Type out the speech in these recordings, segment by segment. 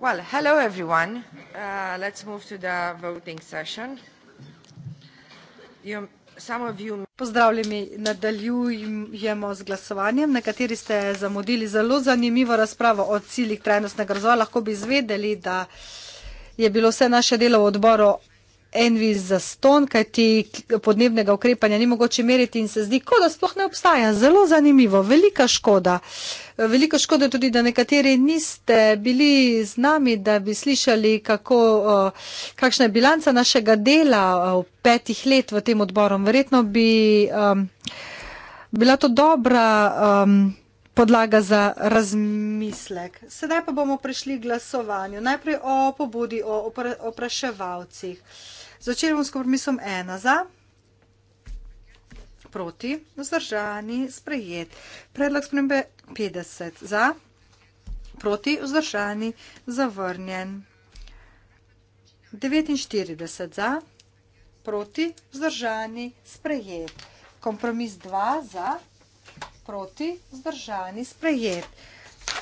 Well, hello everyone. Uh, let's move to the voting session. You, some of you Pozdravljeni, nadaljujemo z glasovanjem. Nekateri ste zamudili zelo zanimivo razpravo o ciljih trajnostnega razvoja. Lahko bi izvedeli, da je bilo vse naše delo v odboru envi za ston, kaj ti podnebnega ukrepanja ni mogoče meriti in se zdi, kot da sploh ne obstaja. Zelo zanimivo, velika škoda. Veliko škode tudi, da nekateri niste bili z nami, da bi slišali, kako, kakšna je bilanca našega dela v petih let v tem odborom. Verjetno bi um, bila to dobra um, podlaga za razmislek. Sedaj pa bomo prišli k glasovanju. Najprej o pobudi, o opraševalcih. Opra Začeli bom s kompromisom ena za, proti, vzdržani, sprejet. Predlog spremembe 50 za, proti, vzdržani, zavrnjen. 49 za, proti, vzdržani, sprejet. Kompromis 2 za, proti, vzdržani, sprejet.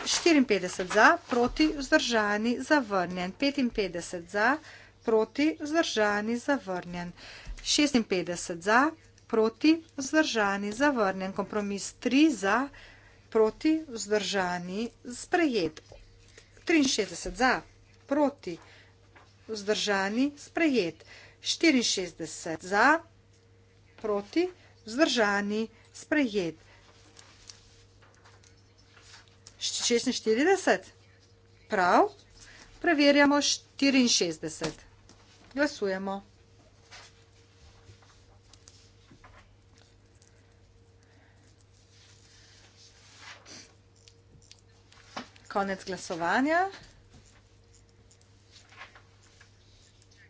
54 za, proti, vzdržani, zavrnjen. 55 za, proti, vzdržani, sprejet proti, vzdržani, zavrnjen. 56 za, proti, vzdržani, zavrnjen. Kompromis 3 za, proti, vzdržani, sprejet. 63 za, proti, vzdržani, sprejet. 64 za, proti, vzdržani, sprejet. 46, prav, preverjamo 64. Glasujemo. Konec glasovanja.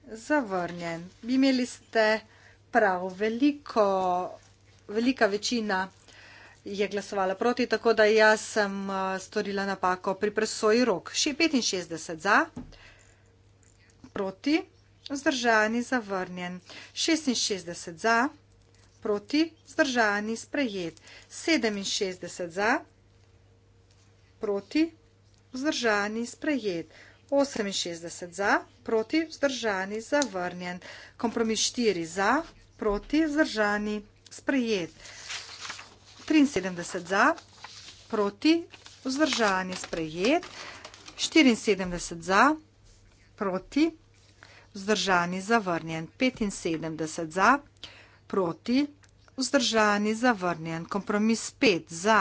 Zavrnjen. Bi imeli ste prav, veliko, velika večina je glasovala proti, tako da jaz sem uh, storila napako pri presoji rok. Še 65 za, proti vzdržani zavrnjen, 66 za, proti vzdržani sprejet, 67 za, proti vzdržani sprejet, 68 za, proti vzdržani zavrnjen, kompromis 4 za, proti vzdržani sprejet, 73 za, proti vzdržani sprejet, 74 za, proti vzdržani sprejet, vzdržani, zavrnjen, 75 za, proti, vzdržani, zavrnjen, kompromis 5 za,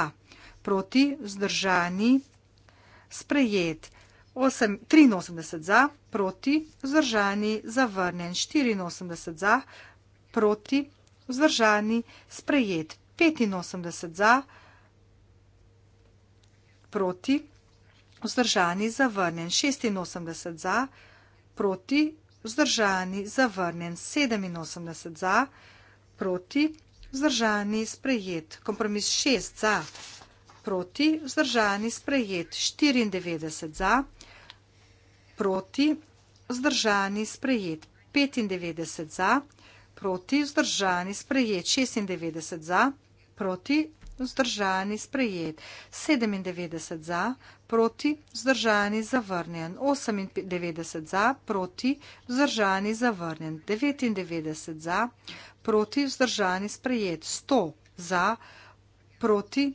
proti, vzdržani, sprejet, 8, 83 za, proti, vzdržani, zavrnjen, 84 za, proti, vzdržani, sprejet, 85 za, proti, vzdržani, zavrnjen, 86 za, proti, vzdržani, zavrnjen 87 za, proti, vzdržani, sprejet, kompromis 6 za, proti, vzdržani, sprejet 94 za, proti, vzdržani, sprejet 95 za, proti, vzdržani, sprejet 96 za, proti, vzdržani, sprejet 97 za, proti, vzdržani, zavrnjen, 98 za, proti, vzdržani, zavrnjen, 99 za, proti, vzdržani, sprejet, 100 za, proti,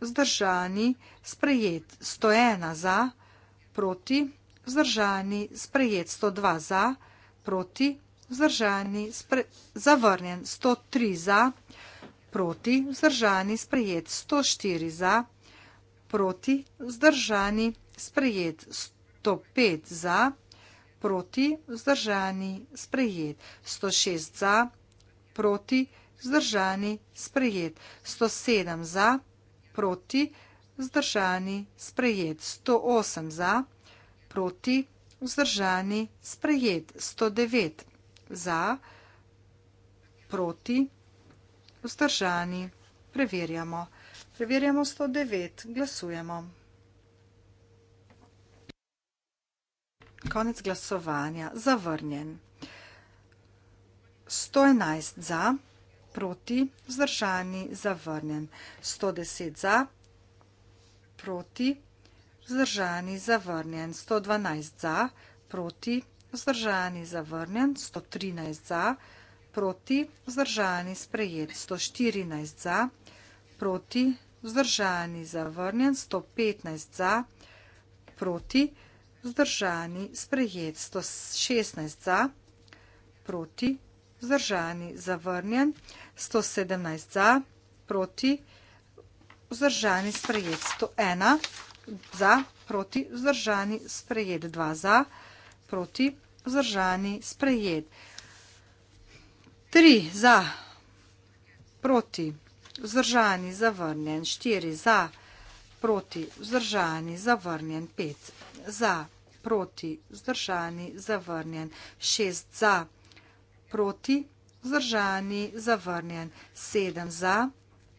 vzdržani, sprejet, 101 za, proti, vzdržani, sprejet, 102 za, proti, vzdržani, spre, zavrnjen, 103 za, proti, vzdržani, sprejet, 104 za, proti, proti, vzdržani, sprejet, 105 za, proti, vzdržani, sprejet, 106 za, proti, vzdržani, sprejet, 107 za, proti, vzdržani, sprejet, 108 za, proti, vzdržani, sprejet, 109 za, proti, vzdržani. Preverjamo. Preverjamo 109. Glasujemo. Konec glasovanja. Zavrnjen. 111 za, proti, vzdržani, zavrnjen. 110 za, proti, vzdržani, zavrnjen. 112 za, proti, vzdržani, zavrnjen. 113 za, proti, vzdržani, sprejet. 114 za, proti, vzdržani, zavrnjen, 115 za, proti, vzdržani, sprejet, 116 za, proti, vzdržani, zavrnjen, 117 za, proti, vzdržani, sprejet, 101 za, proti, vzdržani, sprejet, 2 za, proti, vzdržani, sprejet, 3 za, proti, vzdržani, sprejet, 3 za, proti, vzdržani, sprejet, 3 za, proti, vzdržani, zavrnjen, štiri za, proti, vzdržani, zavrnjen, pet za, proti, vzdržani, zavrnjen, šest za, proti, vzdržani, zavrnjen, sedem za,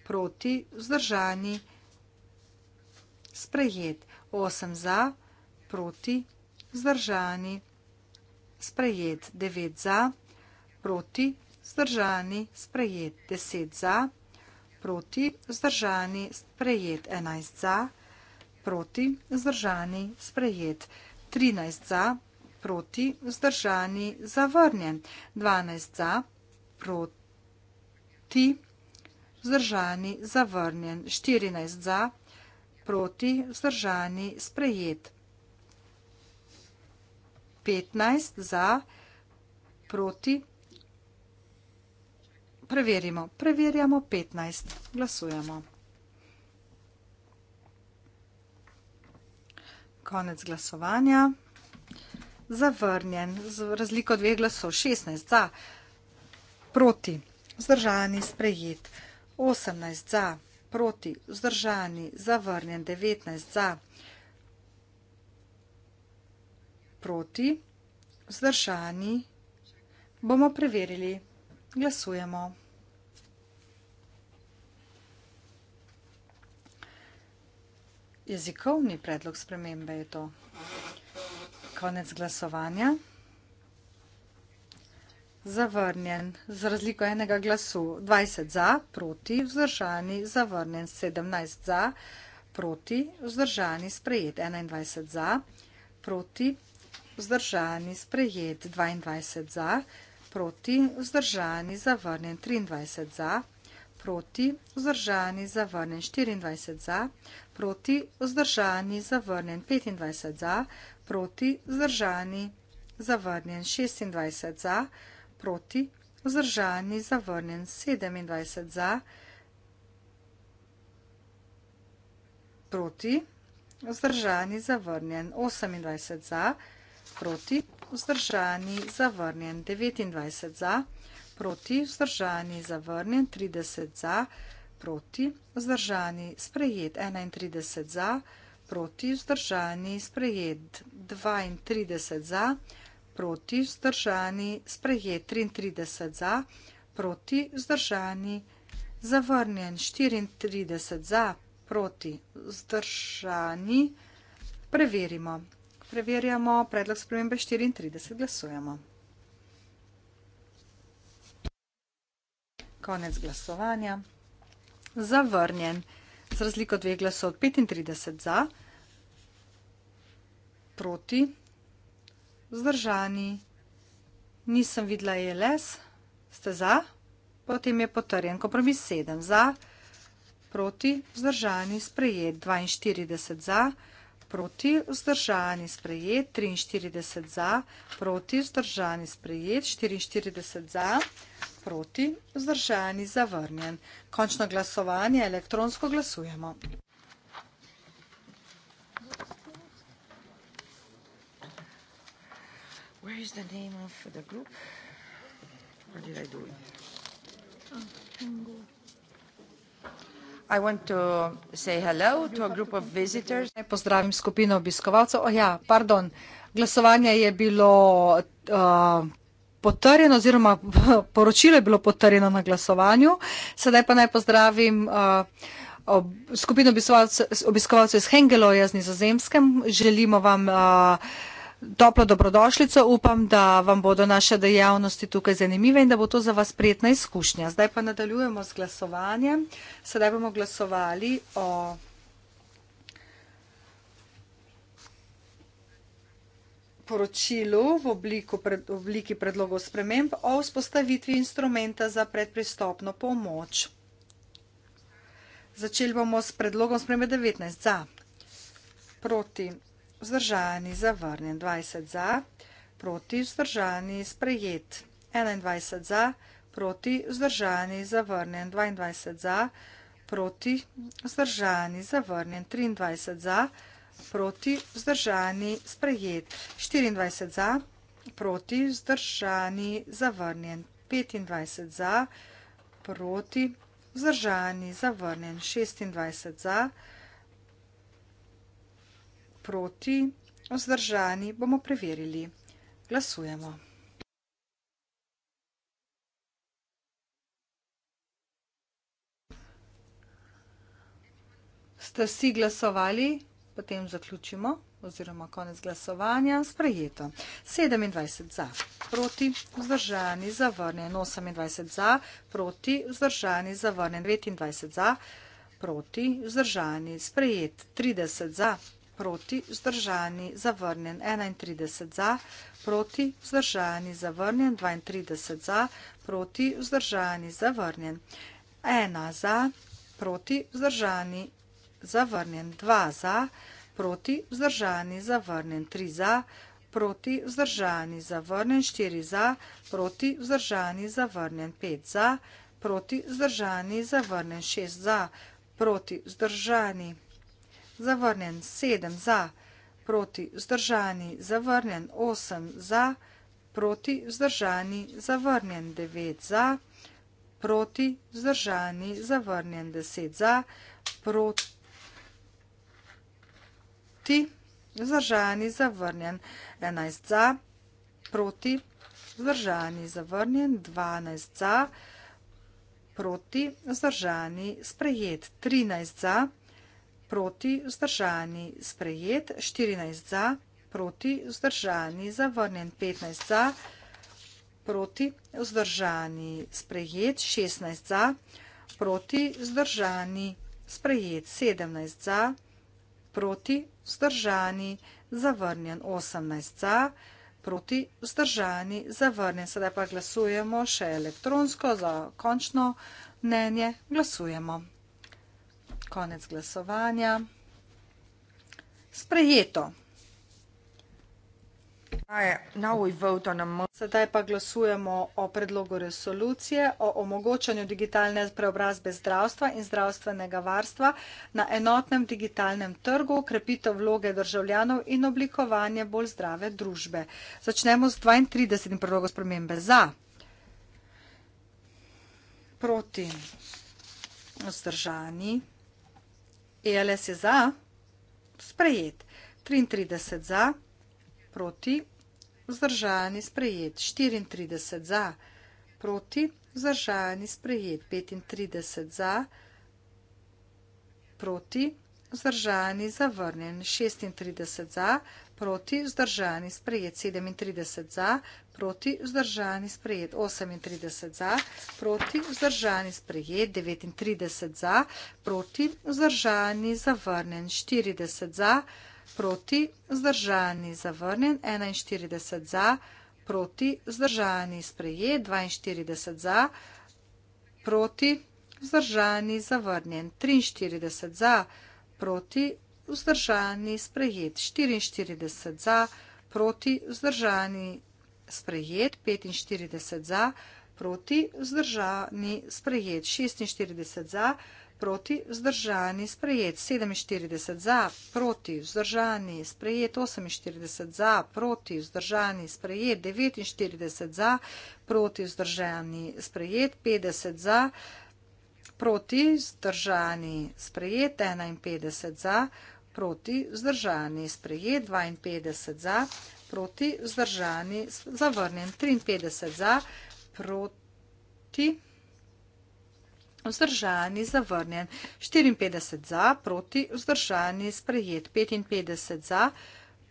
proti, vzdržani, sprejet, osem za, proti, vzdržani, sprejet, devet za, proti, vzdržani, sprejet, deset za, proti, vzdržani, sprejet, proti, zdržani, sprejet, 11 za, proti, zdržani, sprejet, 13 za, proti, zdržani, zavrnjen, 12 za, proti, zdržani, zavrnjen, 14 za, proti, zdržani, sprejet, 15 za, proti, zdržani, Preverimo. Preverjamo 15. Glasujemo. Konec glasovanja. Zavrnjen. Z razliko dveh glasov. 16 za. Proti. Zdržani. Sprejet. 18 za. Proti. Zdržani. Zavrnjen. 19 za. Proti. Zdržani. Bomo preverili. Glasujemo. Jezikovni predlog spremembe je to. Konec glasovanja. Zavrnjen. Z razliko enega glasu. 20 za, proti, vzdržani, zavrnjen. 17 za, proti, vzdržani, sprejet. 21 za, proti, vzdržani, sprejet. 22 za, proti, vzdržani, sprejet proti, vzdržani, zavrnjen 23 za, proti, vzdržani, zavrnjen 24 za, proti, vzdržani, zavrnjen 25 za, proti, vzdržani, zavrnjen 26 za, proti, vzdržani, zavrnjen 27 za, proti, vzdržani, zavrnjen 28 za, proti, vzdržani, zavrnjen 28 za, proti, vzdržani, zavrnjen, 29 za, proti, vzdržani, zavrnjen, 30 za, proti, vzdržani, sprejet, 31 za, proti, vzdržani, sprejet, 32 za, proti, vzdržani, sprejet, 33 za, proti, vzdržani, zavrnjen, 34 za, proti, vzdržani, Preverimo. Preverjamo predlog spremembe 34, glasujemo. Konec glasovanja. Zavrnjen. Z razliko dveh glasov 35 za, proti, zdržani, nisem videla je les, ste za, potem je potrjen kompromis 7 za, proti, zdržani, sprejet 42 za, proti vzdržani sprejet, 43 za, proti vzdržani sprejet, 44 za, proti vzdržani zavrnjen. Končno glasovanje, elektronsko glasujemo. Where is the name of the group? What did I do? Oh, tango. I want to say hello to a group of visitors. Pozdravim skupino obiskovalcev. Oh ja, pardon, glasovanje je bilo uh, potrjeno oziroma poročilo je bilo potrjeno na glasovanju. Sedaj pa naj pozdravim uh, skupino obiskovalcev iz Hengeloja z nizozemskem. Želimo vam pozdravljati. Uh, toplo dobrodošlico, upam, da vam bodo naše dejavnosti tukaj zanimive in da bo to za vas prijetna izkušnja. Zdaj pa nadaljujemo z glasovanjem. Sedaj bomo glasovali o. Poročilu v, obliku, pred, v obliki predlogov sprememb o vzpostavitvi instrumenta za predpristopno pomoč. Začeli bomo s predlogom spremembe 19 za, proti vzdržani, zavrnjen, 20 za, proti vzdržani, sprejet, 21 za, proti vzdržani, zavrnjen, 22 za, proti vzdržani, zavrnjen, 23 za, proti vzdržani, sprejet, 24 za, proti vzdržani, zavrnjen, 25 za, proti vzdržani, zavrnjen, 26 za, proti vzdržani, zavrnjen, 26 za, proti, vzdržani bomo preverili. Glasujemo. Ste si glasovali? Potem zaključimo oziroma konec glasovanja, sprejeto. 27 za, proti, vzdržani, zavrnjen, 28 za, proti, vzdržani, zavrnjen, 29 za, proti, vzdržani, sprejet, 30 za, proti, vzdržani, zavrnjen, 31 za, proti, vzdržani, zavrnjen, 32 za, proti, vzdržani, zavrnjen, 1 za, proti, vzdržani, zavrnjen, 2 za, proti, vzdržani, zavrnjen, 3 za, proti, vzdržani, zavrnjen, 4 za, proti, vzdržani, zavrnjen, 5 za, proti, vzdržani, zavrnjen, 6 za, proti, vzdržani, zavrnjen, 6 za, zavrnjen 7 za, proti vzdržani, zavrnjen 8 za, proti vzdržani, zavrnjen 9 za, proti vzdržani, zavrnjen 10 za, proti vzdržani, zavrnjen 11 za, proti vzdržani, zavrnjen 12 za, proti vzdržani, sprejet 13 za, proti vzdržani, zavrnjen 12 za, proti, vzdržani, sprejet, 14 za, proti, vzdržani, zavrnjen, 15 za, proti, vzdržani, sprejet, 16 za, proti, vzdržani, sprejet, 17 za, proti, vzdržani, zavrnjen, 18 za, proti, vzdržani, zavrnjen. Sedaj pa glasujemo še elektronsko za končno mnenje. Glasujemo konec glasovanja. Sprejeto. Sedaj pa glasujemo o predlogu resolucije o omogočanju digitalne preobrazbe zdravstva in zdravstvenega varstva na enotnem digitalnem trgu, krepitev vloge državljanov in oblikovanje bolj zdrave družbe. Začnemo z 32. predlogom spremembe. Za, proti, vzdržani. ELS je za, sprejet. 33 za, proti, vzdržani, sprejet. 34 za, proti, vzdržani, sprejet. 35 za, proti, vzdržani, zavrnjen. 36 za, proti, vzdržani, sprejet 37 za, proti, vzdržani, sprejet 38 za, proti, vzdržani, sprejet 39 za, proti, vzdržani, zavrnen 40 za, proti, vzdržani, zavrnen 41 za, proti, vzdržani, sprejet 42 za, proti, vzdržani, zavrnen 43 za, proti, vzdržani, sprejet 44 za, proti vzdržani, sprejet 45 za, proti vzdržani, sprejet 46 za, proti vzdržani, sprejet 47 za, proti vzdržani, sprejet 48 za, proti vzdržani, sprejet 49 za, proti vzdržani, sprejet 50 za, proti vzdržani, sprejet 51 za, proti vzdržani, sprejet 52 za, proti vzdržani, zavrnjen 53 za, proti vzdržani, zavrnjen 54 za, proti vzdržani, sprejet 55 za,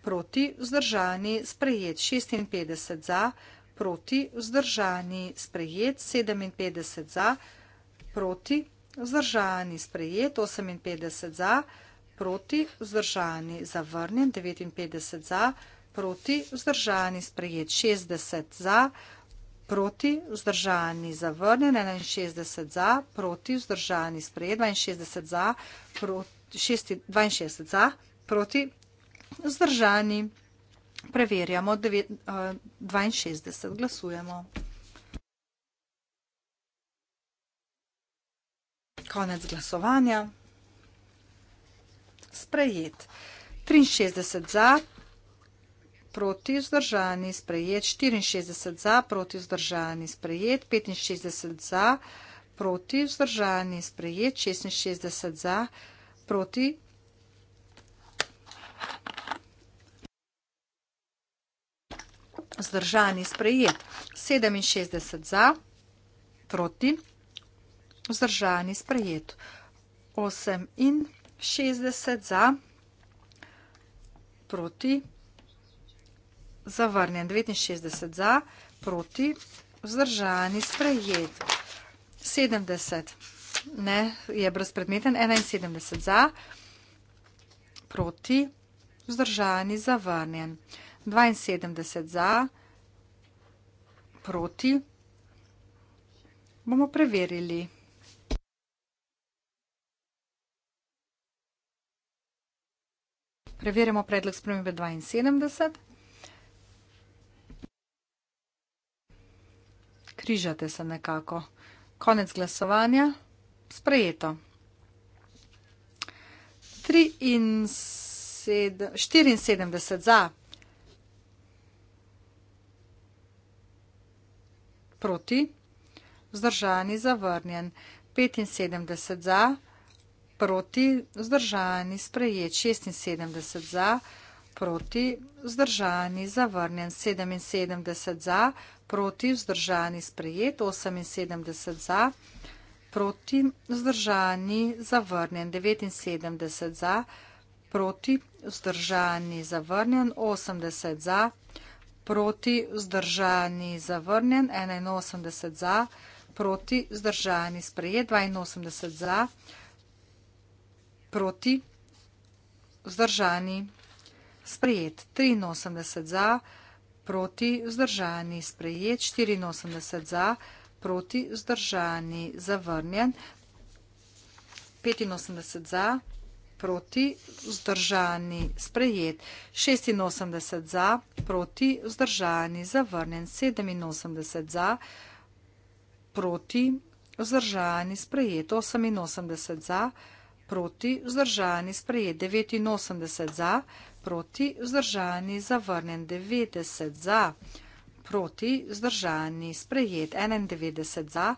proti vzdržani, sprejet 56 za, proti vzdržani, sprejet 57 za, proti vzdržani, sprejet 58 za, proti vzdržani, sprejet 58 za, proti, vzdržani, zavrnjen, 59 za, proti, vzdržani, sprejet, 60 za, proti, vzdržani, zavrnjen, 61 za, proti, vzdržani, sprejet, 62 za, proti, 6, 62 za, proti, vzdržani. Preverjamo 62, eh, glasujemo. Konec glasovanja sprejet. 63 za, proti vzdržani, sprejet. 64 za, proti vzdržani, sprejet. 65 za, proti vzdržani, sprejet. 66 za, proti. Vzdržani sprejet 67 za, proti vzdržani sprejet 8 in 8. 60 za, proti, zavrnjen, 69 za, proti, vzdržani, sprejet, 70, ne, je brezpredmeten, 71 za, proti, vzdržani, zavrnjen, 72 za, proti, bomo preverili, 72 za, Preverjamo predlog spremembe 72. Križate se nekako. Konec glasovanja. Sprejeto. 74 za. Proti. Vzdržani zavrnjen. 75 za proti vzdržani sprejet 76 za, proti vzdržani zavrnjen 77 za, proti vzdržani sprejet 78 za, proti vzdržani zavrnjen 79 za, proti vzdržani zavrnjen 80 za, proti vzdržani zavrnjen 81 za, proti vzdržani sprejet 82 za, proti vzdržani sprejet 82 za, proti, vzdržani, sprejet 83 za, proti, vzdržani, sprejet 84 za, proti, vzdržani, zavrnjen 85 za, proti, vzdržani, sprejet 86 za, proti, vzdržani, zavrnjen 87 za, proti, vzdržani, sprejet 88 za, proti, vzdržani, sprejet proti vzdržani sprejet 89 za, proti vzdržani zavrnjen 90 za, proti vzdržani sprejet 91 za,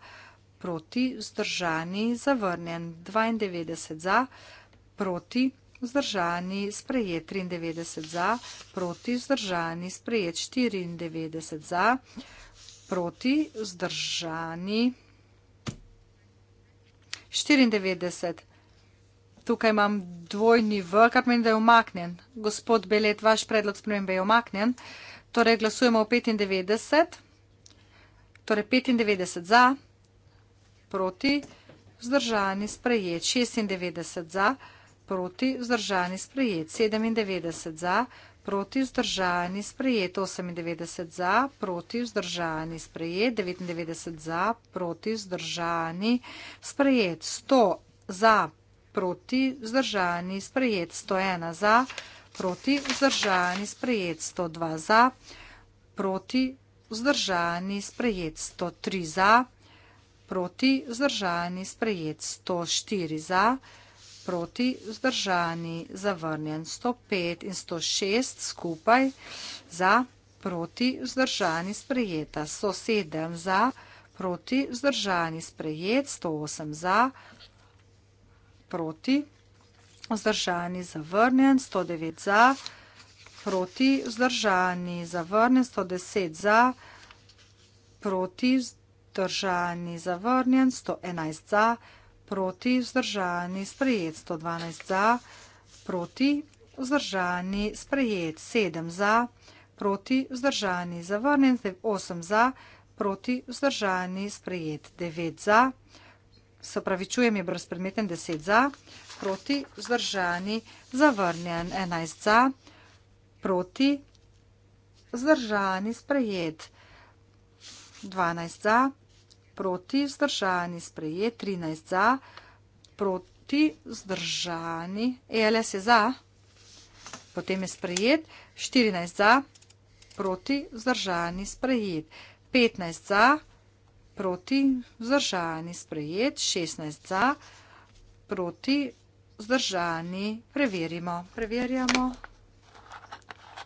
proti vzdržani zavrnjen 92 za, proti vzdržani sprejet 93 za, proti vzdržani sprejet 94 za, proti vzdržani 94 za tukaj imam dvojni V, kar meni, da je omaknjen. Gospod Belet, vaš predlog spremembe je omaknjen. Torej glasujemo o 95. Torej 95 za, proti, vzdržani, sprejet. 96 za, proti, vzdržani, sprejet. 97 za, proti, vzdržani, sprejet. 98 za, proti, vzdržani, sprejet. 99 za, proti, vzdržani, sprejet. 100 za, proti proti, vzdržani, sprejet 101 za, proti, vzdržani, sprejet 102 za, proti, vzdržani, sprejet 103 za, proti, vzdržani, sprejet 104 za, proti, vzdržani, zavrnjen 105 in 106 skupaj za, proti, vzdržani, sprejeta 107 za, proti, vzdržani, sprejet 108 za, proti, vzdržani, sprejet 108 za, proti, vzdržani, zavrnjen, 109 za, proti, vzdržani, zavrnjen, 110 za, proti, vzdržani, zavrnjen, 111 za, proti, vzdržani, sprejet, 112 za, proti, vzdržani, sprejet, 7 za, proti, vzdržani, zavrnjen, 8 za, proti, vzdržani, sprejet, 9 za, proti, vzdržani, sprejet, 9 za, se pravi, čujem je brezpredmeten 10 za, proti zdržani, zavrnjen 11 za, proti zdržani, sprejet 12 za, proti zdržani, sprejet 13 za, proti zdržani, ELS je za, potem je sprejet 14 za, proti zdržani, sprejet 15 za, proti zdržani, sprejet 15 za, proti, vzdržani, sprejet, 16 za, proti, vzdržani, preverimo. Preverjamo.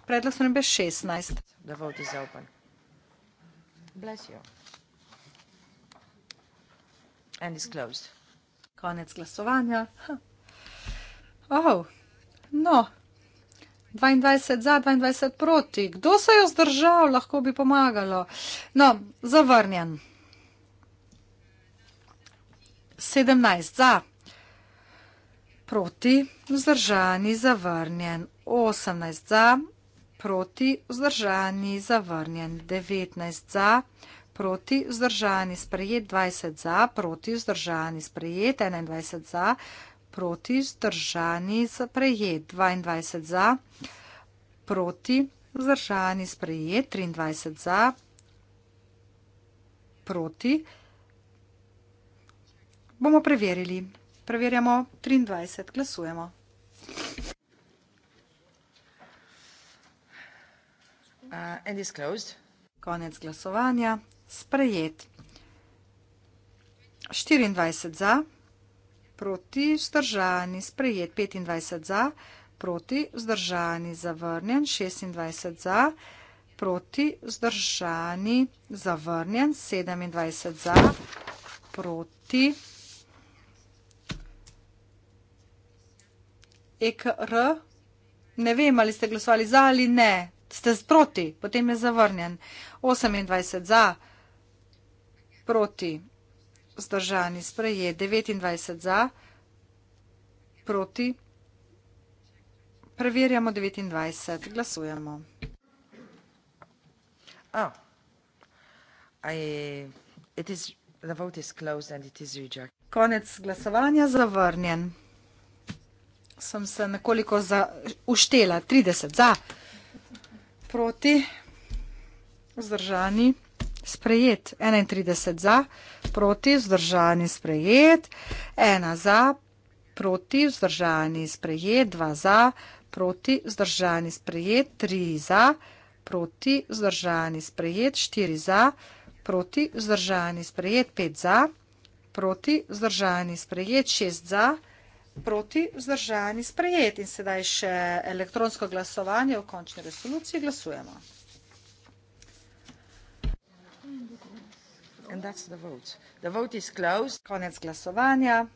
Predlog so nebe 16. Da vodi zaupan. Bless you. And it's closed. Konec glasovanja. Oh, no. 22 za, 22 proti. Kdo se je vzdržal? Lahko bi pomagalo. No, zavrnjen. 17 za, proti, vzdržani, zavrnjen, 18 za, proti, vzdržani, zavrnjen, 19 za, proti, vzdržani, sprejet, 20 za, proti, vzdržani, sprejet, 21 za, proti, vzdržani, sprejet, 22 za, proti, vzdržani, sprejet, 23 za, proti, vzdržani, sprejet, 23 za, proti, Bomo preverili. Preverjamo 23. Glasujemo. Uh, and is closed. Konec glasovanja. Sprejet. 24 za, proti vzdržani, sprejet 25 za, proti vzdržani, zavrnjen 26 za, proti vzdržani, zavrnjen 27 za, proti vzdržani. EKR. Ne vem, ali ste glasovali za ali ne. Ste proti, potem je zavrnjen. 28 za, proti, zdržani, sprejet. 29 za, proti. Preverjamo 29, glasujemo. Oh. I, is, is Konec glasovanja zavrnjen sem se nekoliko zauštela, 30 za, proti, vzdržani, sprejet, 31 za, proti, vzdržani, sprejet, 1 za, proti, vzdržani, sprejet, 2 za, proti, vzdržani, sprejet, 3 za, proti, vzdržani, sprejet, 4 za, proti, vzdržani, sprejet, 5 za, proti, vzdržani, sprejet, 6 za, proti, proti vzdržani sprejet. In sedaj še elektronsko glasovanje v končni resoluciji. Glasujemo. Konec glasovanja.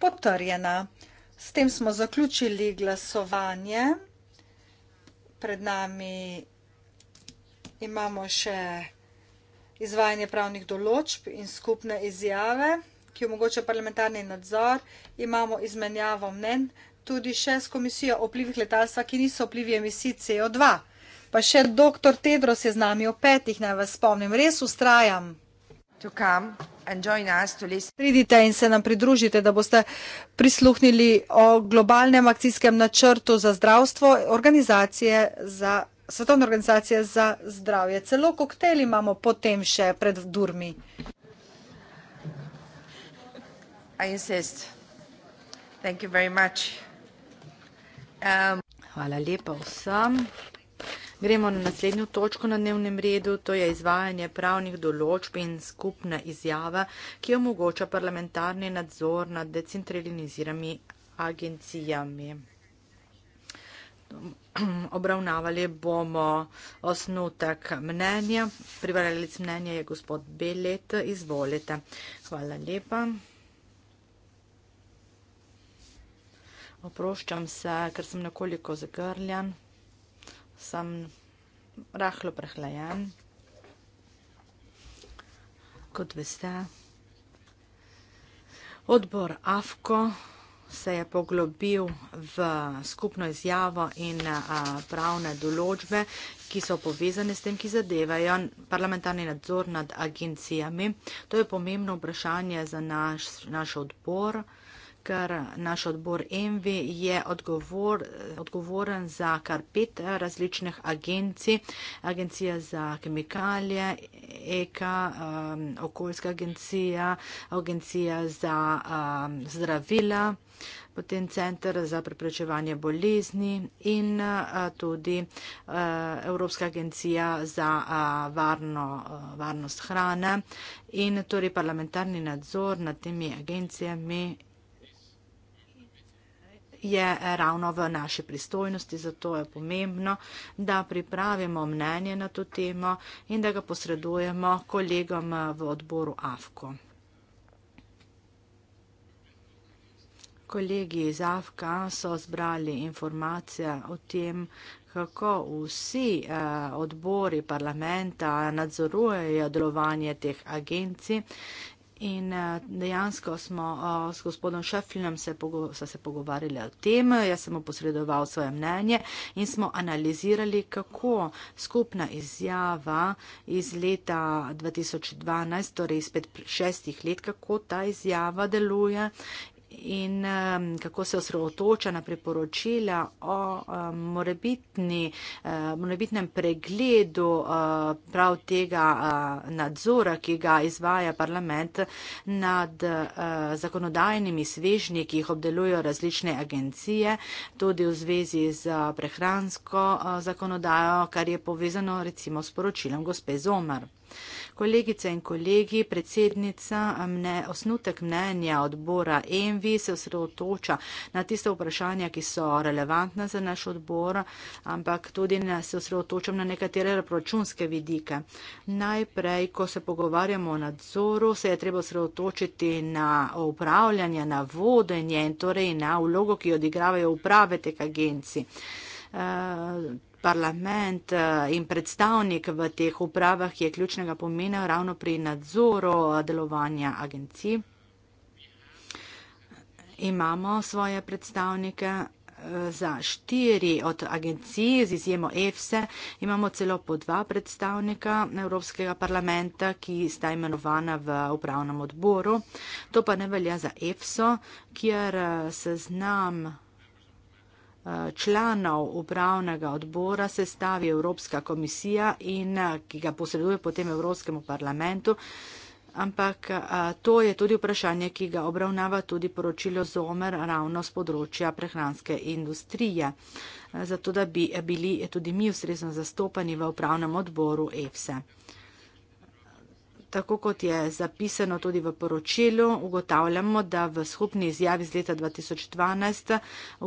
Potrjena. S tem smo zaključili glasovanje. Pred nami imamo še izvajanje pravnih določb in skupne izjave ki omogoča parlamentarni nadzor, imamo izmenjavo mnen, tudi še s komisijo o plivih letalstva, ki niso plivi emisij CO2. Pa še dr. Tedros je z nami o petih, naj vas spomnim, res ustrajam. Pridite in se nam pridružite, da boste prisluhnili o globalnem akcijskem načrtu za zdravstvo organizacije za, Svetovne organizacije za zdravje. Celo koktejl imamo potem še pred durmi. I insist. Thank you very much. Um, Hvala lepa vsem. Gremo na naslednjo točko na dnevnem redu, to je izvajanje pravnih določb in skupna izjava, ki omogoča parlamentarni nadzor nad decentraliziranimi agencijami. Obravnavali bomo osnutek mnenja. Privarjalec mnenja je gospod Belet. Izvolite. Hvala lepa. Oproščam se, ker sem nekoliko zagrljen, sem rahlo prehlajen. Kot veste, odbor AFKO se je poglobil v skupno izjavo in pravne določbe, ki so povezane s tem, ki zadevajo parlamentarni nadzor nad agencijami. To je pomembno vprašanje za naš odbor ker naš odbor ENVI je odgovor, odgovoren za kar pet različnih agencij. Agencija za kemikalije, EKA, um, okoljska agencija, agencija za um, zdravila, potem center za preprečevanje bolezni in uh, tudi uh, Evropska agencija za uh, varno, varnost hrane. In torej parlamentarni nadzor nad temi agencijami je ravno v naši pristojnosti, zato je pomembno, da pripravimo mnenje na to temo in da ga posredujemo kolegom eh, v odboru AFKO. Kolegi iz AFKA so zbrali informacije o tem, kako vsi eh, odbori parlamenta nadzorujejo delovanje teh agencij In eh, dejansko smo s gospodom Šeflinom se, pogo se pogovarjali o tem, jaz sem mu posredoval svoje mnenje in smo analizirali, kako skupna izjava iz leta 2012, torej izpred šestih let, kako ta izjava deluje in um, kako se osredotoča na priporočila o um, morebitni, uh, morebitnem pregledu uh, prav tega uh, nadzora, ki ga izvaja parlament nad uh, zakonodajnimi svežnji, ki jih obdelujo različne agencije, tudi v zvezi z prehransko uh, zakonodajo, kar je povezano recimo s poročilom gospe Zomar. Kolegice in kolegi, predsednica mne, osnutek mnenja odbora Envi se osredotoča na tiste vprašanja, ki so relevantna za naš odbor, ampak tudi na, se osredotočam na nekatere računske vidike. Najprej, ko se pogovarjamo o nadzoru, se je treba osredotočiti na upravljanje, na vodenje in torej na vlogo, ki jo odigravajo uprave teh agencij. Uh, parlament eh, in predstavnik v teh upravah, ki je ključnega pomena ravno pri nadzoru eh, delovanja agencij. Imamo svoje predstavnike eh, za štiri od agencij, z izjemo EFSE, imamo celo po dva predstavnika Evropskega parlamenta, ki sta imenovana v upravnem odboru. To pa ne velja za EFSO, kjer seznam. Eh, članov upravnega odbora sestavi Evropska komisija in eh, ki ga posreduje potem Evropskemu parlamentu. Ampak a, eh, to je tudi vprašanje, ki ga obravnava tudi poročilo ZOMER ravno z področja prehranske industrije, zato da bi bili tudi mi ustrezno zastopani v upravnem odboru EFSE. Tako kot je zapisano tudi v poročilu, ugotavljamo, da v skupni izjavi z leta 2012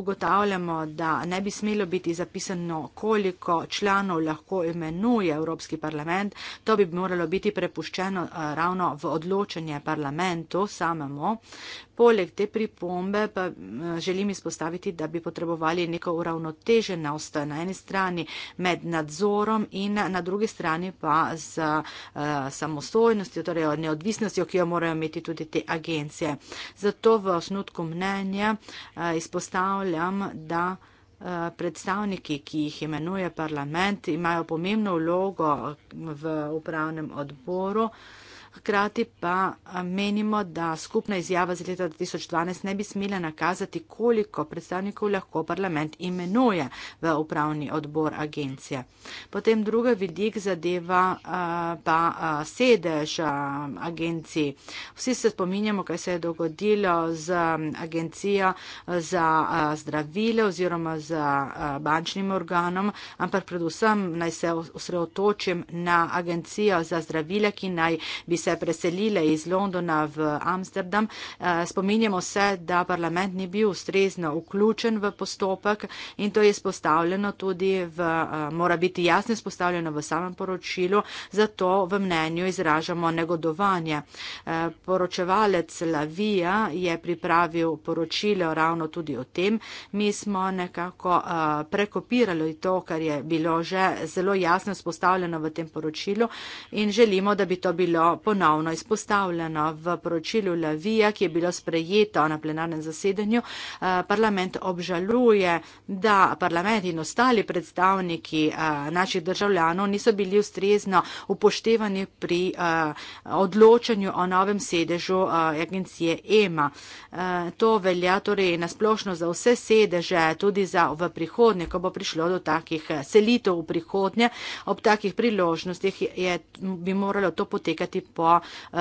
ugotavljamo, da ne bi smelo biti zapisano, koliko članov lahko imenuje Evropski parlament. To bi moralo biti prepuščeno eh, ravno v odločanje parlamentu samemu. Poleg te pripombe pa eh, želim izpostaviti, da bi potrebovali neko uravnoteženost na eni strani med nadzorom in na drugi strani pa z eh, samostojnostjo, torej neodvisnostjo, ki jo morajo imeti tudi te agencije. Zato v osnutku mnenja eh, izpostavljam, da predstavniki, ki jih imenuje parlament, imajo pomembno vlogo v upravnem odboru. Hkrati pa menimo, da skupna izjava z leta 2012 ne bi smela nakazati, koliko predstavnikov lahko parlament imenuje v upravni odbor agencije. Potem druga vidik zadeva pa sedež agenciji. Vsi se spominjamo, kaj se je dogodilo z agencijo za zdravile oziroma z bančnim organom, ampak predvsem naj se osredotočim na agencijo za zdravile, ki naj bi se se preselile iz Londona v Amsterdam. Eh, spominjamo se, da parlament ni bil ustrezno vključen v postopek in to je spostavljeno tudi v, eh, mora biti jasno spostavljeno v samem poročilu, zato v mnenju izražamo negodovanje. Eh, poročevalec Lavija je pripravil poročilo ravno tudi o tem. Mi smo nekako prekopirali to, kar je bilo že zelo jasno spostavljeno v tem poročilu in želimo, da bi to bilo ponovno izpostavljeno v poročilu Lavija, ki je bilo sprejeto na plenarnem zasedanju. Eh, parlament obžaluje, da parlament in ostali predstavniki eh, naših državljanov niso bili ustrezno upoštevani pri eh, odločanju o novem sedežu agencije EMA. To velja torej nasplošno za vse sedeže, tudi za v prihodnje, ko bo prišlo do takih selitev v prihodnje. Ob takih priložnostih je, bi moralo to potekati po eh,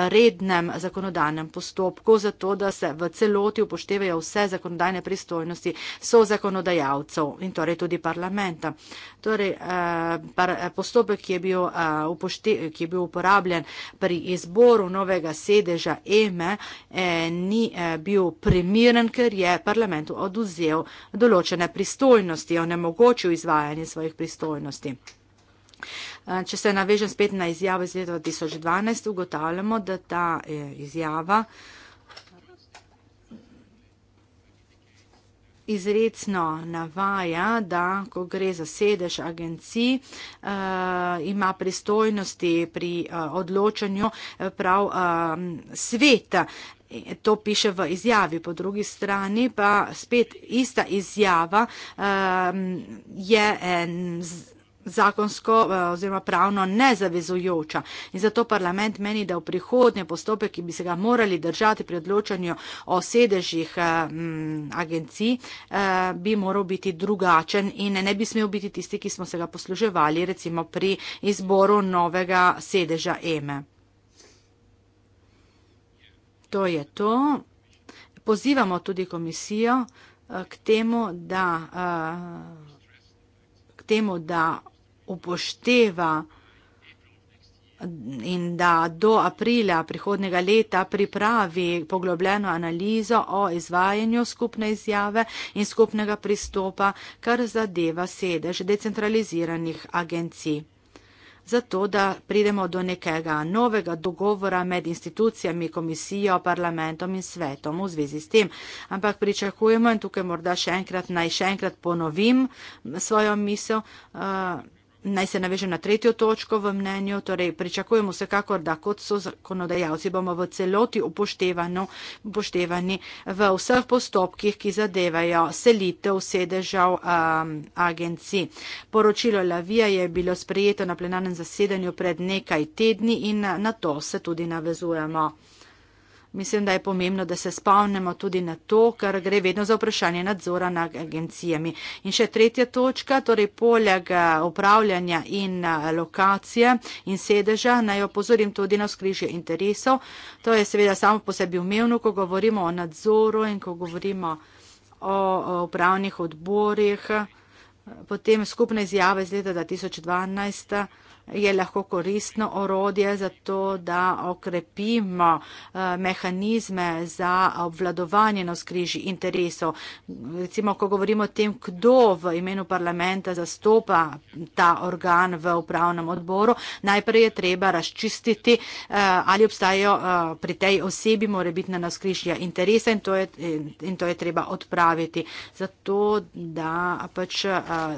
rednem zakonodanem postopku, zato da se v celoti upoštevajo vse zakonodajne pristojnosti so zakonodajalcev in torej tudi parlamenta. Torej, eh, postopek, ki je, bil eh, upošte, ki je bil uporabljen pri izboru novega sedeža EME, e, ni bil primiren, ker je parlamentu oduzel določene pristojnosti, onemogočil izvajanje svojih pristojnosti. Eh, če se navežem spet na izjavo iz leta 2012, ugotavljamo, da ta eh, izjava izredno navaja, da ko gre za sedež agencij, eh, ima pristojnosti pri odločanju prav sveta. To piše v izjavi, po drugi strani pa spet ista izjava je en zelo zakonsko eh, oziroma pravno nezavezujoča. In zato parlament meni, da v prihodnje postopek, ki bi se ga morali držati pri odločanju o sedežih um, agencij, uh, bi moral biti drugačen in ne bi smel biti tisti, ki smo se ga posluževali recimo pri izboru novega sedeža EME. E. To je to. Pozivamo tudi komisijo k temu, da, k temu, da upošteva in da do aprila prihodnega leta pripravi poglobljeno analizo o izvajanju skupne izjave in skupnega pristopa, kar zadeva sedež decentraliziranih agencij. Zato, da pridemo do nekega novega dogovora med institucijami, komisijo, parlamentom in svetom v zvezi s tem. Ampak pričakujemo in tukaj morda še enkrat, naj še enkrat ponovim svojo misel. Uh, Naj se navežem na tretjo točko v mnenju, torej pričakujemo vsekakor, da kot so zakonodajalci bomo v celoti upoštevani v vseh postopkih, ki zadevajo selitev sedežav um, agencij. Poročilo Lavija je bilo sprejeto na plenarnem zasedanju pred nekaj tedni in uh, na to se tudi navezujemo mislim, da je pomembno, da se spomnimo tudi na to, kar gre vedno za vprašanje nadzora nad agencijami. In še tretja točka, torej poleg eh, upravljanja in eh, lokacije in sedeža, naj opozorim tudi na skrižje interesov. To je seveda samo po sebi umevno, ko govorimo o nadzoru in ko govorimo o upravnih odborih. Potem skupna izjava iz leta 2012 je lahko koristno orodje za to, da okrepimo eh, mehanizme za obvladovanje na skriži interesov. Recimo, ko govorimo o tem, kdo v imenu parlamenta zastopa ta organ v upravnem odboru, najprej je treba razčistiti, eh, ali obstajajo eh, pri tej osebi morebitna na skrižja interesa in to, je, in to je treba odpraviti, zato da pač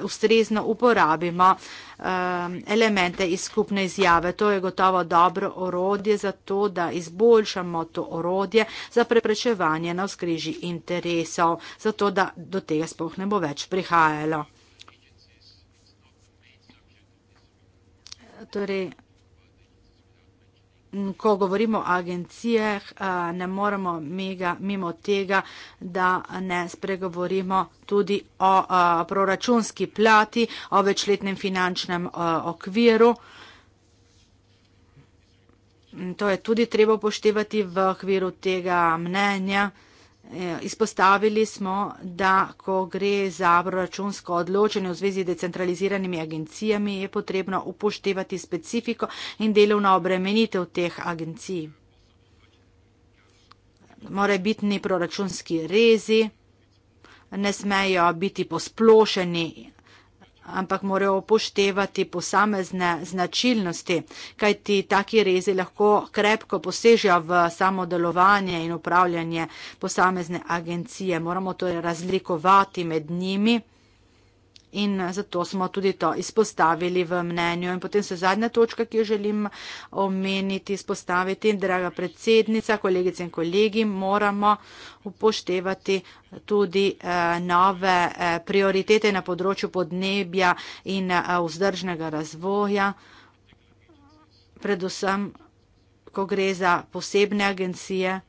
ustrezno uporabimo Um, elemente iz skupne izjave. To je gotovo dobro orodje za to, da izboljšamo to orodje za preprečevanje na skriži interesov, zato da do tega sploh ne bo več prihajalo. Torej, ko govorimo o agencijah, ne moremo mega, mimo tega, da ne spregovorimo tudi o proračunski plati, o večletnem finančnem okviru. To je tudi treba upoštevati v okviru tega mnenja. Eh, izpostavili smo, da ko gre za proračunsko odločanje v zvezi z decentraliziranimi agencijami, je potrebno upoštevati specifiko in delovno obremenitev teh agencij. More biti ni proračunski rezi, ne smejo biti posplošeni ampak morajo upoštevati posamezne značilnosti, kajti taki rezi lahko krepko posežejo v samo delovanje in upravljanje posamezne agencije. Moramo torej razlikovati med njimi. In eh, zato smo tudi to izpostavili v mnenju. In potem se zadnja točka, ki jo želim omeniti, izpostaviti. Draga predsednica, kolegice in kolegi, moramo upoštevati tudi eh, nove eh, prioritete na področju podnebja in vzdržnega razvoja, predvsem, ko gre za posebne agencije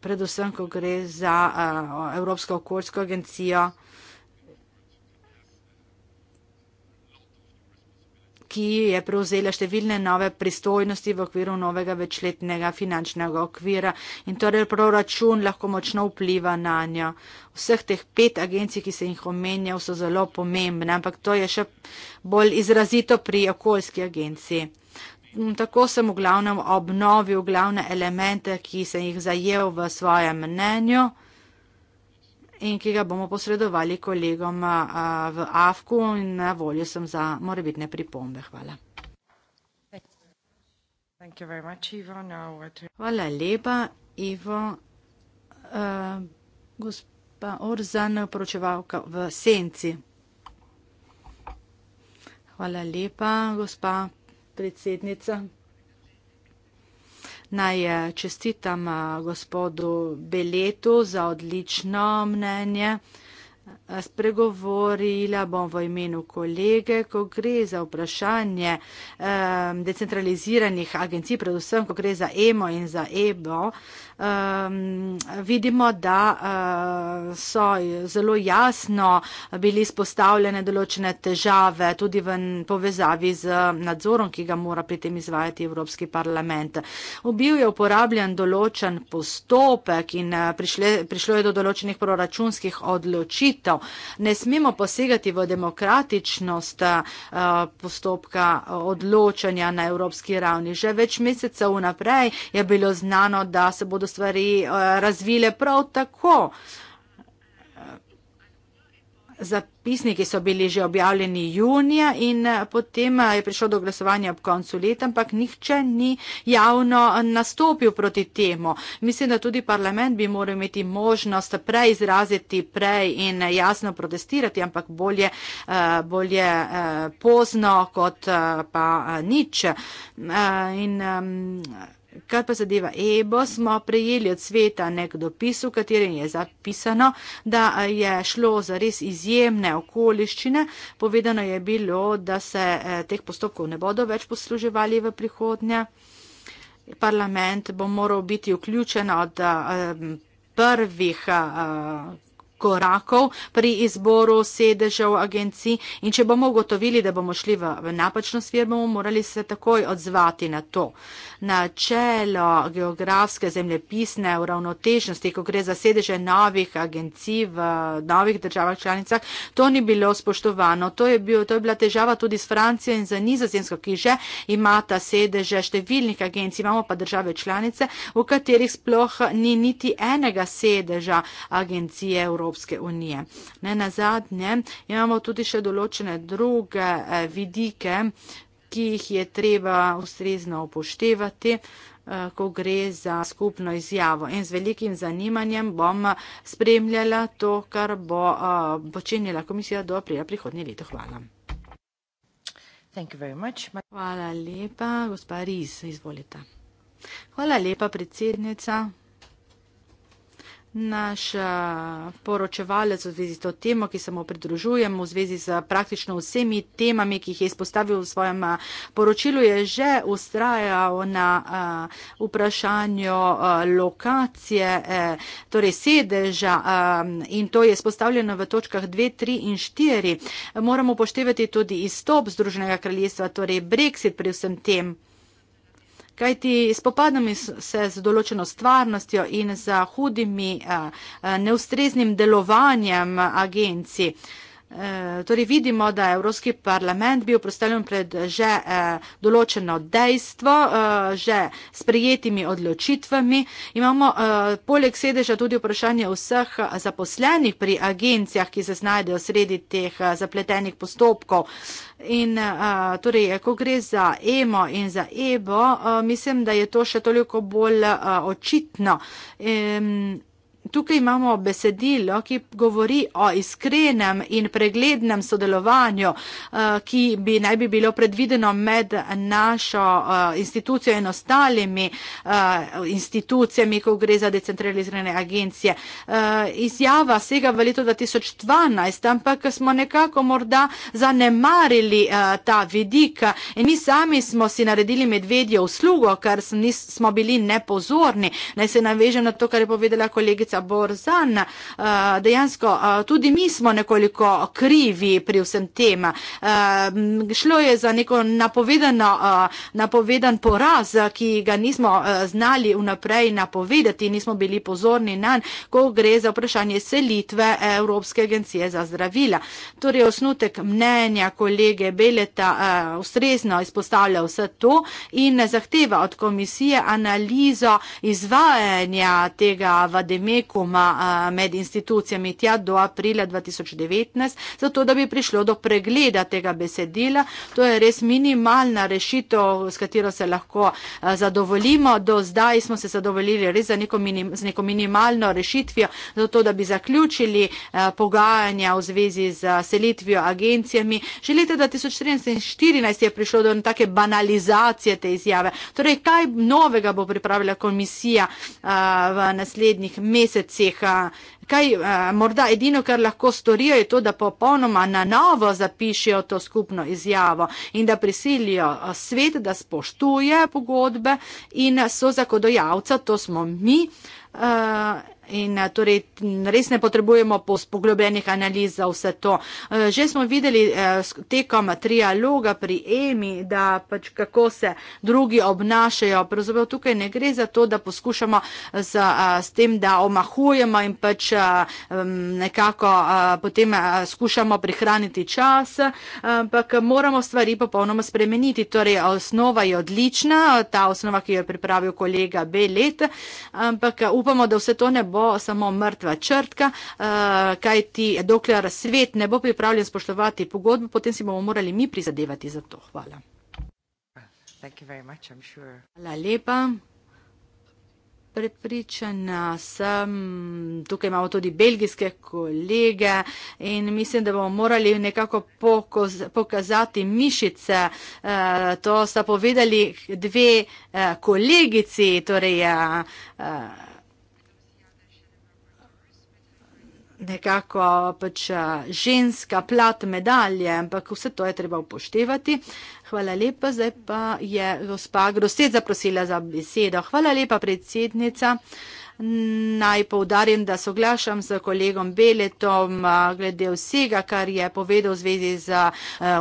predvsem, ko gre za uh, Evropsko okoljsko agencijo. ki je prevzela številne nove pristojnosti v okviru novega večletnega finančnega okvira in torej proračun lahko močno vpliva na njo. Vseh teh pet agencij, ki se jih omenjal, so zelo pomembne, ampak to je še bolj izrazito pri okoljski agenciji. Tako sem v glavnem obnovil glavne elemente, ki sem jih zajel v svojem mnenju in ki ga bomo posredovali kolegom v AFKU in na voljo sem za morebitne pripombe. Hvala. Much, Hvala lepa, Ivo. Uh, gospa Orzan, poročevalka v senci. Hvala lepa, gospa predsednica. Naj eh, čestitam eh, gospodu Beletu za odlično mnenje. Eh, spregovorila bom v imenu kolege, ko gre za vprašanje um, decentraliziranih agencij, predvsem, ko gre za EMO in za EBO. Uh, um, vidimo, da uh, so zelo jasno bili izpostavljene določene težave tudi v povezavi z nadzorom, ki ga mora pri tem izvajati Evropski parlament. Bil je uporabljen določen postopek in eh, prišle, prišlo je do določenih proračunskih odločitev. Ne smemo posegati v demokratičnost uh, postopka odločanja na evropski ravni. Že več mesecev naprej je bilo znano, da se bodo bodo stvari eh, razvile prav tako. Zapisniki so bili že objavljeni junija in eh, potem eh, je prišlo do glasovanja ob koncu leta, ampak nihče ni javno nastopil proti temu. Mislim, da tudi parlament bi moral imeti možnost prej izraziti, prej in jasno protestirati, ampak bolje, bolje pozno kot pa nič. In, Kar pa zadeva Ebo, smo prejeli od sveta nek dopis, v katerem je zapisano, da je šlo za res izjemne okoliščine. Povedano je bilo, da se e, teh postopkov ne bodo več posluževali v prihodnje. Parlament bo moral biti vključen od prvih korakov pri izboru sedežev agencij in če bomo ugotovili, da bomo šli v, v napačno smer, bomo morali se takoj odzvati na to. Načelo geografske zemljepisne uravnotežnosti, ko gre za sedeže novih agencij v novih državah članicah, to ni bilo spoštovano. To je, bil, to je bila težava tudi s Francijo in za nizozemsko, ki že imata sedeže številnih agencij, imamo pa države članice, v katerih sploh ni niti enega sedeža agencije Evropske. Evropske unije. Ne na zadnje, imamo tudi še določene druge eh, vidike, ki jih je treba ustrezno upoštevati eh, ko gre za skupno izjavo. In z velikim zanimanjem bom eh, spremljala to, kar bo počenjala komisija do aprila prihodnje leto. Hvala. Hvala lepa, gospa Riz, izvolite. Hvala lepa, predsednica naš eh, poročevalec v zvezi s to temo, ki se mu pridružujem v zvezi z praktično vsemi temami, ki jih je izpostavil v svojem eh, poročilu, je že ustrajal na eh, vprašanju lokacije, torej sedeža in to je izpostavljeno v točkah 2, 3 in 4. Moramo poštevati tudi izstop Združenega kraljestva, torej Brexit pri vsem tem kajti spopadnemo se z določeno stvarnostjo in z hudimi neustreznim delovanjem agencij. Eh, torej vidimo, da je Evropski parlament bil predstavljen pred že eh, določeno dejstvo, eh, že sprejetimi odločitvami. Imamo poleg sedeža tudi vprašanje vseh zaposlenih pri agencijah, ki se znajdejo sredi teh zapletenih postopkov. In torej, ko gre za EMO in za EBO, mislim, da je to še toliko bolj očitno. In, tukaj imamo besedilo, ki govori o iskrenem in preglednem sodelovanju, eh, ki bi naj bi bilo predvideno med našo eh, institucijo in ostalimi eh, institucijami, ko gre za decentralizirane agencije. Izjava sega v leto 2012, ampak smo nekako morda zanemarili ta vidik in mi sami smo si naredili medvedje uslugo, ker smo bili nepozorni. Naj se navežem na to, kar je povedala kolegica tabor zan, eh, dejansko eh, tudi mi smo nekoliko krivi pri vsem tem. Eh, šlo je za neko napovedano, napovedan poraz, ki ga nismo znali vnaprej napovedati, nismo bili pozorni na nj, ko gre za vprašanje selitve Evropske agencije za zdravila. Torej, osnutek mnenja kolege Beleta ustrezno izpostavlja vse to in zahteva od komisije analizo izvajanja tega vademeka, vakuma eh, med institucijami tja do aprila 2019, zato da bi prišlo do pregleda tega besedila. To je res minimalna rešitev, s katero se lahko eh, zadovoljimo. Do zdaj smo se zadovoljili res za neko, minim, z neko minimalno rešitvijo, zato da bi zaključili eh, pogajanja v zvezi z selitvijo agencijami. Že leta 2014 je prišlo do take banalizacije te izjave. Torej, kaj novega bo pripravila komisija v naslednjih mesecih? se ceha. Kaj, a, eh, morda edino, kar lahko storijo, je to, da popolnoma na novo zapišijo to skupno izjavo in da prisilijo eh, svet, da spoštuje pogodbe in so zakodojavca, to smo mi. A, eh, In eh, torej res ne potrebujemo poglobljenih analiz za vse to. Eh, že smo videli eh, tekom trialoga pri EMI, da pač kako se drugi obnašajo. Pravzaprav tukaj ne gre za to, da poskušamo z, s tem, da omahujemo in pač nekako potem skušamo prihraniti čas, ampak moramo stvari popolnoma spremeniti. Torej, osnova je odlična, ta osnova, ki jo je pripravil kolega B let, ampak upamo, da vse to ne bo bo samo mrtva črtka, eh, kaj ti, dokler svet ne bo pripravljen spoštovati pogodbo, potem si bomo morali mi prizadevati za to. Hvala. Much, sure. Hvala lepa. Prepričana sem, tukaj imamo tudi belgijske kolege in mislim, da bomo morali nekako pokazati mišice. Eh, to sta povedali dve eh, kolegici, torej nekako pač eh, ženska plat medalje, ampak vse to je treba upoštevati. Hvala lepa, zdaj pa je gospa Groset zaprosila za besedo. Hvala lepa, predsednica. Naj povdarim, da soglašam z kolegom Beletom glede vsega, kar je povedal v zvezi z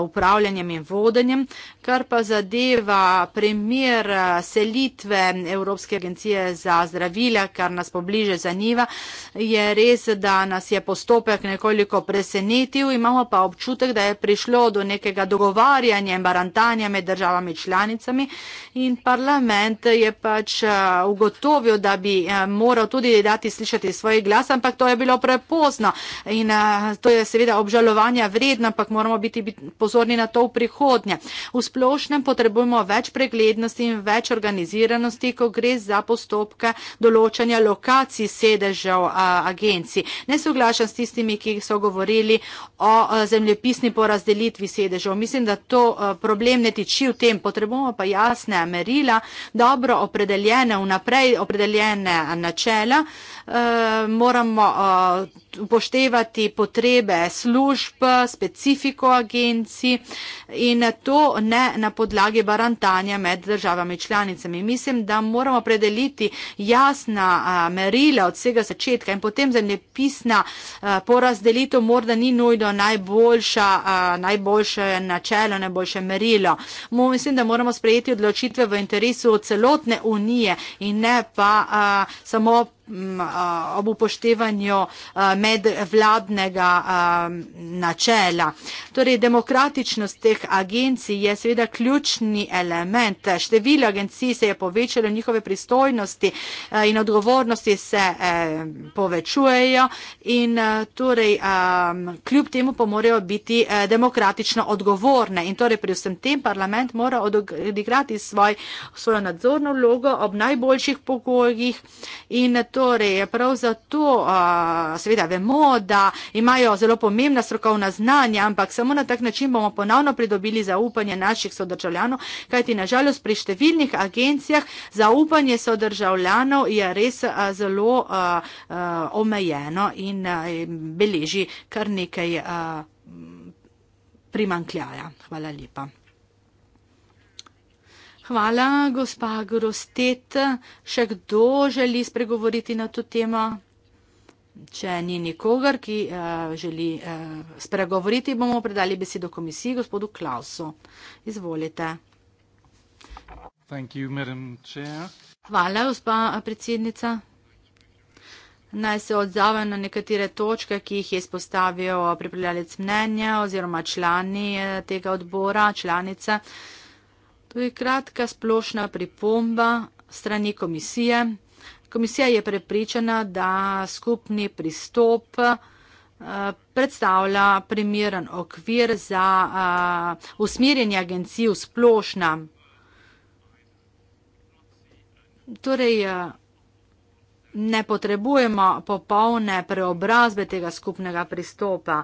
upravljanjem in vodenjem, kar pa zadeva primer selitve Evropske agencije za zdravila, kar nas pobliže zanima. Je res, da nas je postopek nekoliko presenetil, imamo pa občutek, da je prišlo do nekega dogovarjanja in barantanja med državami članicami in parlament je pač ugotovil, da bi moralo moral tudi dati slišati svoj glas, ampak to je bilo prepozno. In eh, to je seveda obžalovanja vredno, ampak moramo biti pozorni na to v prihodnje. V splošnem potrebujemo več preglednosti in več organiziranosti, ko gre za postopke določanja lokacij sedežev eh, agencij. Ne soglašam s tistimi, ki so govorili o eh, zemljepisni porazdelitvi sedežev. Mislim, da to problem ne tiči v tem. Potrebujemo pa jasne merila, dobro opredeljene, vnaprej opredeljene načine cela Eh, moramo eh, upoštevati potrebe služb, specifiko agencij in to ne na podlagi barantanja med državami članicami. Mislim, da moramo predeliti jasna eh, merila od vsega začetka in potem zemljepisna porazdelitev morda ni nujno najboljša, najboljše načelo, najboljše merilo. Mislim, da moramo sprejeti odločitve v interesu celotne unije in ne pa samo ob upoštevanju medvladnega načela. Torej, demokratičnost teh agencij je seveda ključni element. Število agencij se je povečalo, njihove pristojnosti in odgovornosti se e, povečujejo in e, torej kljub temu pa morajo biti e, demokratično odgovorne. In torej pri vsem tem parlament mora odigrati svoj, svojo nadzorno vlogo ob najboljših pogojih in torej je prav zato, seveda vemo, da imajo zelo pomembna strokovna znanja, ampak samo na tak način bomo ponovno pridobili zaupanje naših sodržavljanov, kajti nažalost pri številnih agencijah zaupanje sodržavljanov je res zelo omejeno in beleži kar nekaj primankljaja. Hvala lepa. Hvala, gospa Grostet. Še kdo želi spregovoriti na to temo? Če ni nikogar, ki uh, želi uh, spregovoriti, bomo predali besedo komisiji gospodu Klausu. Izvolite. You, Hvala, gospa eh, predsednica. Naj se odzovem na nekatere točke, ki jih je izpostavil pripravljalec mnenja oziroma člani tega odbora, članice. Uh, To je kratka splošna pripomba strani komisije. Komisija je prepričana, da skupni pristop eh, predstavlja primeren okvir za eh, usmerjanje agencij v splošna. Torej, eh, ne potrebujemo popolne preobrazbe tega skupnega pristopa.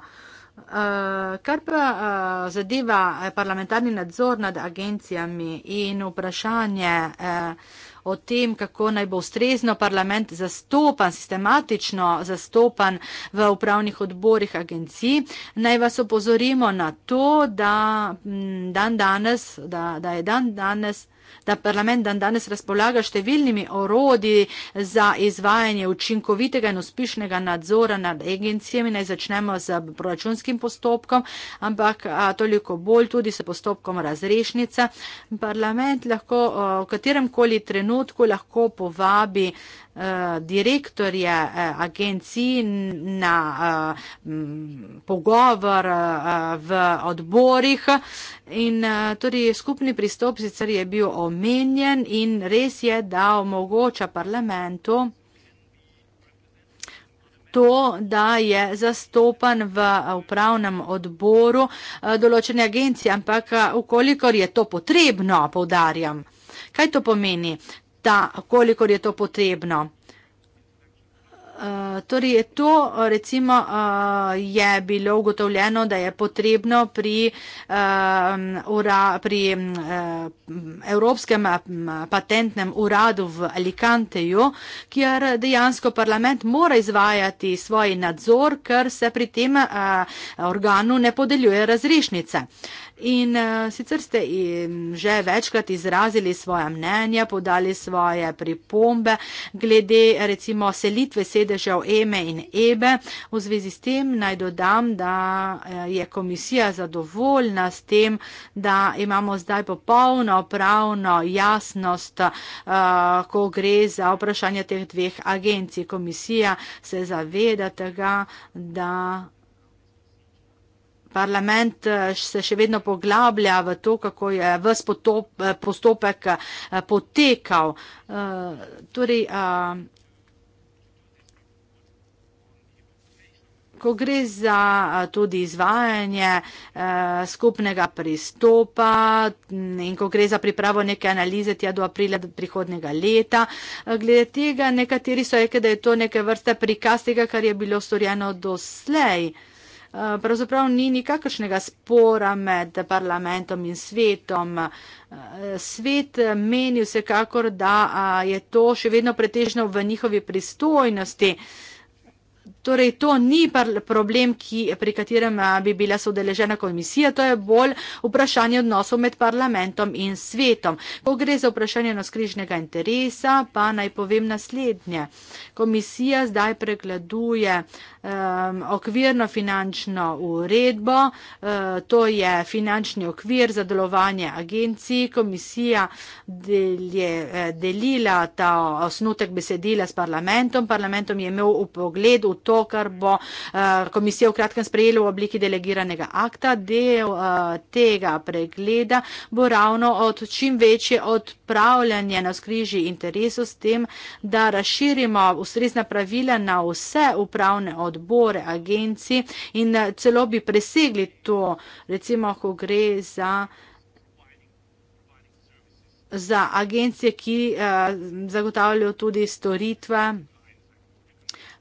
Kar pa eh, zadeva eh, parlamentarni nadzor nad agencijami in vprašanje eh, o tem, kako naj bo ustrezno parlament zastopan, sistematično zastopan v upravnih odborih agencij. Naj vas opozorimo na to, da, mm, dan danes, da, da je dan danes da parlament dan danes razpolaga številnimi orodi za izvajanje učinkovitega in uspešnega nadzora nad agencijami. Naj začnemo z proračunskim postopkom, ampak a, toliko bolj tudi s postopkom razrešnica. Parlament lahko a, v katerem koli trenutku lahko povabi Eh, direktorje eh, agencij na eh, pogovor v odborih in tudi skupni pristop sicer je bil omenjen in res je, da omogoča parlamentu to, da je zastopan v upravnem odboru določene agencije, ampak ukolikor je to potrebno, povdarjam. Kaj to pomeni? ta, kolikor je to potrebno. Eh, torej, to recimo eh, je bilo ugotovljeno, da je potrebno pri, eh, pri Evropskem patentnem uradu v Alicanteju, kjer dejansko parlament mora izvajati svoj nadzor, ker se pri tem organu ne podeljuje razrešnice. In uh, sicer ste jim že večkrat izrazili svoje mnenje, podali svoje pripombe glede recimo selitve sedežev EME in EBE. V zvezi s tem naj dodam, da eh, je komisija zadovoljna s tem, da imamo zdaj popolno pravno jasnost, uh, ko gre za vprašanje teh dveh agencij. Komisija se zaveda tega, da parlament eh, se še vedno poglablja v to, kako je vse eh, postopek eh, potekal. Torej, ko gre za tudi izvajanje skupnega pristopa mm, in ko gre za pripravo neke analize tja do aprila prihodnega leta, glede tega nekateri so rekli, da je to neke vrste prikaz tega, kar je bilo storjeno doslej pravzaprav ni nikakršnega spora med parlamentom in svetom. Svet meni vsekakor, da je to še vedno pretežno v njihovi pristojnosti. Torej, to ni problem, ki, pri katerem bi bila sodeležena komisija, to je bolj vprašanje odnosov med parlamentom in svetom. Ko gre za vprašanje noskrižnega interesa, pa naj povem naslednje. Komisija zdaj pregleduje um, okvirno finančno uredbo, uh, to je finančni okvir za delovanje agencij. Komisija del je eh, delila ta osnutek besedila s parlamentom. Parlamentom je imel v pogled v to, kar bo uh, komisija v kratkem sprejela v obliki delegiranega akta. Del uh, tega pregleda bo ravno od čim večje odpravljanje na skriži interesov s tem, da razširimo ustrezna pravila na vse upravne odločitve odbore, agencij in eh, celo bi presegli to, recimo, ko gre za za agencije, ki eh, zagotavljajo tudi storitve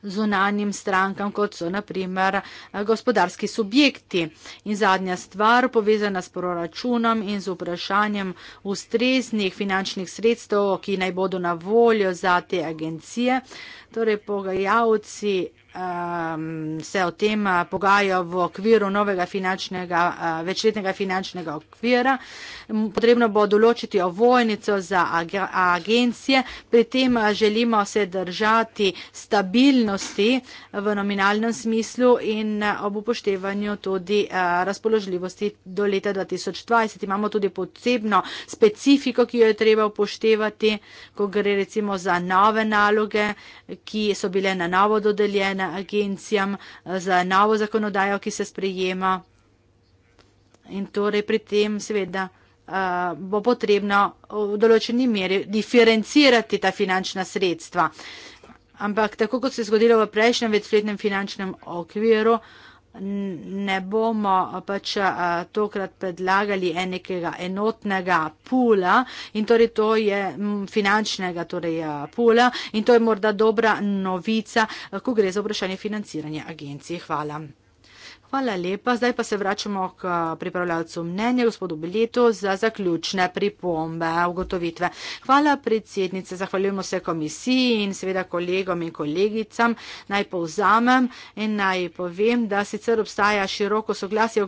zunanjim strankam, kot so naprimer eh, gospodarski subjekti. In zadnja stvar, povezana s proračunom in z vprašanjem ustreznih finančnih sredstev, ki naj bodo na voljo za te agencije, torej pogajalci Ehm, se o tem eh, pogajajo v okviru novega finančnega, eh, večletnega finančnega okvira. Potrebno bo določiti ovojnico za agencije, pri tem eh, želimo se držati stabilnosti v nominalnem smislu in ob upoštevanju tudi razpoložljivosti do leta 2020. Imamo tudi posebno specifiko, ki jo je treba upoštevati, ko gre recimo za nove naloge, ki so bile na novo dodeljene agencijam eh, za novo zakonodajo, ki se sprejema. In torej pri tem seveda eh, bo potrebno v določeni meri diferencirati ta finančna sredstva. Ampak tako kot se je zgodilo v prejšnjem večletnem finančnem okviru, ne bomo eh, pač a, eh, tokrat predlagali enega enotnega pula in torej to je m, finančnega torej, a, eh, pula in to je morda dobra novica, ko gre za vprašanje financiranja agencije. Hvala. Hvala lepa. Zdaj pa se vračamo k eh, pripravljalcu mnenja, gospodu Biletu, za zaključne pripombe, ugotovitve. Hvala predsednice, zahvaljujemo se komisiji in seveda kolegom in kolegicam. Naj povzamem in naj povem, da sicer obstaja široko soglasje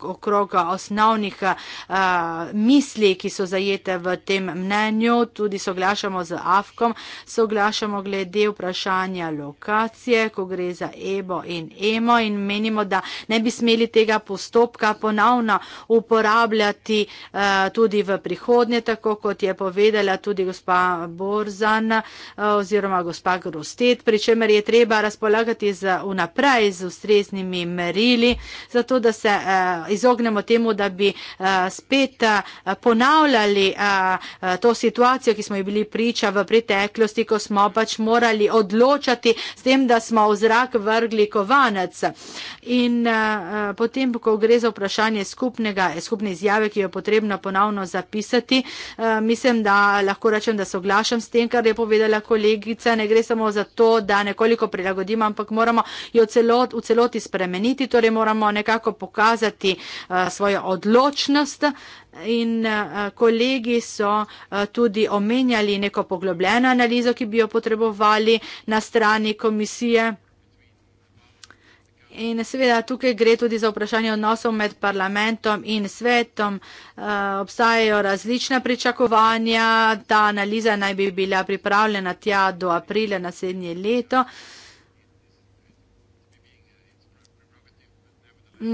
okrog osnovnih a, eh, misli, ki so zajete v tem mnenju. Tudi soglašamo z AFKOM, soglašamo glede vprašanja lokacije, ko gre za EBO in EMO in menimo, da ne bi smeli tega postopka ponovno uporabljati eh, tudi v prihodnje, tako kot je povedala tudi gospa Borzan eh, oziroma gospa Grostet, pri čemer je treba razpolagati z vnaprej z ustreznimi merili, zato da se eh, izognemo temu, da bi spet ponavljali to situacijo, ki smo ji bili priča v preteklosti, ko smo pač morali odločati s tem, da smo v zrak vrgli kovanec. In Eh, potem, ko gre za vprašanje skupnega, skupne izjave, ki jo je potrebno ponovno zapisati, eh, mislim, da lahko rečem, da soglašam s tem, kar je povedala kolegica. Ne gre samo za to, da nekoliko prilagodimo, ampak moramo jo celot, v celoti spremeniti, torej moramo nekako pokazati eh, svojo odločnost. In kolegi so tudi omenjali neko poglobljeno analizo, ki bi jo potrebovali na strani komisije. In seveda tukaj gre tudi za vprašanje odnosov med parlamentom in svetom. Eh, obstajajo različna pričakovanja, ta analiza naj bi bila pripravljena tja do aprila naslednje leto.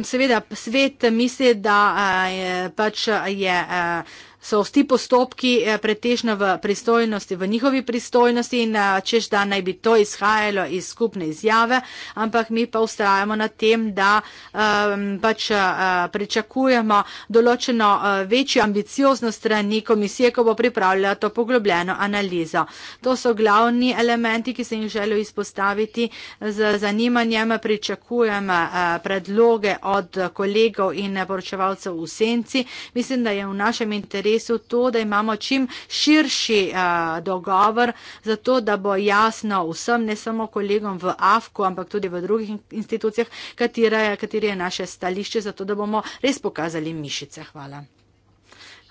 Seveda svet misli, da eh, je pač je. Eh, so vsi postopki eh, pretežno v pristojnosti, v njihovi pristojnosti in eh, češ, da naj bi to izhajalo iz skupne izjave, ampak mi pa ustrajamo na tem, da um, pač uh, pričakujemo določeno uh, večjo ambicioznost strani komisije, ko bo pripravljala to poglobljeno analizo. To so glavni elementi, ki se jim želijo izpostaviti z zanimanjem. Pričakujem uh, predloge od kolegov in poročevalcev v senci. Mislim, da je v našem interesu interesu to, da imamo čim širši uh, dogovor, zato da bo jasno vsem, ne samo kolegom v AFKO, ampak tudi v drugih institucijah, kateri je naše stališče, zato da bomo res pokazali mišice. Hvala.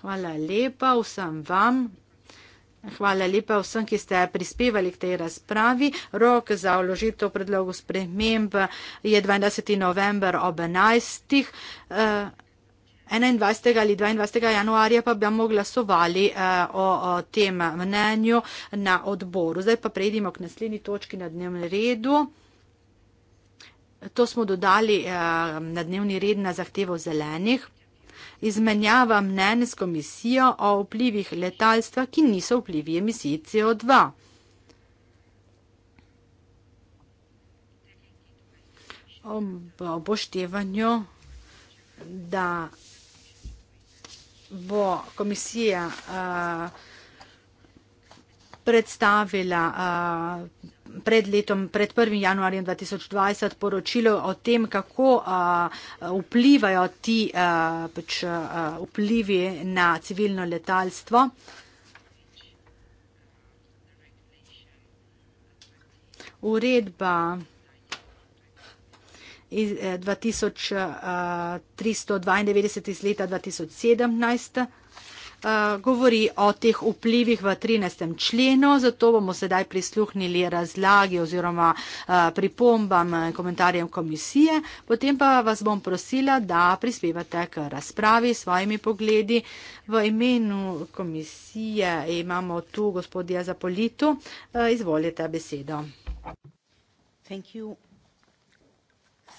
Hvala lepa vsem vam. Hvala lepa vsem, ki ste prispevali k tej razpravi. Rok za vložitev predlogu sprememb je 20. november ob 11. Uh, 21. ali 22. januarja pa bomo glasovali eh, o, o tem mnenju na odboru. Zdaj pa prejdimo k naslednji točki na dnevnem redu. To smo dodali eh, na dnevni red na zahtevo zelenih. Izmenjava mnen s komisijo o vplivih letalstva, ki niso vplivi emisij CO2. Ob oboštevanju, da bo komisija predstavila pred letom, pred 1. januarjem 2020 poročilo o tem, kako vplivajo ti pač, vplivi na civilno letalstvo. Uredba iz, eh, 2392 eh, iz leta 2017. Uh, eh, govori o teh vplivih v 13. členu, zato bomo sedaj prisluhnili razlagi oziroma uh, pripombam in komentarjem komisije. Potem pa vas bom prosila, da prispevate k razpravi s svojimi pogledi. V imenu komisije imamo tu gospodja Zapolito. Uh, izvolite besedo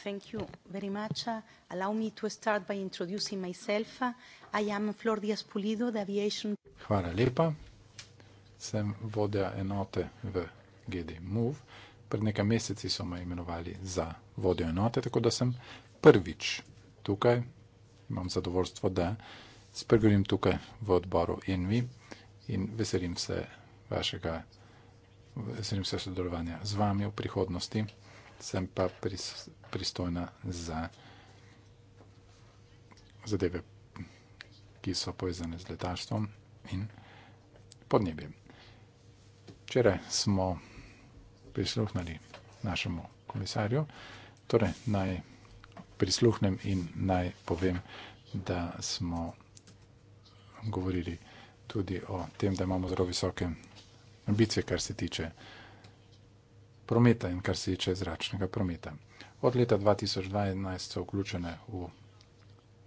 thank you very much. Allow me to start by introducing myself. I am Flor Díaz-Pulido, the aviation- Hvala lepa. Sem vodja enote v GD Move. Pred nekaj meseci so me imenovali za vodjo enote, tako da sem prvič tukaj. Imam zadovoljstvo, da spregovorim tukaj v odboru ENVI in veselim se vašega, veselim se sodelovanja z vami v prihodnosti sem pa pris, pristojna za zadeve, ki so povezane z letalstvom in podnebjem. Včeraj smo prisluhnili našemu komisarju, torej naj prisluhnem in naj povem, da smo govorili tudi o tem, da imamo zelo visoke ambicije, kar se tiče prometa in kar se tiče zračnega prometa. Od leta 2012 so vključene v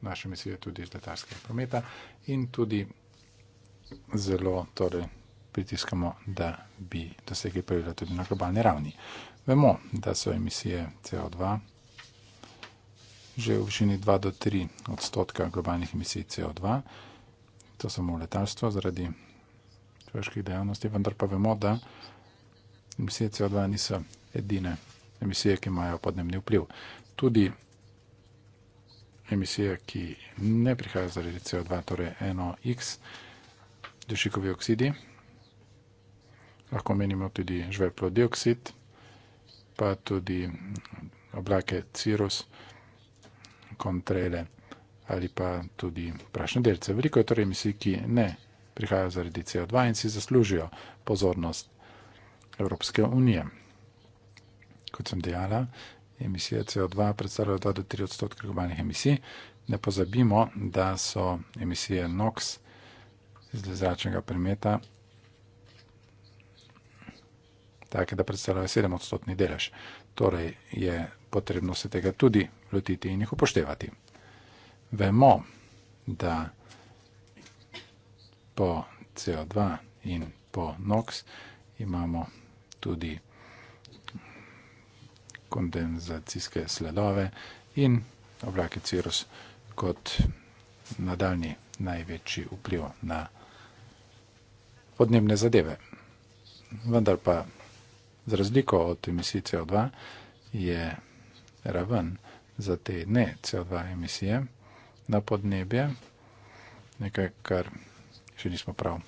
naše misije tudi iz letarskega prometa in tudi zelo torej, pritiskamo, da bi dosegli pravila tudi na globalni ravni. Vemo, da so emisije CO2 že v višini 2 do 3 odstotka globalnih emisij CO2, to samo v letarstvu zaradi človeških dejavnosti, vendar pa vemo, da Emisije CO2 niso edine emisije, ki imajo podnebni vpliv. Tudi emisije, ki ne prihajajo zaradi CO2, torej NOx, dušikovi oksidi, lahko menimo tudi žveplo dioksid, pa tudi oblake cirus, kontrele ali pa tudi prašne delce. Veliko je torej emisij, ki ne prihajajo zaradi CO2 in si zaslužijo pozornost Evropske unije. Kot sem dejala, emisije CO2 predstavljajo 2-3 odstotke globalnih emisij. Ne pozabimo, da so emisije NOx iz zračnega premeta take, da predstavljajo 7 odstotni delež. Torej je potrebno se tega tudi lotiti in jih upoštevati. Vemo, da po CO2 in po NOx imamo tudi kondenzacijske sledove in oblake cirus kot nadaljni največji vpliv na podnebne zadeve. Vendar pa z razliko od emisij CO2 je raven za te ne CO2 emisije na podnebje nekaj, kar še nismo prav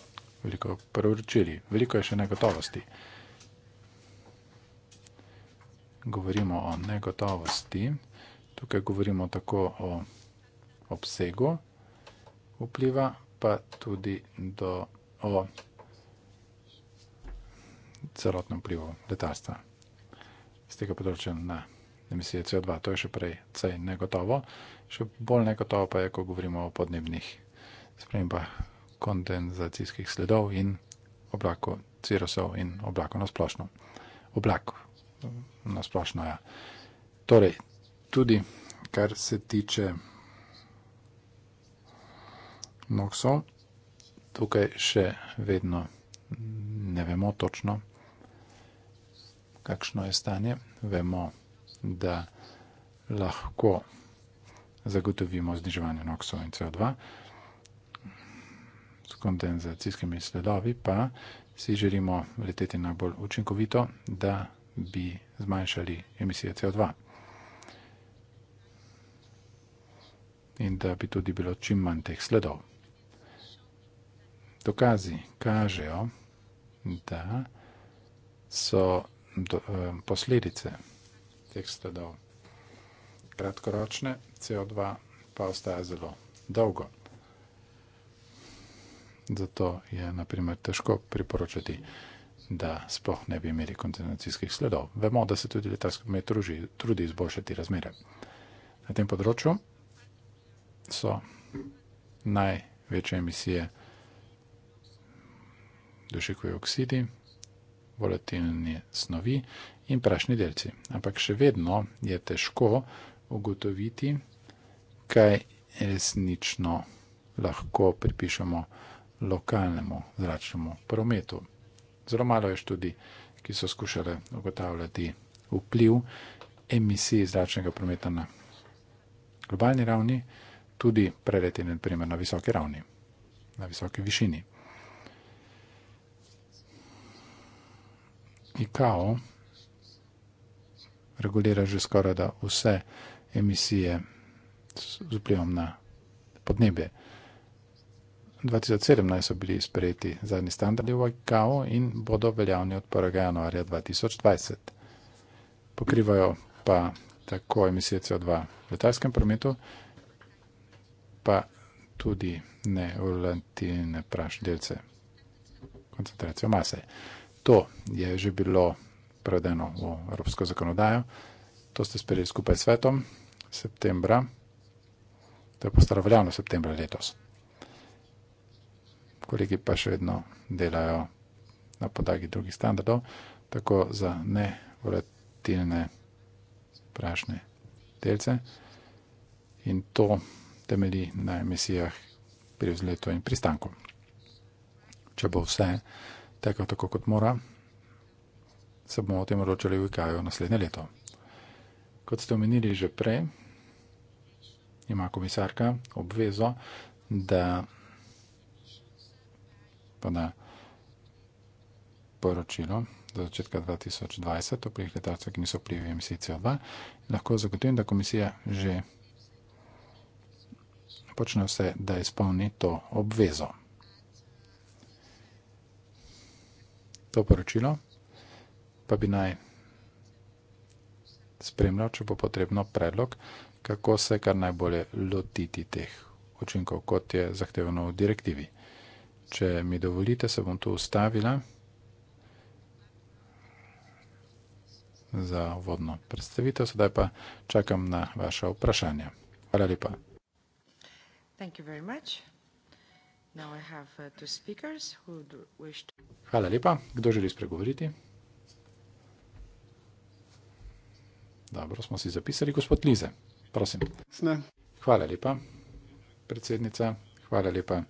veliko preuročili. Veliko je še negotovosti govorimo o negotovosti, tukaj govorimo tako o obsegu vpliva, pa tudi do, o celotnem vplivu letalstva z tega področja na emisije CO2. To je še prej cej negotovo. Še bolj negotovo pa je, ko govorimo o podnebnih spremembah kondenzacijskih sledov in oblaku cirosov in oblaku na splošno. Oblaku nasplošno. Ja. Torej, tudi kar se tiče noksov, tukaj še vedno ne vemo točno, kakšno je stanje. Vemo, da lahko zagotovimo zniževanje noksov in CO2. S kondenzacijskimi sledovi pa si želimo leteti najbolj učinkovito, da bi zmanjšali emisije CO2. In da bi tudi bilo čim manj teh sledov. Dokazi kažejo, da so do, eh, posledice teh sledov kratkoročne, CO2 pa ostaja zelo dolgo. Zato je naprimer težko priporočati da sploh ne bi imeli kontinentacijskih sledov. Vemo, da se tudi letalski promet trudi izboljšati razmere. Na tem področju so največje emisije dušikovi oksidi, volatilni snovi in prašni delci. Ampak še vedno je težko ugotoviti, kaj resnično lahko pripišemo lokalnemu zračnemu prometu zelo malo je študij, ki so skušale ugotavljati vpliv emisij zračnega prometa na globalni ravni, tudi preletine, naprimer, na visoki ravni, na visoki višini. IKO regulira že skoraj da vse emisije z vplivom na podnebje. 2017 so bili sprejeti zadnji standardi v IKAO in bodo veljavni od 1. januarja 2020. Pokrivajo pa tako emisije CO2 v letalskem prometu, pa tudi neolantine praš delce koncentracijo mase. To je že bilo prevedeno v evropsko zakonodajo. To ste sprejeli skupaj s svetom septembra. To je postalo veljavno septembra letos kolegi pa še vedno delajo na podlagi drugih standardov, tako za nevolatilne prašne delce. In to temelji na emisijah pri vzletu in pristanku. Če bo vse tekel tako, kot mora, se bomo o tem odločili v IKAJU naslednje leto. Kot ste omenili že prej, ima komisarka obvezo, da pa na poročilo do začetka 2020 o prih letalcev, ki niso prijevi emisij CO2, lahko zagotovim, da komisija že počne vse, da izpolni to obvezo. To poročilo pa bi naj spremljal, če bo potrebno predlog, kako se kar najbolje lotiti teh učinkov, kot je zahtevano v direktivi. Če mi dovolite, se bom tu ustavila za vodno predstavitev, sedaj pa čakam na vaše vprašanje. Hvala lepa. Uh, Hvala lepa. Kdo želi spregovoriti? Dobro, smo si zapisali gospod Lize. Prosim. Hvala lepa, predsednica. Hvala lepa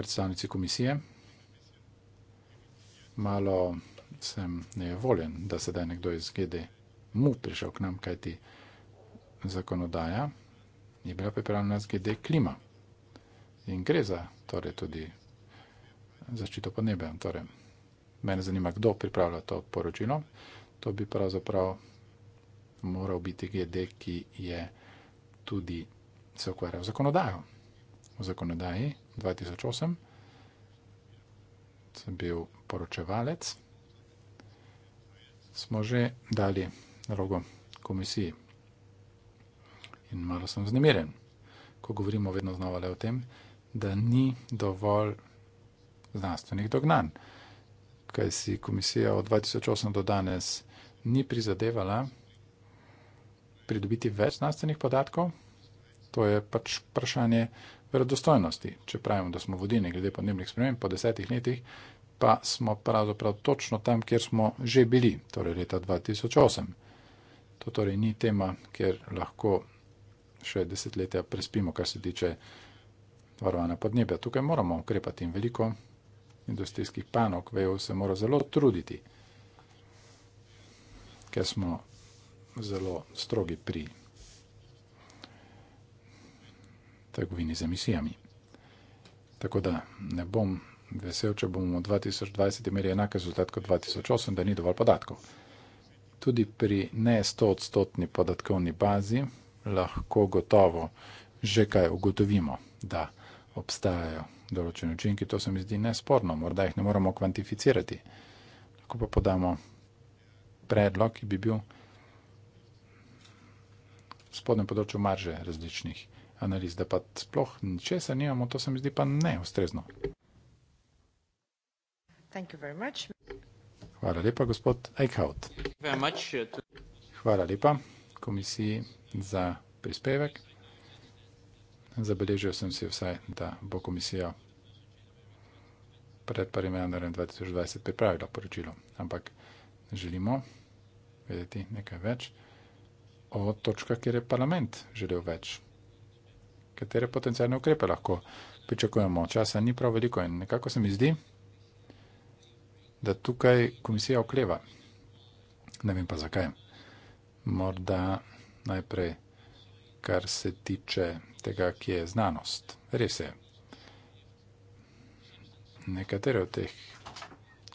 predstavnici komisije. Malo sem nevoljen, da se da je nekdo iz GD mu prišel k nam, kajti zakonodaja je bila pripravljena z GD klima in gre za torej, tudi zaščito podnebja. Torej, mene zanima, kdo pripravlja to poročilo. To bi pravzaprav moral biti GD, ki je tudi se ukvarjal z zakonodajo. V zakonodaji 2008, sem bil poročevalec, smo že dali rogo komisiji. In malo sem znemiren, ko govorimo vedno znova le o tem, da ni dovolj znanstvenih dognanj. Kaj si komisija od 2008 do danes ni prizadevala pridobiti več znanstvenih podatkov, to je pač vprašanje, verodostojnosti. Če pravimo, da smo vodilni glede podnebnih sprememb, po desetih letih pa smo pravzaprav točno tam, kjer smo že bili, torej leta 2008. To torej ni tema, kjer lahko še desetletja prespimo, kar se tiče varovanja podnebja. Tukaj moramo ukrepati in veliko industrijskih panog v EU se mora zelo truditi, ker smo zelo strogi pri trgovini z emisijami. Tako da ne bom vesel, če bomo v 2020 imeli enak rezultat kot 2008, da ni dovolj podatkov. Tudi pri ne 100-odstotni podatkovni bazi lahko gotovo že kaj ugotovimo, da obstajajo določeni učinki. To se mi zdi nesporno, morda jih ne moramo kvantificirati. Lahko pa podamo predlog, ki bi bil spodnem področju marže različnih analiz, da pa sploh ničesar nimamo, to se mi zdi pa neustrezno. Hvala lepa, gospod Eichhout. Hvala lepa komisiji za prispevek. Zabeležil sem si vsaj, da bo komisija pred 1. januarjem 2020 pripravila poročilo, ampak želimo vedeti nekaj več o točkah, kjer je parlament želel več katere potencijalne ukrepe lahko pričakujemo. Časa ni prav veliko in nekako se mi zdi, da tukaj komisija okleva. Ne vem pa zakaj. Morda najprej, kar se tiče tega, ki je znanost. Res je. Nekatere od teh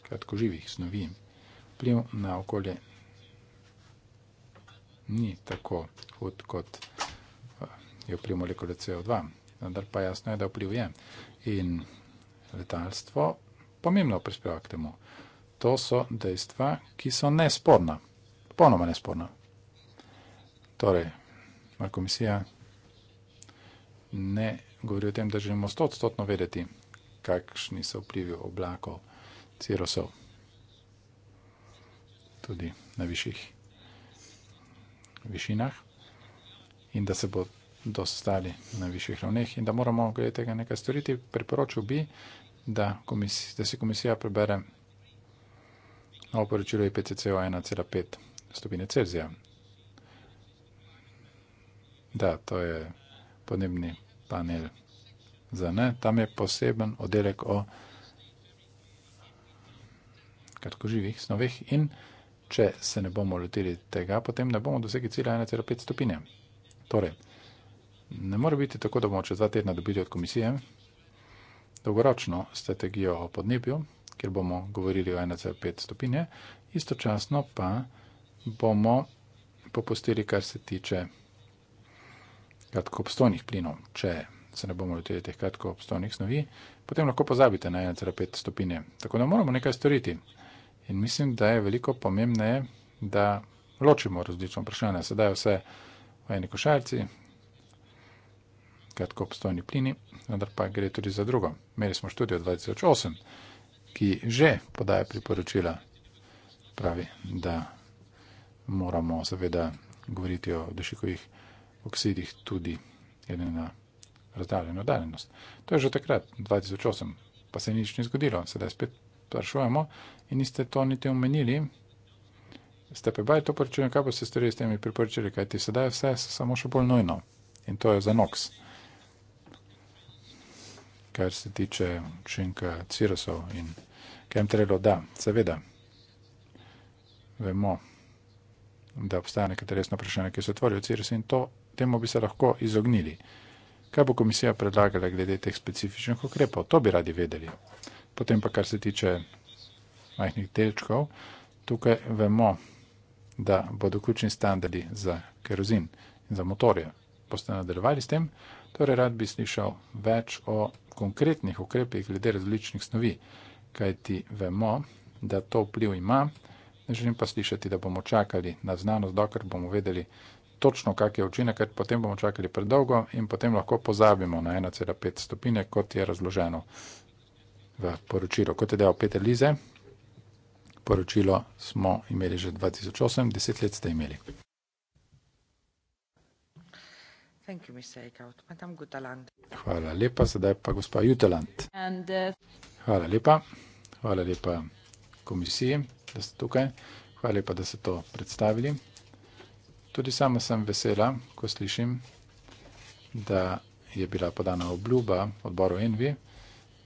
kratkoživih snovi vpliv na okolje ni tako hud kot je vpliv molekule CO2. Vendar pa jasno je, da vpliv je. In letalstvo pomembno prispeva k temu. To so dejstva, ki so nesporna, ponoma nesporna. Torej, komisija ne govori o tem, da želimo stotstotno vedeti, kakšni so vplivi oblakov cirosov. Tudi na višjih višinah. In da se bo dostali na višjih ravneh in da moramo glede tega nekaj storiti. Priporočil bi, da, komisi, da si komisija prebere novo poročilo IPCC e o 1,5 stopine Celzija. Da, to je podnebni panel za ne. Tam je poseben oddelek o kratkoživih snoveh in če se ne bomo lotili tega, potem ne bomo dosegli cilja 1,5 stopinja. Torej, Ne more biti tako, da bomo čez dva tedna dobili od komisije dolgoročno strategijo o podnebju, kjer bomo govorili o 1,5 stopinje, istočasno pa bomo popustili, kar se tiče kratkoobstojnih plinov. Če se ne bomo lotili teh kratkoobstojnih snovi, potem lahko pozabite na 1,5 stopinje. Tako da moramo nekaj storiti. In mislim, da je veliko pomembneje, da ločimo različno vprašanje. Sedaj vse v eni košarci, kratkoobstojni plini, vendar pa gre tudi za drugo. Imeli smo študijo 2008, ki že podaja priporočila, pravi, da moramo seveda govoriti o dušikovih oksidih tudi glede na razdaljeno daljnost. To je že takrat, 2008, pa se nič ni zgodilo, sedaj spet sprašujemo in niste to niti omenili. Ste pa baj to poročili, kaj boste storili s temi priporočili, kajti sedaj vse je vse samo še bolj nojno. In to je za NOX kar se tiče učinka cirusov in kemtrelo, da, seveda, vemo, da obstaja nekaj resno vprašanje, ki se otvorijo cirusi in to, temu bi se lahko izognili. Kaj bo komisija predlagala glede teh specifičnih ukrepov, to bi radi vedeli. Potem pa, kar se tiče majhnih delčkov, tukaj vemo, da bodo ključni standardi za kerozin in za motorje. Boste nadaljevali s tem, torej rad bi slišal več o konkretnih ukrepih glede različnih snovi, kajti vemo, da to vpliv ima, ne želim pa slišati, da bomo čakali na znanost, dokler bomo vedeli točno, kak je učinek, ker potem bomo čakali predolgo in potem lahko pozabimo na 1,5 stopine, kot je razloženo v poročilu. Kot je dejal Peter Lize, poročilo smo imeli že 2008, deset let ste imeli. Hvala lepa, sedaj pa gospa Jutelant. Uh, hvala lepa, hvala lepa komisiji, da ste tukaj, hvala lepa, da ste to predstavili. Tudi sama sem vesela, ko slišim, da je bila podana obljuba odboru Envi,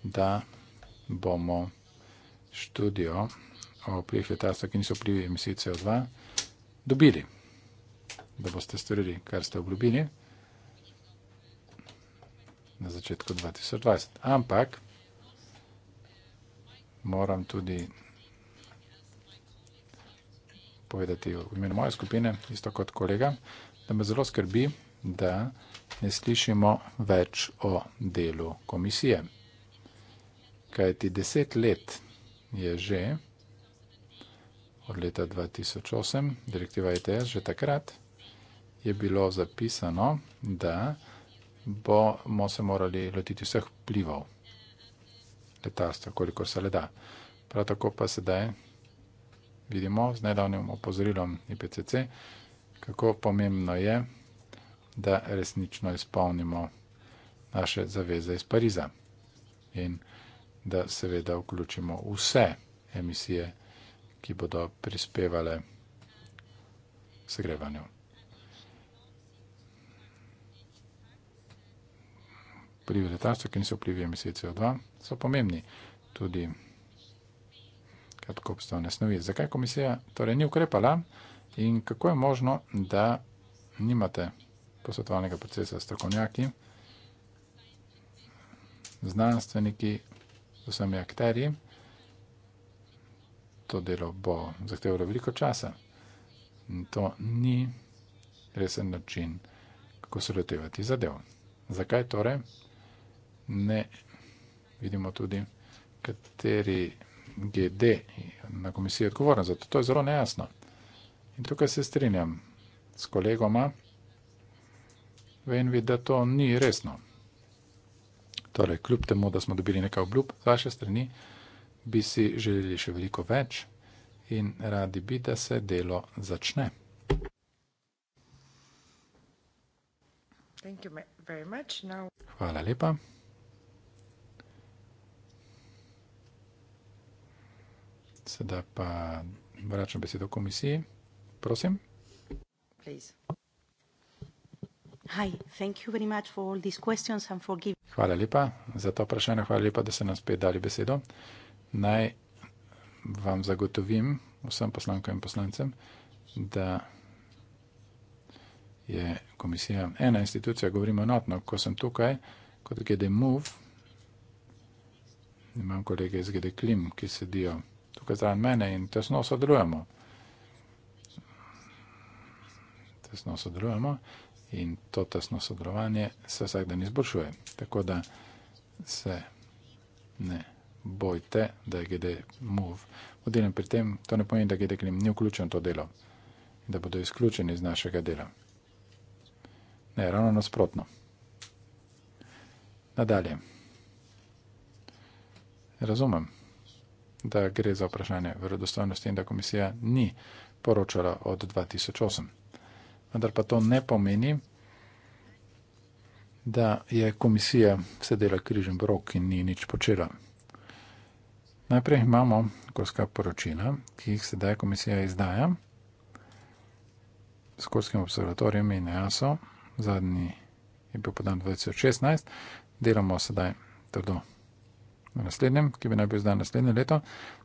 da bomo študijo o vplivih letalstva, ki niso vplivi emisij CO2, dobili, da boste storili, kar ste obljubili na začetku 2020. Ampak moram tudi povedati v imenu moje skupine, isto kot kolega, da me zelo skrbi, da ne slišimo več o delu komisije. Kaj ti deset let je že od leta 2008, direktiva ETS, že takrat je bilo zapisano, da bomo se morali lotiti vseh plivov letalstva, koliko se le da. Prav tako pa sedaj vidimo z nedavnim opozorilom IPCC, kako pomembno je, da resnično izpolnimo naše zaveze iz Pariza in da seveda vključimo vse emisije, ki bodo prispevale segrevanju. vplivi letalstva, ki niso vplivi emisije CO2, so pomembni tudi kratkoobstavne snovi. Zakaj komisija torej ni ukrepala in kako je možno, da nimate posvetovalnega procesa s strokovnjaki, znanstveniki, vsemi akterji? To delo bo zahtevalo veliko časa. In to ni resen način, kako se lotevati zadev. Zakaj torej ne. Vidimo tudi, kateri GD na komisiji je odgovoren za to. To je zelo nejasno. In tukaj se strinjam s kolegoma v Envi, da to ni resno. Torej, kljub temu, da smo dobili nekaj obljub z vaše strani, bi si želeli še veliko več in radi bi, da se delo začne. Hvala lepa. Sedaj pa vračam besedo komisiji. Prosim. Please. Hvala lepa za to vprašanje, hvala lepa, da ste nam spet dali besedo. Naj vam zagotovim, vsem poslankam in poslancem, da je komisija ena institucija, govorimo enotno, ko sem tukaj, kot GDMOV, imam kolege iz GDKLIM, ki sedijo tukaj, tukaj zraven mene in tesno sodelujemo. Tesno sodelujemo in to tesno sodelovanje se vsak dan izboljšuje. Tako da se ne bojte, da je GD move. Vodilen pri tem, to ne pomeni, da GD Klim ni vključen v to delo, da bodo izključeni iz našega dela. Ne, ravno nasprotno. Nadalje. Razumem da gre za vprašanje verodostojnosti in da komisija ni poročala od 2008. Vendar pa to ne pomeni, da je komisija sedela križem v rok in ni nič počela. Najprej imamo okoljska poročila, ki jih sedaj komisija izdaja s okoljskim observatorijem in EASO. Zadnji je bil podan 2016, delamo sedaj trdo na naslednjem, ki bi naj bil zdaj naslednje leto.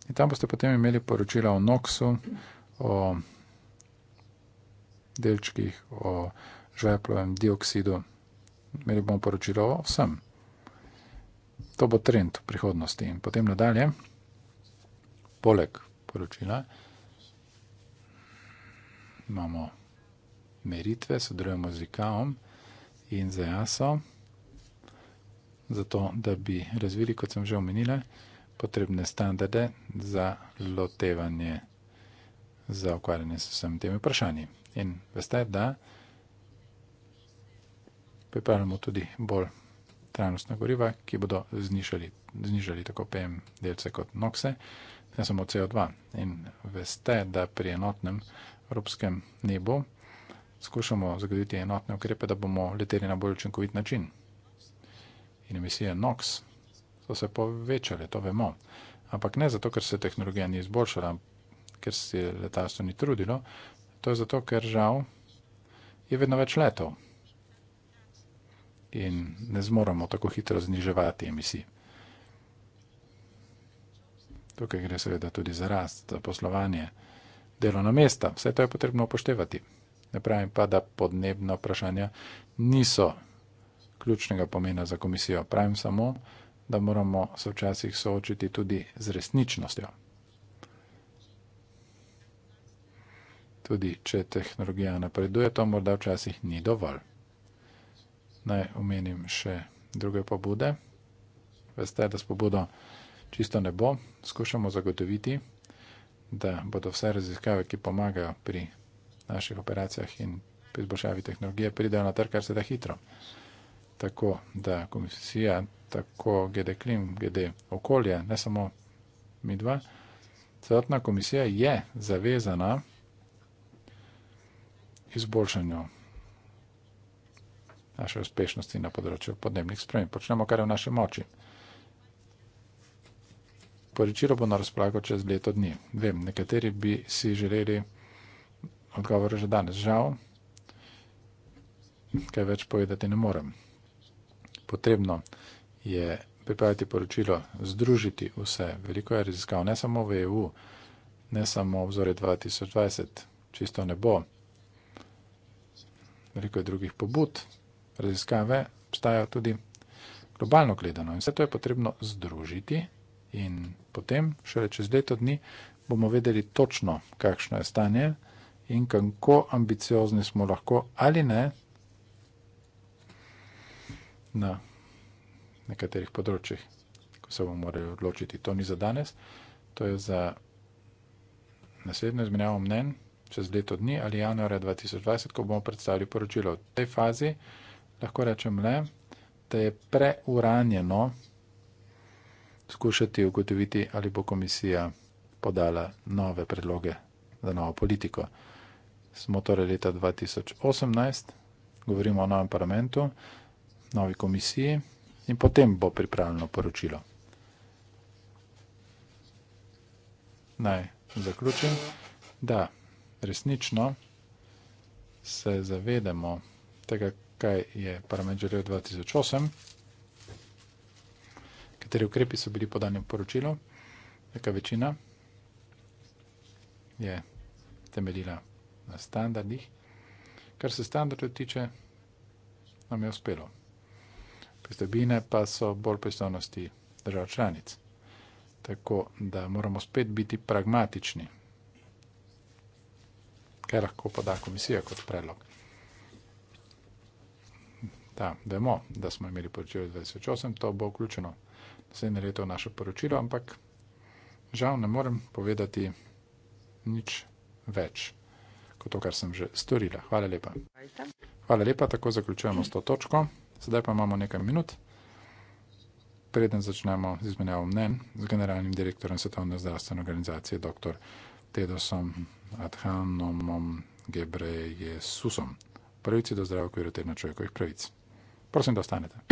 In tam boste potem imeli poročila o NOX-u, o delčkih, o žveplovem dioksidu. Imeli bomo poročilo o vsem. To bo trend v prihodnosti. In potem nadalje, poleg poročila, imamo meritve, sodelujemo z IKAOM in z EASO zato da bi razvili, kot sem že omenila, potrebne standarde za lotevanje, za ukvarjanje s vsemi temi vprašanji. In veste, da pripravljamo tudi bolj trajnostna goriva, ki bodo znižali, znižali tako PM delce kot NOX-e, ne samo CO2. In veste, da pri enotnem evropskem nebu skušamo zagoditi enotne ukrepe, da bomo leteli na bolj učinkovit način in emisije NOx so se povečale, to vemo. Ampak ne zato, ker se tehnologija ni izboljšala, ker se letalstvo ni trudilo, to je zato, ker žal je vedno več letov in ne zmoremo tako hitro zniževati emisij. Tukaj gre seveda tudi za rast, za poslovanje, delovna mesta, vse to je potrebno upoštevati. Ne pravim pa, da podnebna vprašanja niso ključnega pomena za komisijo. Pravim samo, da moramo se včasih soočiti tudi z resničnostjo. Tudi če tehnologija napreduje, to morda včasih ni dovolj. Naj omenim še druge pobude. Veste, da s pobudo čisto ne bo. Skušamo zagotoviti, da bodo vse raziskave, ki pomagajo pri naših operacijah in pri izboljšavi tehnologije, pridajo na trg, kar se da hitro tako da komisija, tako glede klim, glede okolja, ne samo mi dva, celotna komisija je zavezana izboljšanju naše uspešnosti na področju podnebnih sprememb. Počnemo, kar je v naši moči. Poročilo bo na razpolago čez leto dni. Vem, nekateri bi si želeli odgovor že danes. Žal, kaj več povedati ne morem potrebno je pripraviti poročilo, združiti vse. Veliko je raziskav, ne samo v EU, ne samo v obzore 2020, čisto ne bo. Veliko je drugih pobud, raziskave obstajajo tudi globalno gledano in vse to je potrebno združiti in potem, šele čez leto dni, bomo vedeli točno, kakšno je stanje in kako ambiciozni smo lahko ali ne na nekaterih področjih, ko se bomo morali odločiti. To ni za danes, to je za naslednjo izmenjavo mnen čez leto dni ali januarja 2020, ko bomo predstavili poročilo. V tej fazi lahko rečem le, da je preuranjeno skušati ugotoviti, ali bo komisija podala nove predloge za novo politiko. Smo torej leta 2018, govorimo o novem parlamentu novi komisiji in potem bo pripravljeno poročilo. Naj zaključim, da resnično se zavedamo tega, kaj je parlament želel 2008, kateri ukrepi so bili podani v poročilo, neka večina je temeljila na standardih. Kar se standardov tiče, nam je uspelo pristojbine pa so bolj pristojnosti držav članic. Tako da moramo spet biti pragmatični. Kaj lahko poda komisija kot predlog? Da, vemo, da smo imeli poročilo 2008, to bo vključeno naslednje leto v naše poročilo, ampak žal ne morem povedati nič več kot to, kar sem že storila. Hvala lepa. Hvala lepa, tako zaključujemo s to točko. Sedaj pa imamo nekaj minut, preden začnemo z izmenjavo mnen z generalnim direktorjem Svetovne zdravstvene organizacije, dr. Tedosom Adhanomom Gebrejesusom. Pravici do zdravja, ki je rotirna človekovih pravic. Prosim, da ostanete.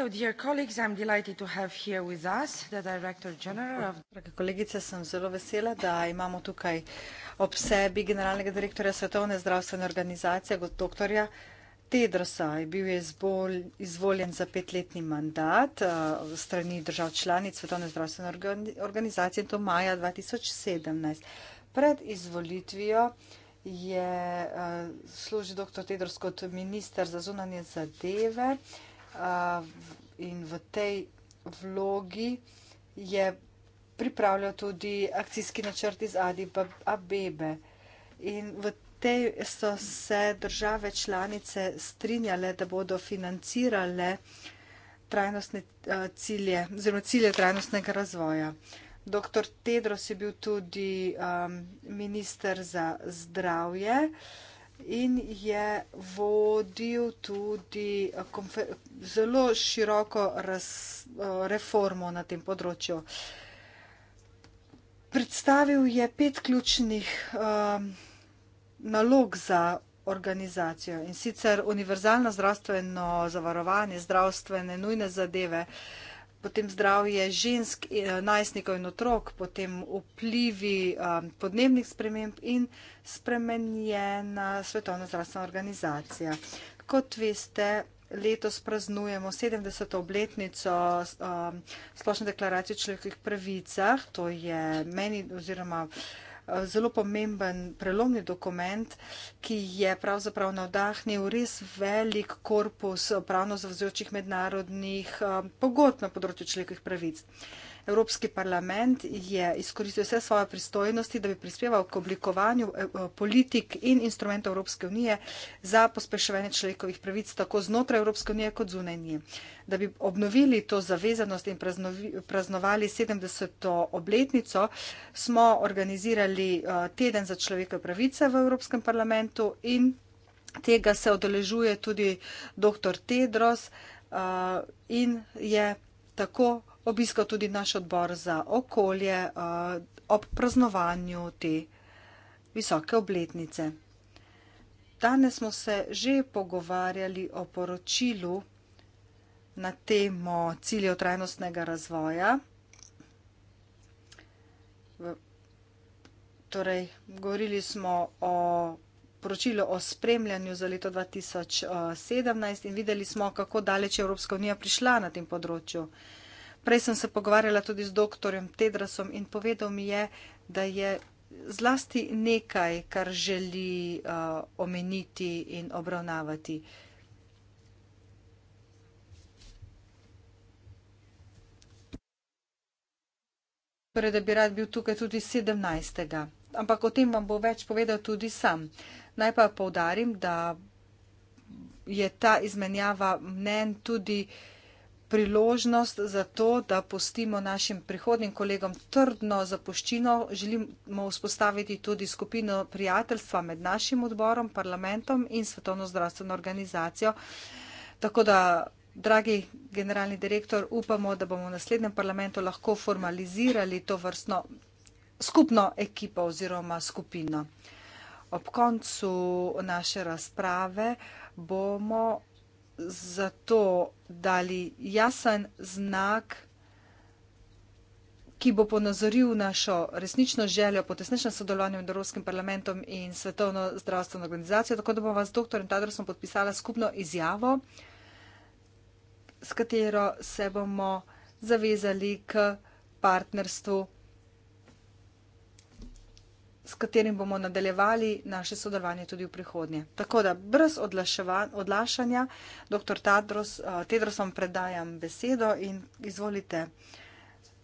So, dear colleagues, I'm delighted to have here with us the Director General of... Drage kolegice, sem zelo vesela, da imamo tukaj ob sebi generalnega direktorja Svetovne zdravstvene organizacije, god doktorja Tedrosa. Bil je izbol, izvoljen za petletni mandat uh, strani držav članic Svetovne zdravstvene organizacije in to maja 2017. Pred izvolitvijo je uh, služil dr. Tedros kot minister za zunanje zadeve uh, in v tej vlogi je pripravljal tudi akcijski načrt iz Adibabebe. In v tej so se države članice strinjale, da bodo financirale trajnostne cilje oziroma cilje trajnostnega razvoja. Dr. Tedros je bil tudi um, minister za zdravje. Uh, in je vodil tudi eh, zelo široko raz, eh, reformo na tem področju. Predstavil je pet ključnih um, nalog za organizacijo in sicer univerzalno zdravstveno zavarovanje, zdravstvene nujne zadeve, uh, potem zdravje žensk, eh, najstnikov in otrok, potem vplivi eh, podnebnih sprememb in spremenjena Svetovna zdravstvena organizacija. Kot veste, letos praznujemo 70. obletnico eh, Splošne deklaracije o človekovih pravicah, to je meni oziroma. Eh, zelo pomemben prelomni dokument, ki je pravzaprav navdahnil res velik korpus pravno zavzočih mednarodnih eh, pogodb na področju človekovih pravic. Evropski parlament je izkoristil vse svoje pristojnosti, da bi prispeval k oblikovanju eh, eh, politik in instrumentov Evropske unije za pospeševanje človekovih pravic tako znotraj Evropske unije kot zunaj nje. Da bi obnovili to zavezanost in praznovali 70. obletnico, smo organizirali eh, teden za človekove pravice v Evropskem parlamentu in tega se odeležuje tudi dr. Tedros in je tako obiskal tudi naš odbor za okolje eh, ob praznovanju te visoke obletnice. Danes smo se že pogovarjali o poročilu na temo ciljev trajnostnega razvoja. Torej, govorili smo o poročilu o spremljanju za leto 2017 eh, in videli smo, kako daleč je Evropska unija prišla na tem področju. Prej sem se pogovarjala tudi z doktorjem Tedrasom in povedal mi je, da je zlasti nekaj, kar želi uh, omeniti in obravnavati. Torej, da bi rad bil tukaj tudi 17. Ampak o tem vam bo več povedal tudi sam. Naj pa povdarim, da je ta izmenjava mnen tudi. Uh, priložnost za to, da pustimo našim prihodnim kolegom trdno zapuščino. Želimo vzpostaviti tudi skupino prijateljstva med našim odborom, parlamentom in Svetovno zdravstveno organizacijo. Tako da, dragi generalni direktor, upamo, da bomo v naslednjem parlamentu lahko formalizirali to vrstno skupno ekipo oziroma skupino. Ob koncu naše razprave bomo zato dali jasen znak, ki bo ponazoril našo resnično željo po tesnečnem sodelovanju med Evropskim parlamentom in Svetovno zdravstveno organizacijo. Tako da bomo z dr. Tadrosom podpisala skupno izjavo, s katero se bomo zavezali k partnerstvu s katerim bomo nadaljevali naše sodelovanje tudi v prihodnje. Tako da, brez odlašanja, dr. Tadros, eh, Tedros vam predajam besedo in izvolite,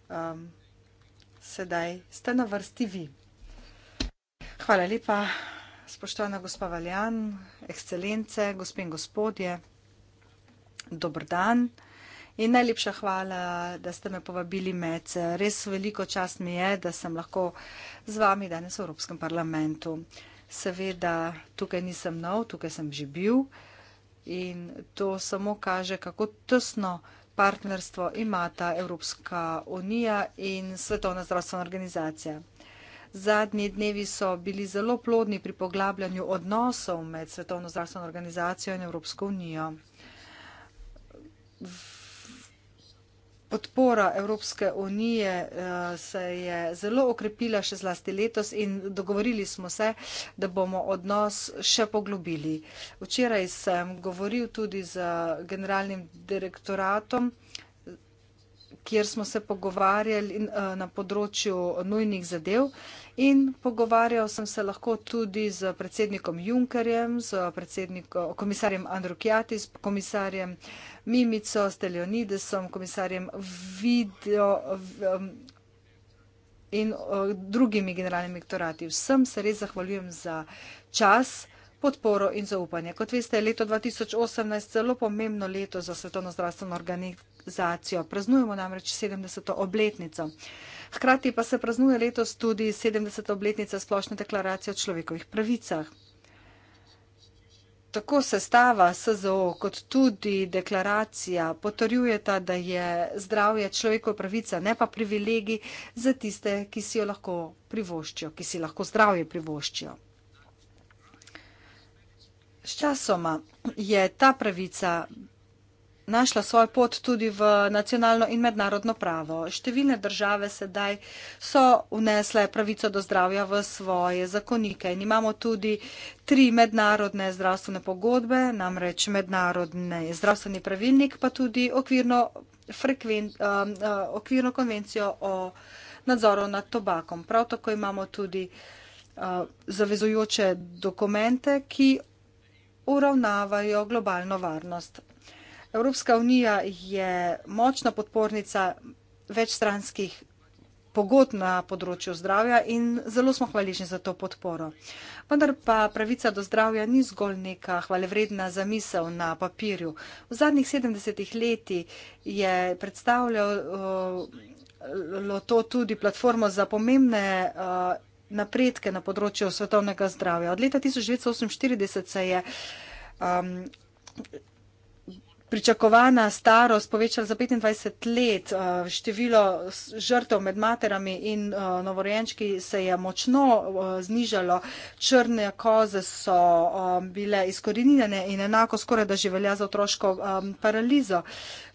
um, sedaj ste na vrsti vi. Hvala lepa, spoštovana gospa Valjan, ekscelence, gospe in gospodje, dober dan. In najlepša hvala, da ste me povabili med. Res veliko čast mi je, da sem lahko z vami danes v Evropskem parlamentu. Seveda, tukaj nisem nov, tukaj sem že bil in to samo kaže, kako tesno partnerstvo imata Evropska unija in Svetovna zdravstvena organizacija. Zadnji dnevi so bili zelo plodni pri poglabljanju odnosov med Svetovno zdravstveno organizacijo in Evropsko unijo. V Podpora Evropske unije eh, se je zelo okrepila še zlasti letos in dogovorili smo se, da bomo odnos še poglobili. Včeraj sem govoril tudi z generalnim direktoratom, kjer smo se pogovarjali eh, na področju nujnih zadev In pogovarjal sem se lahko tudi z predsednikom Junkerjem, z komisarjem Andrukjatis, komisarjem Mimico, Steljonidesom, komisarjem Video in drugimi generalnimi aktorati. Vsem se res zahvaljujem za čas, podporo in zaupanje. Kot veste, je leto 2018 zelo pomembno leto za svetovno zdravstveno organizacijo. Praznujemo namreč 70. obletnico. Hkrati pa se praznuje letos tudi 70. obletnica splošne deklaracije o človekovih pravicah. Tako sestava SZO kot tudi deklaracija potrjujeta, da je zdravje človekova pravica, ne pa privilegij za tiste, ki si jo lahko privoščijo, ki si lahko zdravje privoščijo. Sčasoma je ta pravica našla svojo pot tudi v nacionalno in mednarodno pravo. Številne države sedaj so unesle pravico do zdravja v svoje zakonike in imamo tudi tri mednarodne zdravstvene pogodbe, namreč mednarodni zdravstveni pravilnik, pa tudi okvirno, frekven, um, uh, okvirno konvencijo o nadzoru nad tobakom. Prav tako imamo tudi uh, zavezujoče dokumente, ki uravnavajo globalno varnost. Evropska unija je močna podpornica večstranskih pogod na področju zdravja in zelo smo hvaležni za to podporo. Vendar pa pravica do zdravja ni zgolj neka hvalevredna zamisel na papirju. V zadnjih 70 letih je predstavljalo to tudi platformo za pomembne eh, napredke na področju svetovnega zdravja. Od leta 1948 se je um, pričakovana starost povečala za 25 let, eh, število žrtev med materami in eh, novorojenčki se je močno eh, znižalo, črne koze so bile izkoreninjene in enako skoraj da že velja za otroško paralizo.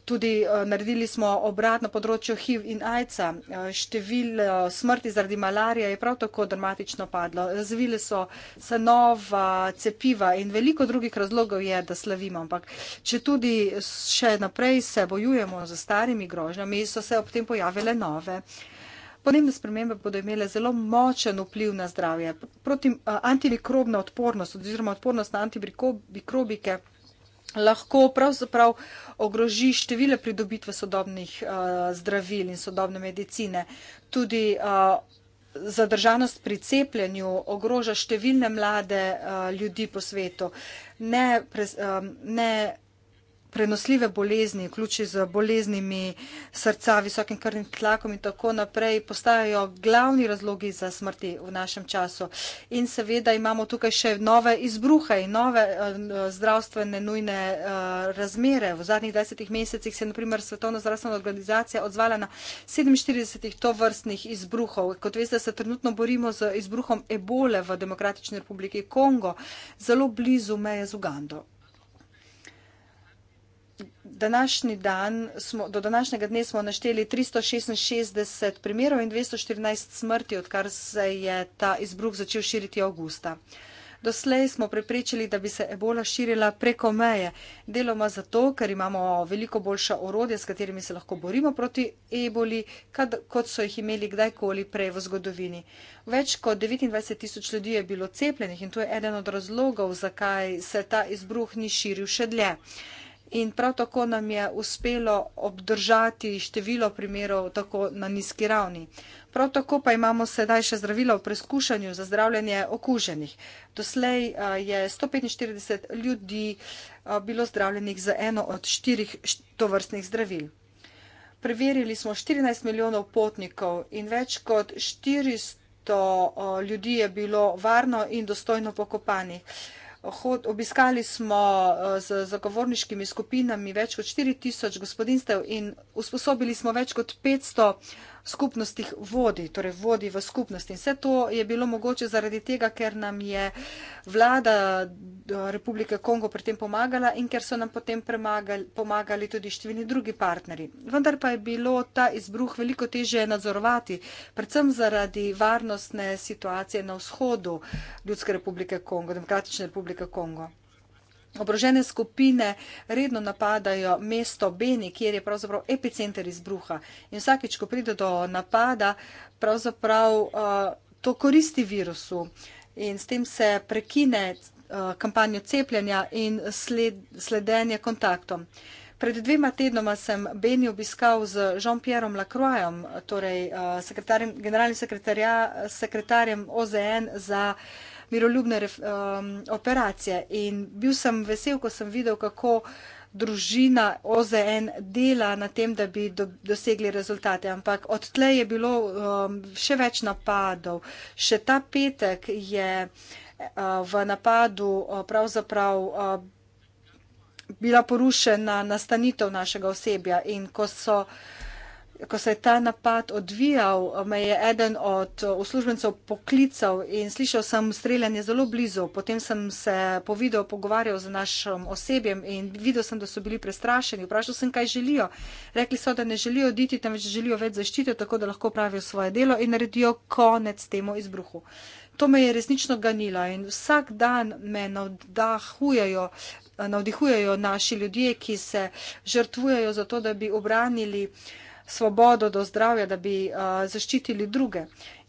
Tudi eh, naredili smo obrat na področju HIV in AIDS-a. Eh, število eh, smrti zaradi malarije je prav tako dramatično padlo. Razvili so se nova cepiva in veliko drugih razlogov je, da slavimo. Ampak, če tudi še naprej se bojujemo z starimi grožnjami, so se ob tem pojavile nove. Podnebne spremembe bodo imele zelo močen vpliv na zdravje. Proti, antimikrobna odpornost oziroma odpornost na antimikrobike. Antimikrob, lahko pravzaprav ogroži številne pridobitve sodobnih uh, zdravil in sodobne medicine. Tudi uh, zadržanost pri cepljenju ogroža številne mlade uh, ljudi po svetu. Ne, pre, um, ne prenosljive bolezni, vključi z boleznimi srca, visokim krvnim tlakom in tako naprej, postajajo glavni razlogi za smrti v našem času. In seveda imamo tukaj še nove izbruhe in nove uh, zdravstvene nujne uh, razmere. V zadnjih 20 mesecih se je, naprimer, Svetovna zdravstvena organizacija odzvala na 47 to vrstnih izbruhov. Kot veste, se trenutno borimo z izbruhom ebole v Demokratični republiki Kongo, zelo blizu meje z Ugando današnji dan smo, do današnjega dne smo našteli 366 primerov in 214 smrti, odkar se je ta izbruh začel širiti avgusta. Doslej smo preprečili, da bi se ebola širila preko meje. Deloma zato, ker imamo veliko boljša orodja, s katerimi se lahko borimo proti eboli, kot so jih imeli kdajkoli prej v zgodovini. Več kot 29 tisoč ljudi je bilo cepljenih in to je eden od razlogov, zakaj se ta izbruh ni širil še dlje in prav tako nam je uspelo obdržati število primerov tako na nizki ravni. Prav tako pa imamo sedaj še zdravilo v preskušanju za zdravljenje okuženih. Doslej je 145 ljudi bilo zdravljenih za eno od štirih tovrstnih zdravil. Preverili smo 14 milijonov potnikov in več kot 400 ljudi je bilo varno in dostojno pokopanih. Hod, obiskali smo eh, z zagovorniškimi skupinami več kot 4000 gospodinstev in usposobili smo več kot 500 skupnostih vodi, torej vodi v skupnosti. In vse to je bilo mogoče zaradi tega, ker nam je vlada eh, Republike Kongo pri tem pomagala in ker so nam potem pomagali tudi številni drugi partnerji. Vendar pa je bilo ta izbruh veliko teže nadzorovati, predvsem zaradi varnostne situacije na vzhodu Ljudske republike Kongo, Demokratične republike Kongo. Obrožene skupine redno napadajo mesto Beni, kjer je pravzaprav epicenter izbruha. In vsakeč, ko pride do napada, pravzaprav uh, to koristi virusu in s tem se prekine uh, kampanjo cepljenja in sled, sledenje kontaktom. Pred dvema tednoma sem Beni obiskal z Jean-Pierrem Lacroixom, torej uh, generalnim sekretarjem OZN za. Uh, miroljubne um, operacije. In bil sem vesel, ko sem videl, kako družina OZN dela na tem, da bi do, dosegli rezultate. Ampak odtle je bilo um, še več napadov. Še ta petek je uh, v napadu uh, pravzaprav. Uh, bila porušena nastanitev našega osebja in ko so uh, ko se je ta napad odvijal, me je eden od eh, uslužbencev poklical in slišal sem streljanje zelo blizu. Potem sem se po videu pogovarjal z našim osebjem in videl sem, da so bili prestrašeni. Vprašal sem, kaj želijo. Rekli so, da ne želijo oditi, temveč želijo več zaščite, tako da lahko pravijo svoje delo in naredijo konec temu izbruhu. To me je resnično ganilo in vsak dan me navdahujejo, eh, navdihujejo naši ljudje, ki se žrtvujejo za to, da bi obranili uh, svobodo, do zdravja, da bi uh, zaščitili druge.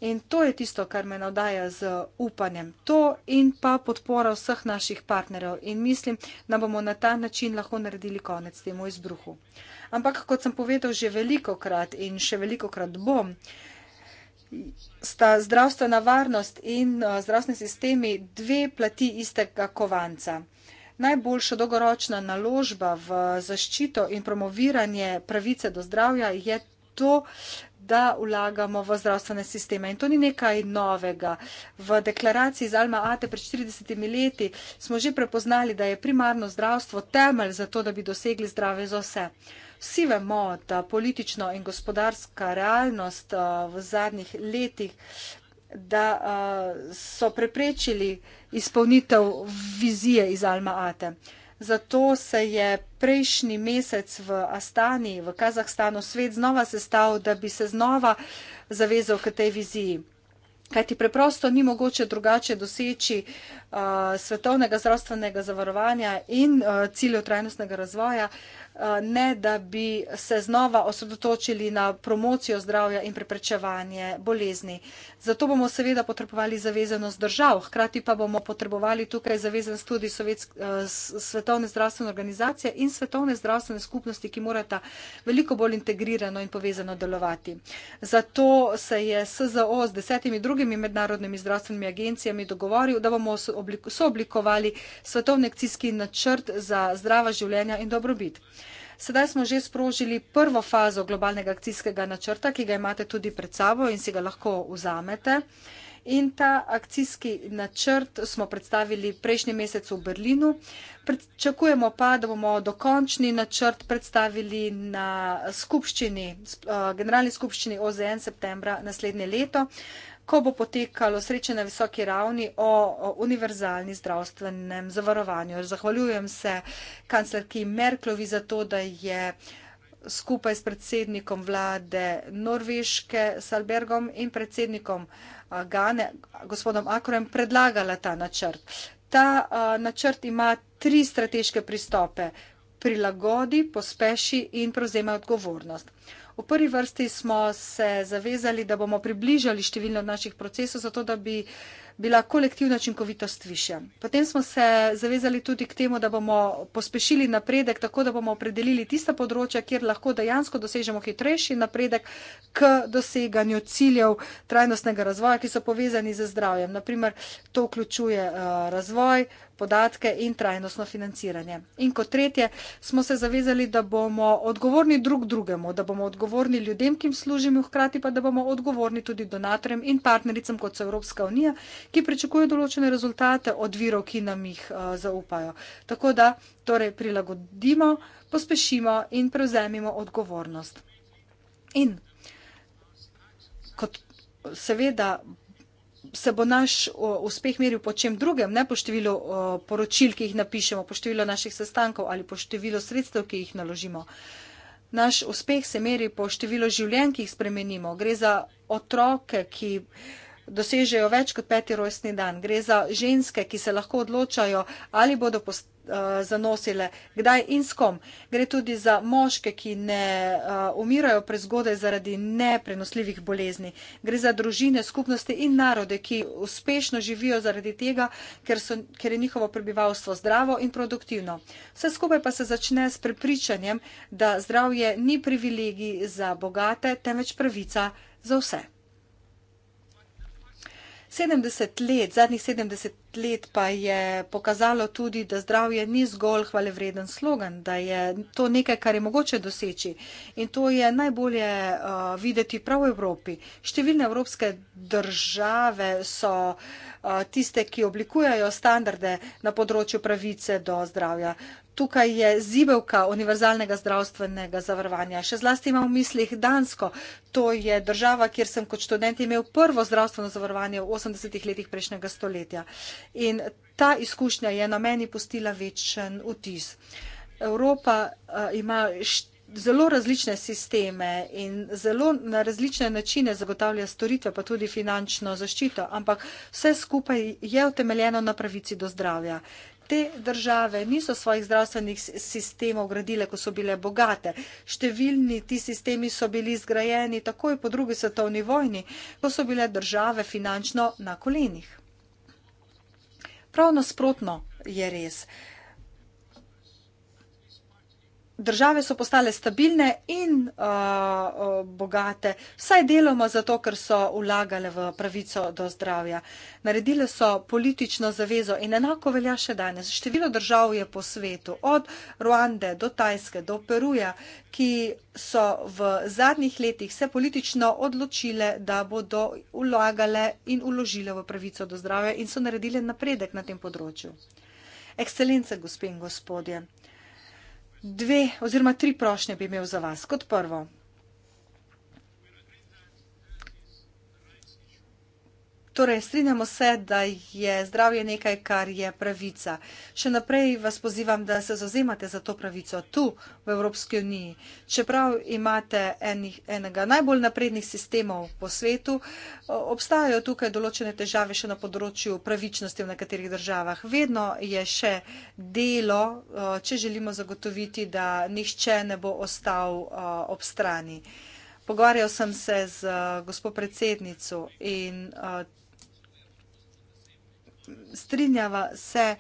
In to je tisto, kar me navdaja z upanjem. To in pa podpora vseh naših partnerjev. In mislim, da bomo na ta način lahko naredili konec temu izbruhu. Ampak, kot sem povedal že veliko krat in še veliko krat bom, sta zdravstvena varnost in uh, zdravstveni sistemi dve plati istega kovanca. Najboljša dolgoročna naložba v zaščito in promoviranje pravice do zdravja je to, da vlagamo v zdravstvene sisteme. In to ni nekaj novega. V deklaraciji iz Alma Ate pred 40 leti smo že prepoznali, da je primarno zdravstvo temelj za to, da bi dosegli zdrave za vse. Vsi vemo, da politično in gospodarska realnost eh, v zadnjih letih da uh, so preprečili izpolnitev vizije iz Alma Ate. Zato se je prejšnji mesec v Astani, v Kazahstanu, svet znova sestavil, da bi se znova zavezal k tej viziji. Kaj ti preprosto ni mogoče drugače doseči uh, svetovnega zdravstvenega zavarovanja in uh, ciljev trajnostnega razvoja, uh, Eh, ne da bi se znova osredotočili na promocijo zdravja in preprečevanje bolezni. Zato bomo seveda potrebovali zavezanost držav, hkrati pa bomo potrebovali tukaj zavezanost tudi eh, Svetovne zdravstvene organizacije in Svetovne zdravstvene skupnosti, ki morata veliko bolj integrirano in povezano delovati. Zato se je SZO z desetimi drugimi mednarodnimi zdravstvenimi agencijami dogovoril, da bomo sooblikovali Svetovni akcijski načrt za zdrava življenja in dobrobit. Sedaj smo že sprožili prvo fazo globalnega akcijskega načrta, ki ga imate tudi pred sabo in si ga lahko vzamete. In ta akcijski načrt smo predstavili prejšnji mesec v Berlinu. Pričakujemo pa, da bomo dokončni načrt predstavili na skupščini, eh, generalni skupščini OZN septembra naslednje leto ko bo potekalo srečanje na visoki ravni o univerzalni zdravstvenem zavarovanju. Zahvaljujem se kanclerki Merklovi za to, da je skupaj s predsednikom vlade Norveške Salbergom in predsednikom Gane, gospodom Akrojem, predlagala ta načrt. Ta uh, načrt ima tri strateške pristope: prilagodi, pospeši in prevzema odgovornost. Uh, V prvi vrsti smo se zavezali, da bomo približali število naših procesov, zato da bi bila kolektivna učinkovitost višja. Potem smo se zavezali tudi k temu, da bomo pospešili napredek, tako da bomo opredelili tista področja, kjer lahko dejansko dosežemo hitrejši napredek k doseganju ciljev trajnostnega razvoja, ki so povezani z zdravjem. Naprimer, to vključuje eh, razvoj, podatke in trajnostno financiranje. In kot tretje, smo se zavezali, da bomo odgovorni drug drugemu, da bomo odgovorni ljudem, ki jim služimo, hkrati pa, da bomo odgovorni tudi donatorjem in partnericam, kot so Evropska unija, ki pričakujejo določene rezultate od virov, ki nam jih uh, zaupajo. Tako da torej prilagodimo, pospešimo in prevzemimo odgovornost. In kot seveda se bo naš uspeh meril po čem drugem, ne po številu poročil, ki jih napišemo, po številu naših sestankov ali po številu sredstev, ki jih naložimo. Naš uspeh se meri po številu življenj, ki jih spremenimo. Gre za otroke, ki dosežejo več kot peti rojstni dan. Gre za ženske, ki se lahko odločajo, ali bodo postavili Eh, zanosile, kdaj in s kom. Gre tudi za moške, ki ne eh, umirajo prezgodaj zaradi neprenosljivih bolezni. Gre za družine, skupnosti in narode, ki uspešno živijo zaradi tega, ker, so, ker je njihovo prebivalstvo zdravo in produktivno. Vse skupaj pa se začne s prepričanjem, da zdravje ni privilegij za bogate, temveč pravica za vse. 70 let, zadnjih 70 let pa je pokazalo tudi, da zdravje ni zgolj hvalevreden slogan, da je to nekaj, kar je mogoče doseči. In to je najbolje uh, videti prav v Evropi. Številne evropske države so uh, tiste, ki oblikujajo standarde na področju pravice do zdravja tukaj je zibelka univerzalnega zdravstvenega zavarovanja. Še zlasti imam v mislih Dansko. To je država, kjer sem kot študent imel prvo zdravstveno zavarovanje v 80-ih letih prejšnjega stoletja. In ta izkušnja je na meni pustila večen vtis. Evropa uh, ima zelo različne sisteme in zelo na različne načine zagotavlja storitve, pa tudi finančno zaščito, ampak vse skupaj je utemeljeno na pravici do zdravja. Te države niso svojih zdravstvenih sistemov gradile, ko so bile bogate. Številni ti sistemi so bili zgrajeni takoj po drugi svetovni vojni, ko so bile države finančno na kolenih. Prav nasprotno je res države so postale stabilne in uh, uh, bogate, vsaj deloma zato, ker so ulagale v pravico do zdravja. Naredile so politično zavezo in enako velja še danes. Število držav je po svetu, od Ruande do Tajske, do Peruja, ki so v zadnjih letih se politično odločile, da bodo ulagale in uložile v pravico do zdravja in so naredile napredek na tem področju. Ekscelence, gospe in gospodje. Dve oziroma tri prošnje bi imel za vas. Kot prvo, Torej, strinjamo se, da je zdravje nekaj, kar je pravica. Še naprej vas pozivam, da se zauzemate za to pravico tu v Evropski uniji. Čeprav imate enih, enega najbolj naprednih sistemov po svetu, obstajajo tukaj določene težave še na področju pravičnosti v nekaterih državah. Vedno je še delo, če želimo zagotoviti, da nihče ne bo ostal ob strani. Pogovarjal sem se z gospod predsednico in uh, strinjava se,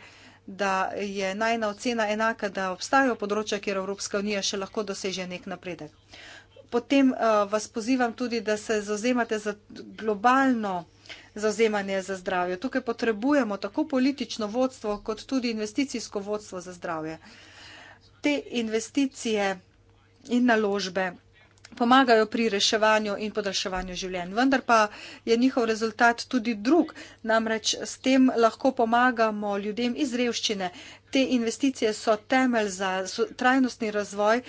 da je najna ocena enaka, da obstajajo področja, kjer Evropska unija še lahko doseže nek napredek. Potem uh, vas pozivam tudi, da se zauzemate za globalno zauzemanje za zdravje. Tukaj potrebujemo tako politično vodstvo, kot tudi investicijsko vodstvo za zdravje. Te investicije in naložbe pomagajo pri reševanju in podaljševanju življenj. Vendar pa je njihov rezultat tudi drug. Namreč s tem lahko pomagamo ljudem iz revščine. Te investicije so temelj za trajnostni razvoj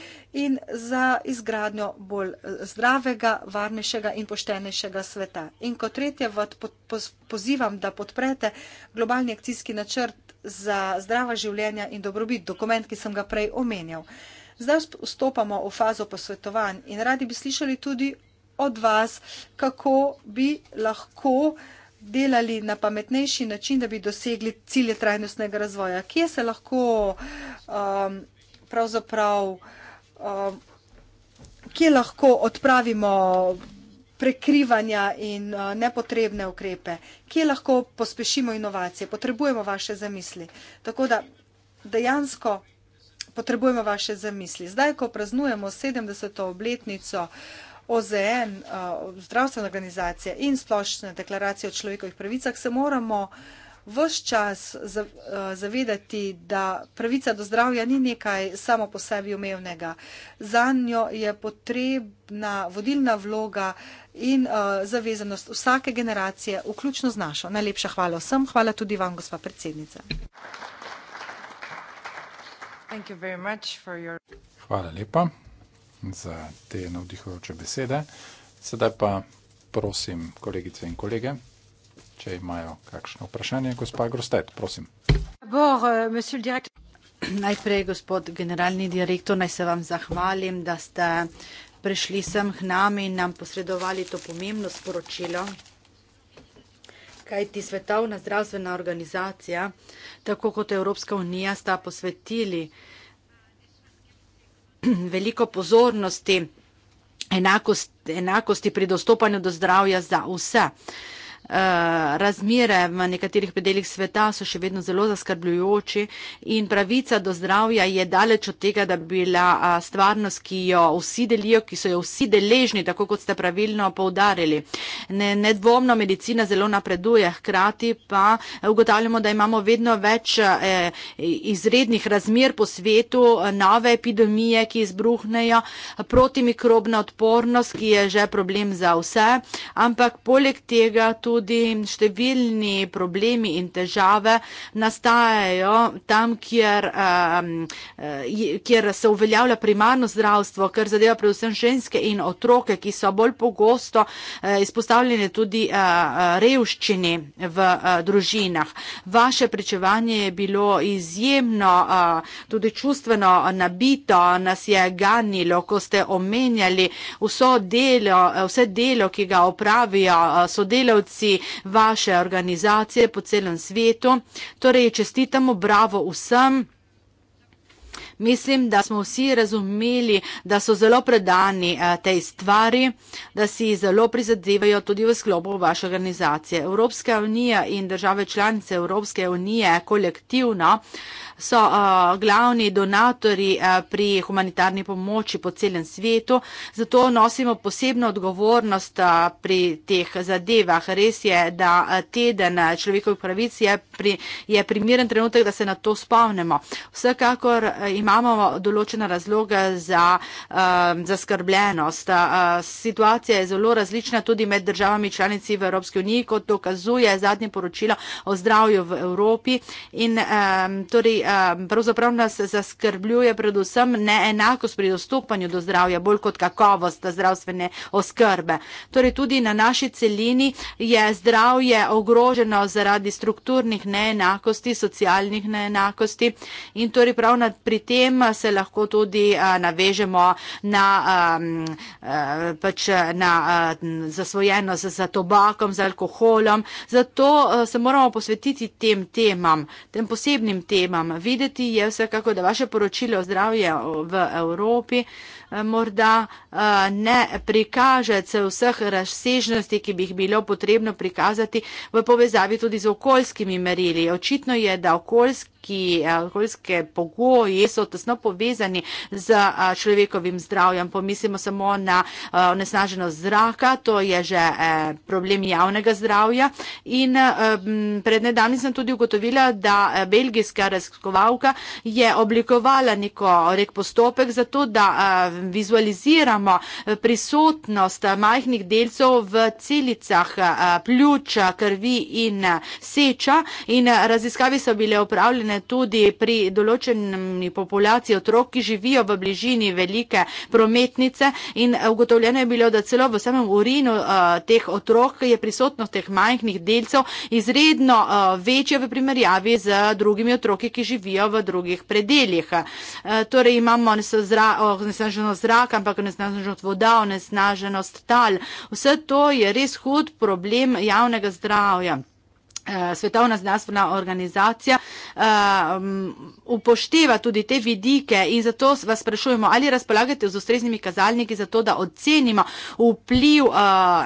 in za izgradnjo bolj eh, zdravega, varnejšega in poštenejšega sveta. In kot tretje, vat pozivam, da podprete globalni akcijski načrt za zdrava življenja in dobrobit, dokument, ki sem ga prej omenjal. Zdaj vstopamo v fazo posvetovanj in radi bi slišali tudi od vas, kako bi lahko delali na pametnejši način, da bi dosegli cilje trajnostnega razvoja. Kje se lahko um, pravzaprav, um, kje lahko odpravimo prekrivanja in uh, nepotrebne ukrepe, kje lahko pospešimo inovacije, potrebujemo vaše zamisli. Tako da dejansko potrebujemo vaše zamisli. Zdaj, ko praznujemo 70. obletnico OZN, eh, zdravstvena organizacija in splošne deklaracije o človekovih pravicah, se moramo vse čas eh, zavedati, da pravica do zdravja ni nekaj samo po sebi umevnega. Za njo je potrebna vodilna vloga in eh, zavezanost vsake generacije, vključno z našo. Najlepša hvala vsem, hvala tudi vam, gospa predsednica. Hvala lepa za te navdihujoče besede. Sedaj pa prosim kolegice in kolege, če imajo kakšno vprašanje. Gospa Grostet, prosim. Bor, eh, Najprej, gospod generalni direktor, naj se vam zahvalim, da ste prišli sem k nami in nam posredovali to pomembno sporočilo. Kajti Svetovna zdravstvena organizacija, tako kot Evropska unija, sta posvetili veliko pozornosti enakosti, enakosti pri dostopanju do zdravja za vse. Eh, razmire v nekaterih predeljih sveta so še vedno zelo zaskrbljujoči in pravica do zdravja je daleč od tega, da bi bila stvarnost, ki jo vsi delijo, ki so jo vsi deležni, tako kot ste pravilno poudarili. Nedvomno medicina zelo napreduje, hkrati pa eh, ugotavljamo, da imamo vedno več eh, izrednih razmer po svetu, nove epidemije, ki izbruhnejo, protimikrobna odpornost, ki je že problem za vse, ampak poleg tega tu tudi številni problemi in težave nastajajo tam, kjer, um, eh, kjer se uveljavlja primarno zdravstvo, ker zadeva predvsem ženske in otroke, ki so bolj pogosto eh, izpostavljene tudi eh, revščini v družinah. Vaše pričevanje je bilo izjemno, tudi čustveno nabito, nas je ganilo, ko ste omenjali delo, vse delo, ki ga opravijo sodelavci, članici vaše organizacije po celem svetu. Torej, čestitamo bravo vsem. Mislim, da smo vsi razumeli, da so zelo predani eh, tej stvari, da si zelo prizadevajo tudi v sklopu vaše organizacije. Evropska unija in države članice Evropske unije kolektivno uh, so uh, glavni donatori uh, pri humanitarni pomoči po celem svetu, zato nosimo posebno odgovornost uh, pri teh zadevah. Res je, da teden človekovih pravic je, pri, je primeren trenutek, da se na to spomnimo. Vsekakor imamo določene razloge za uh, zaskrbljenost. Uh, situacija je zelo različna tudi med državami članici v Evropski uniji, kot dokazuje zadnje poročilo o zdravju v Evropi. In, um, torej, Um, pravzaprav nas zaskrbljuje predvsem neenakost pri dostopanju do zdravja, bolj kot kakovost zdravstvene oskrbe. Torej tudi na naši celini je zdravje ogroženo zaradi strukturnih neenakosti, socialnih neenakosti in torej prav nad pri tem se lahko tudi uh, navežemo na, um, uh, pač na uh, zasvojenost za tobakom, za alkoholom. Zato se moramo posvetiti tem temam, tem posebnim temam, Videti je vsekako, da vaše poročilo o zdravju v Evropi Eh, morda eh, ne prikaže vseh razsežnosti, ki bi jih bilo potrebno prikazati v povezavi tudi z okoljskimi merili. Očitno je, da okoljski, eh, okoljske pogoje so tesno povezani z človekovim zdravjem. Pomislimo samo na onesnaženost zraka, to je že problem javnega zdravja. In pred nedavnim sem tudi ugotovila, da belgijska razkovalka je oblikovala neko rek postopek za to, da vizualiziramo eh, prisotnost eh, majhnih delcev v celicah eh, pljuča, krvi in seča. In raziskave so bile upravljene tudi pri določeni populaciji otrok, ki živijo v bližini velike prometnice. In ugotovljeno je bilo, da celo v samem urinu teh otrok je prisotnost teh majhnih delcev izredno večja v primerjavi z drugimi otroki, ki živijo v drugih predeljih. Torej imamo onesnaženo onesnaženost zraka, ampak onesnaženost voda, onesnaženost tal. Vse to je res hud problem javnega zdravja. Eh, Svetovna zdravstvena organizacija um, upošteva tudi te vidike in zato vas sprašujemo, ali razpolagate z ustreznimi kazalniki za to, da ocenimo vpliv uh,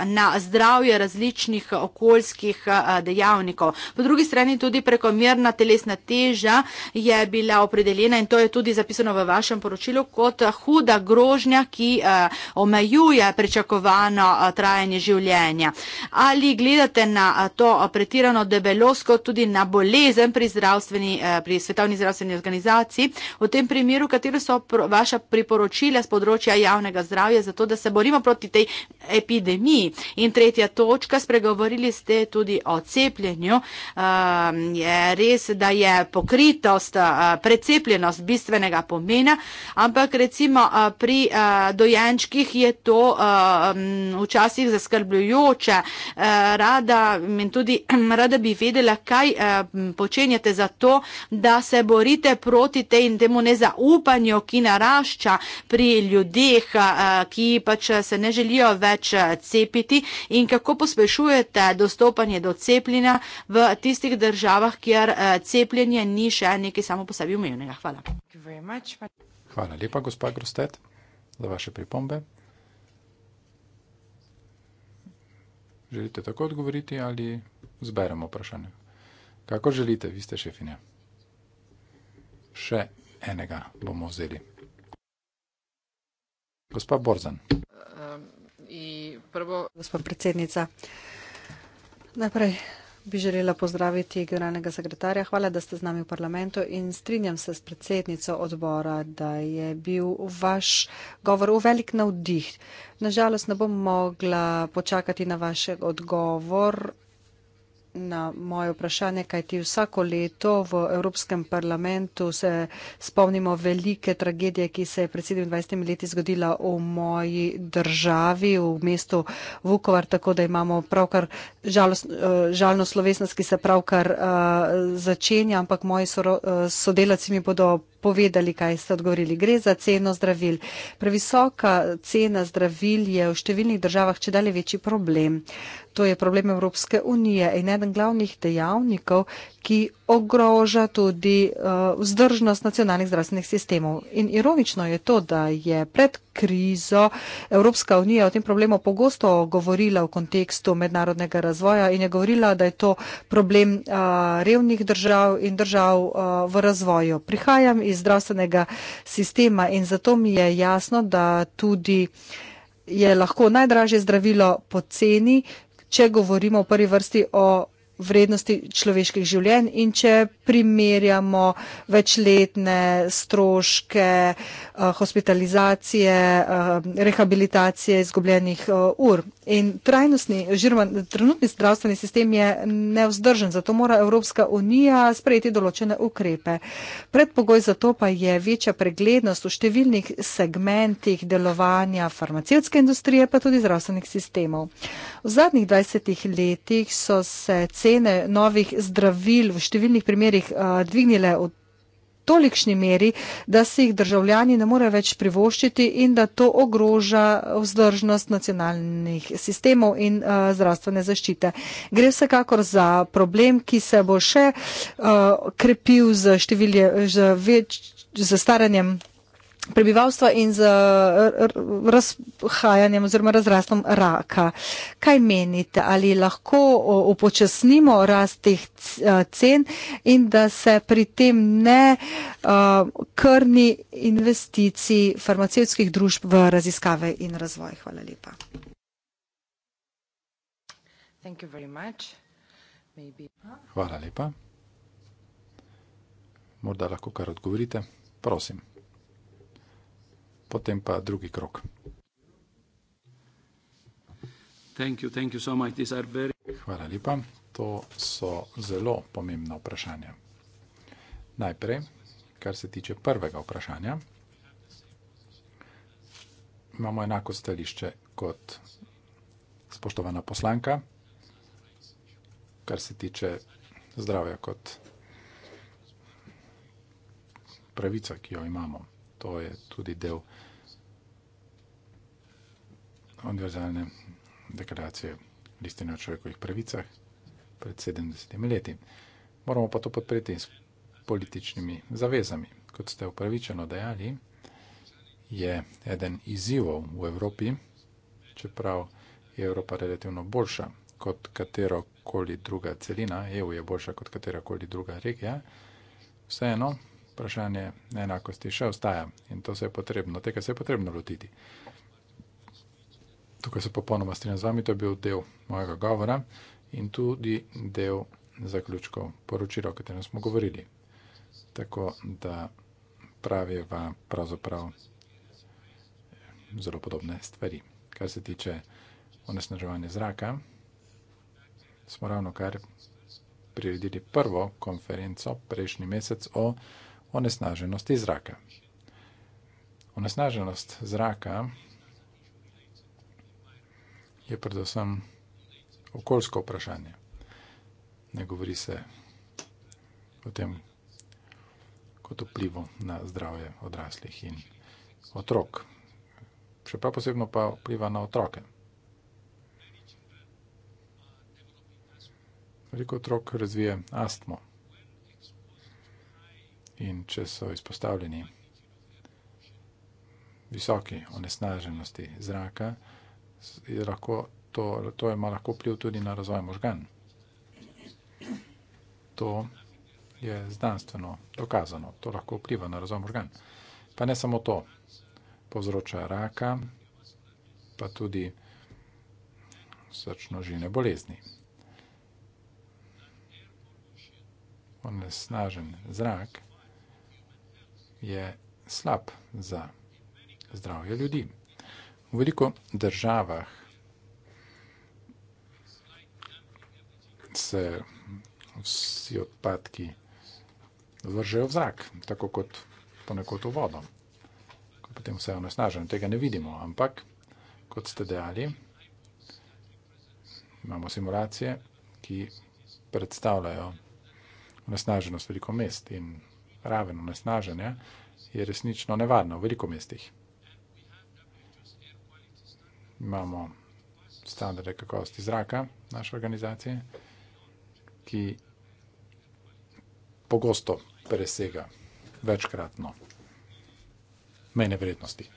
na zdravje različnih okoljskih uh, dejavnikov. Po drugi strani tudi prekomerna telesna teža je bila opredeljena in to je tudi zapisano v vašem poročilu kot huda grožnja, ki uh, omejuje pričakovano uh, trajanje življenja. Ali gledate na uh, to pretirano debelosko tudi na bolezen pri, eh, pri Svetovni zdravstveni organizaciji. V tem primeru, katero so vaša priporočila z področja javnega zdravja za to, da se borimo proti tej epidemiji. In tretja točka, spregovorili ste tudi o cepljenju. Ehm, je res, da je pokritost, eh, precepljenost bistvenega pomena, ampak recimo eh, pri dojenčkih je to ehm, včasih zaskrbljujoče. Rada, in tudi rada da bi vedela, kaj eh, počenjate za to, da se borite proti temu nezaupanju, ki narašča pri ljudeh, eh, ki pač eh, se ne želijo več cepiti in kako pospešujete dostopanje do cepljenja v tistih državah, kjer cepljenje ni še nekaj samo po sebi umevnega. Hvala. Hvala lepa, gospa Grostet, za vaše pripombe. Želite tako odgovoriti ali zberemo vprašanje. Kako želite, vi ste šefinja? Še enega bomo vzeli. Gospa Borzan. Prvo, gospod predsednica, najprej bi želela pozdraviti generalnega sekretarja. Hvala, da ste z nami v parlamentu in strinjam se s predsednico odbora, da je bil vaš govor v velik navdih. Nažalost, ne bom mogla počakati na vaš odgovor, na moje vprašanje, kajti vsako leto v Evropskem parlamentu se spomnimo velike tragedije, ki se je pred 27 leti zgodila v moji državi, v mestu Vukovar, tako da imamo pravkar eh, žalno slovesnost, ki se pravkar eh, začenja, ampak moji eh, sodelavci mi bodo povedali, kaj ste odgovorili. Gre za ceno zdravil. Previsoka cena zdravil je v številnih državah če dalje večji problem. To je problem Evropske unije in eden glavnih dejavnikov, ki ogroža tudi uh, vzdržnost nacionalnih zdravstvenih sistemov. In ironično je to, da je pred krizo Evropska unija o tem problemu pogosto govorila v kontekstu mednarodnega razvoja in je govorila, da je to problem uh, revnih držav in držav uh, v razvoju. Prihajam iz zdravstvenega sistema in zato mi je jasno, da tudi je lahko najdražje zdravilo poceni, če govorimo v prvi vrsti o vrednosti človeških življenj in če primerjamo večletne stroške eh, hospitalizacije, eh, rehabilitacije izgubljenih eh, ur. In trajnostni oziroma trenutni zdravstveni sistem je nevzdržen, zato mora Evropska unija sprejeti določene ukrepe. Predpogoj za to pa je večja preglednost v številnih segmentih delovanja farmacevtske industrije, pa tudi zdravstvenih sistemov. V zadnjih 20 letih so se cene novih zdravil v številnih primerjih eh, dvignile od tolikšni meri, da si jih državljani ne morejo več privoščiti in da to ogroža vzdržnost nacionalnih sistemov in uh, zdravstvene zaščite. Gre vsekakor za problem, ki se bo še uh, krepil z, z, z staranjem prebivalstva in z razhajanjem oziroma razrastom raka. Kaj menite, ali lahko upočasnimo rast teh cen in da se pri tem ne krni investicij farmacevskih družb v raziskave in razvoj? Hvala lepa. Hvala lepa. Morda lahko kar odgovorite. Prosim potem pa drugi krok. Thank you, thank you so very... Hvala lepa. To so zelo pomembna vprašanja. Najprej, kar se tiče prvega vprašanja, imamo enako stališče kot spoštovana poslanka, kar se tiče zdravja kot pravica, ki jo imamo to je tudi del univerzalne deklaracije listine o človekovih pravicah pred 70 leti. Moramo pa to podpreti s političnimi zavezami. Kot ste upravičeno dejali, je eden izzivov v Evropi, čeprav je Evropa relativno boljša kot katero koli druga celina, EU je boljša kot katera koli druga regija, vseeno vprašanje neenakosti še ostaja in to se je potrebno, tega se je potrebno lotiti. Tukaj se popolnoma strinjam z vami, to je bil del mojega govora in tudi del zaključkov poročila, o katerem smo govorili. Tako da praviva pravzaprav zelo podobne stvari. Kar se tiče onesnaževanja zraka, smo ravno kar priredili prvo konferenco prejšnji mesec o onesnaževanju zraka onesnaženosti zraka. Onesnaženost zraka je predvsem okoljsko vprašanje. Ne govori se o tem kot vplivu na zdravje odraslih in otrok. Še prav posebno pa vpliva na otroke. Veliko otrok razvije astmo in če so izpostavljeni visoki onesnaženosti zraka, je lahko, to, to ima lahko pliv tudi na razvoj možgan. To je znanstveno dokazano, to lahko vpliva na razvoj možgan. Pa ne samo to, povzroča raka, pa tudi srčnožilne bolezni. Onesnažen zrak je slab za zdravje ljudi. V veliko državah se vsi odpadki vržejo v zrak, tako kot ponekod v vodo. Potem vse je onesnaženo, tega ne vidimo, ampak kot ste dejali, imamo simulacije, ki predstavljajo onesnaženost veliko mest in raven onesnaženja je resnično nevarna v veliko mestih. Imamo standarde kakovosti zraka naše organizacije, ki pogosto presega večkratno mejne vrednosti.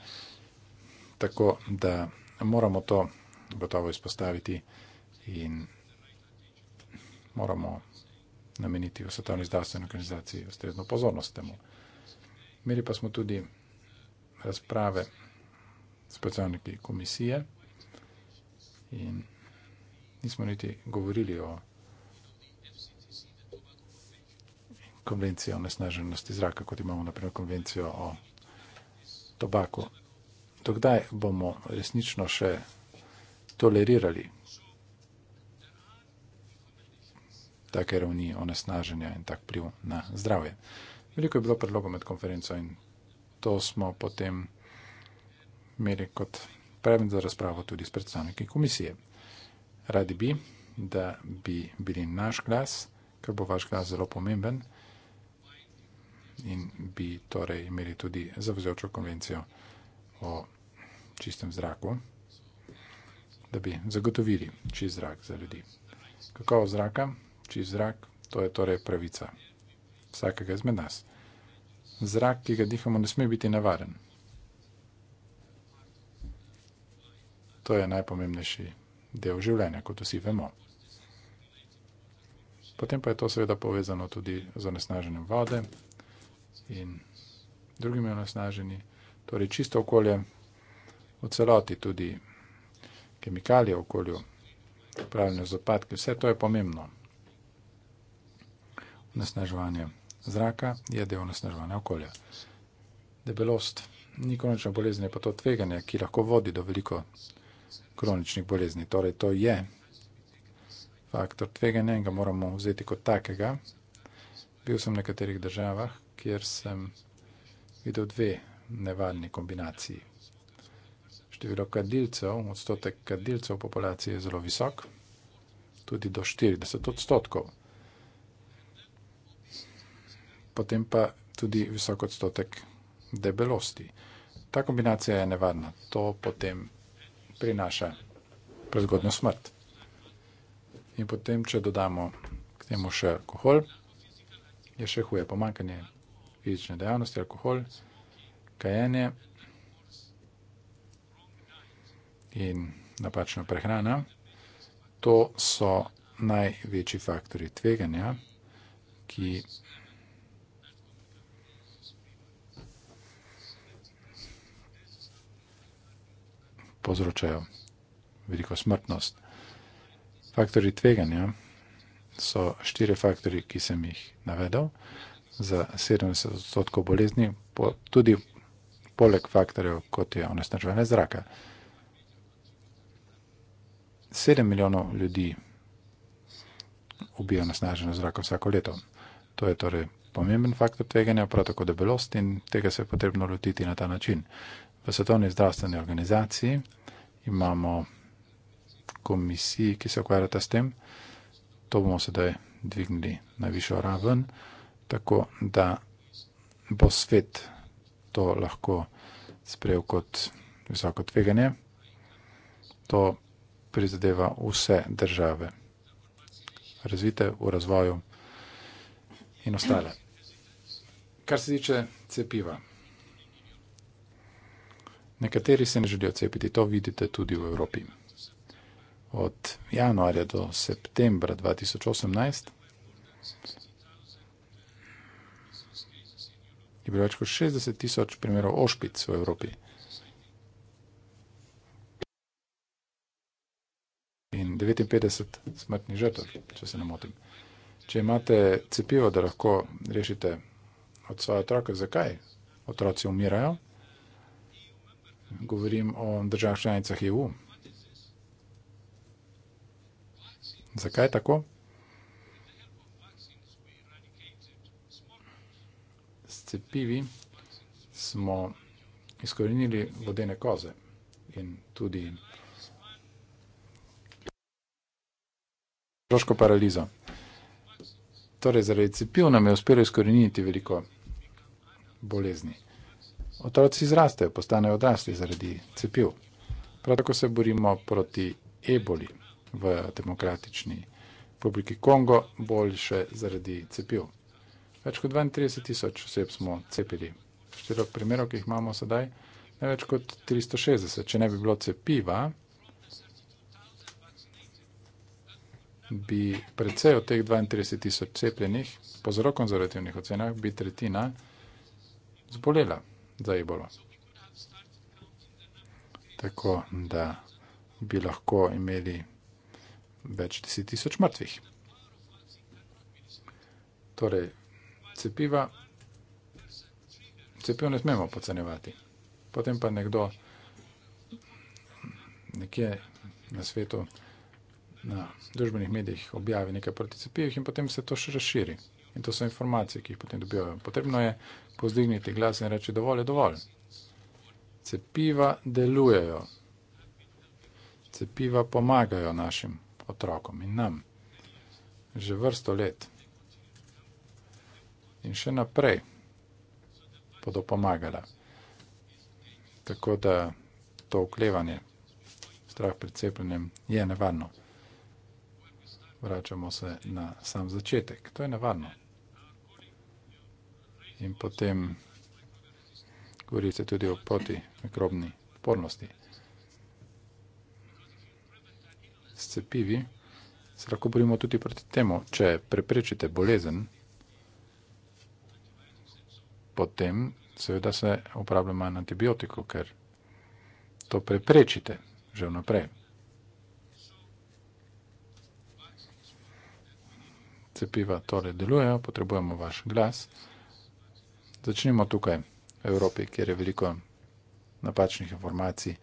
Tako da moramo to gotovo izpostaviti in moramo nameniti v Svetovni zdravstveni organizaciji ustrezno pozornost temu. Imeli pa smo tudi razprave s predstavniki komisije in nismo niti govorili o konvenciji o nesnaženosti zraka, kot imamo naprimer konvencijo o tobaku. Dokdaj bomo resnično še tolerirali take ravni onesnaženja in tak pliv na zdravje. Veliko je bilo predlogov med konferenco in to smo potem imeli kot predmet za razpravo tudi s predstavniki komisije. Radi bi, da bi bili naš glas, ker bo vaš glas zelo pomemben in bi torej imeli tudi zavzajočo konvencijo o čistem zraku, da bi zagotovili čist zrak za ljudi. Kakovo zraka čisti zrak, to je torej pravica vsakega izmed nas. Zrak, ki ga dihamo, ne sme biti nevaren. To je najpomembnejši del življenja, kot vsi vemo. Potem pa je to seveda povezano tudi z onesnaženjem vode in drugimi onesnaženji, torej čisto okolje, v celoti tudi kemikalije v okolju, upravljanje z odpadki, vse to je pomembno onesnaževanje zraka je del onesnaževanja okolja. Debelost ni kronična bolezen, je pa to tveganje, ki lahko vodi do veliko kroničnih bolezni. Torej, to je faktor tveganja in ga moramo vzeti kot takega. Bil sem v nekaterih državah, kjer sem videl dve nevaljni kombinaciji. Število kadilcev, odstotek kadilcev v populaciji je zelo visok, tudi do 40 odstotkov potem pa tudi visok odstotek debelosti. Ta kombinacija je nevarna. To potem prinaša prezgodno smrt. In potem, če dodamo k temu še alkohol, je še huje pomankanje fizične dejavnosti, alkohol, kajenje in napačna prehrana. To so največji faktori tveganja, ki povzročajo veliko smrtnost. Faktori tveganja so štiri faktori, ki sem jih navedel, za 70 odstotkov bolezni, po, tudi poleg faktorjev, kot je onesnaževanje zraka. 7 milijonov ljudi ubija onesnaženo zrako vsako leto. To je torej pomemben faktor tveganja, prav tako debelost in tega se je potrebno lotiti na ta način. V Svetovni zdravstveni organizaciji imamo komisiji, ki se ukvarjata s tem. To bomo sedaj dvignili na višjo raven, tako da bo svet to lahko sprejel kot visoko tveganje. To prizadeva vse države, razvite v razvoju in ostale. Kar se tiče cepiva. Nekateri se ne želijo cepiti, to vidite tudi v Evropi. Od januarja do septembra 2018 je bilo več kot 60 tisoč primerov ošpic v Evropi. In 59 smrtnih žrtev, če se ne motim. Če imate cepivo, da lahko rešite od svoje otroke, zakaj otroci umirajo? govorim o državah članicah EU. Zakaj tako? S cepivi smo izkorenili vodene koze in tudi otroško paralizo. Torej, zaradi cepiv nam je uspelo izkoreniti veliko bolezni otroci zrastejo, postanejo odrasli zaradi cepiv. Prav tako se borimo proti eboli v demokratični republiki Kongo, boljše zaradi cepiv. Več kot 32 tisoč oseb smo cepili. Število primerov, ki jih imamo sedaj, je več kot 360. Če ne bi bilo cepiva, bi precej od teh 32 tisoč cepljenih, po zelo konzervativnih ocenah, bi tretjina zbolela za ebolo. Tako da bi lahko imeli več deset tisoč mrtvih. Torej, cepiva, cepiv ne smemo pocenevati. Potem pa nekdo nekje na svetu, na družbenih medijih objavi nekaj proti cepivih in potem se to še razširi. In to so informacije, ki jih potem dobijo. Potrebno je pozdignite glas in reči dovolj je dovolj. Cepiva delujejo. Cepiva pomagajo našim otrokom in nam. Že vrsto let. In še naprej bodo pomagala. Tako da to uklevanje, strah pred cepljenjem je nevarno. Vračamo se na sam začetek. To je nevarno in potem govorite tudi o poti mikrobni odpornosti. S cepivi se lahko borimo tudi proti temu, če preprečite bolezen, potem seveda se uporablja manj antibiotiko, ker to preprečite že vnaprej. Cepiva torej delujejo, potrebujemo vaš glas začnimo tukaj, v Evropi, kjer je veliko napačnih informacij,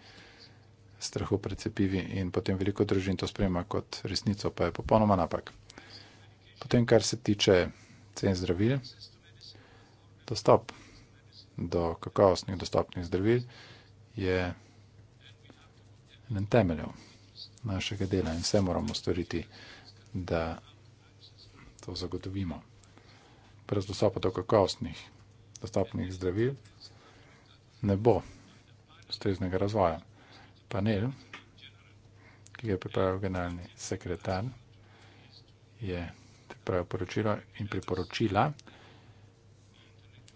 strahu pred cepivi in potem veliko družin to sprejema kot resnico, pa je popolnoma napak. Potem, kar se tiče cen zdravil, dostop do kakovostnih dostopnih zdravil je en temelj našega dela in vse moramo storiti, da to zagotovimo. Brez dostopa do kakovostnih dostopnih zdravil, ne bo ustreznega razvoja. Panel, ki ga je pripravil generalni sekretar, je pripravil poročilo in priporočila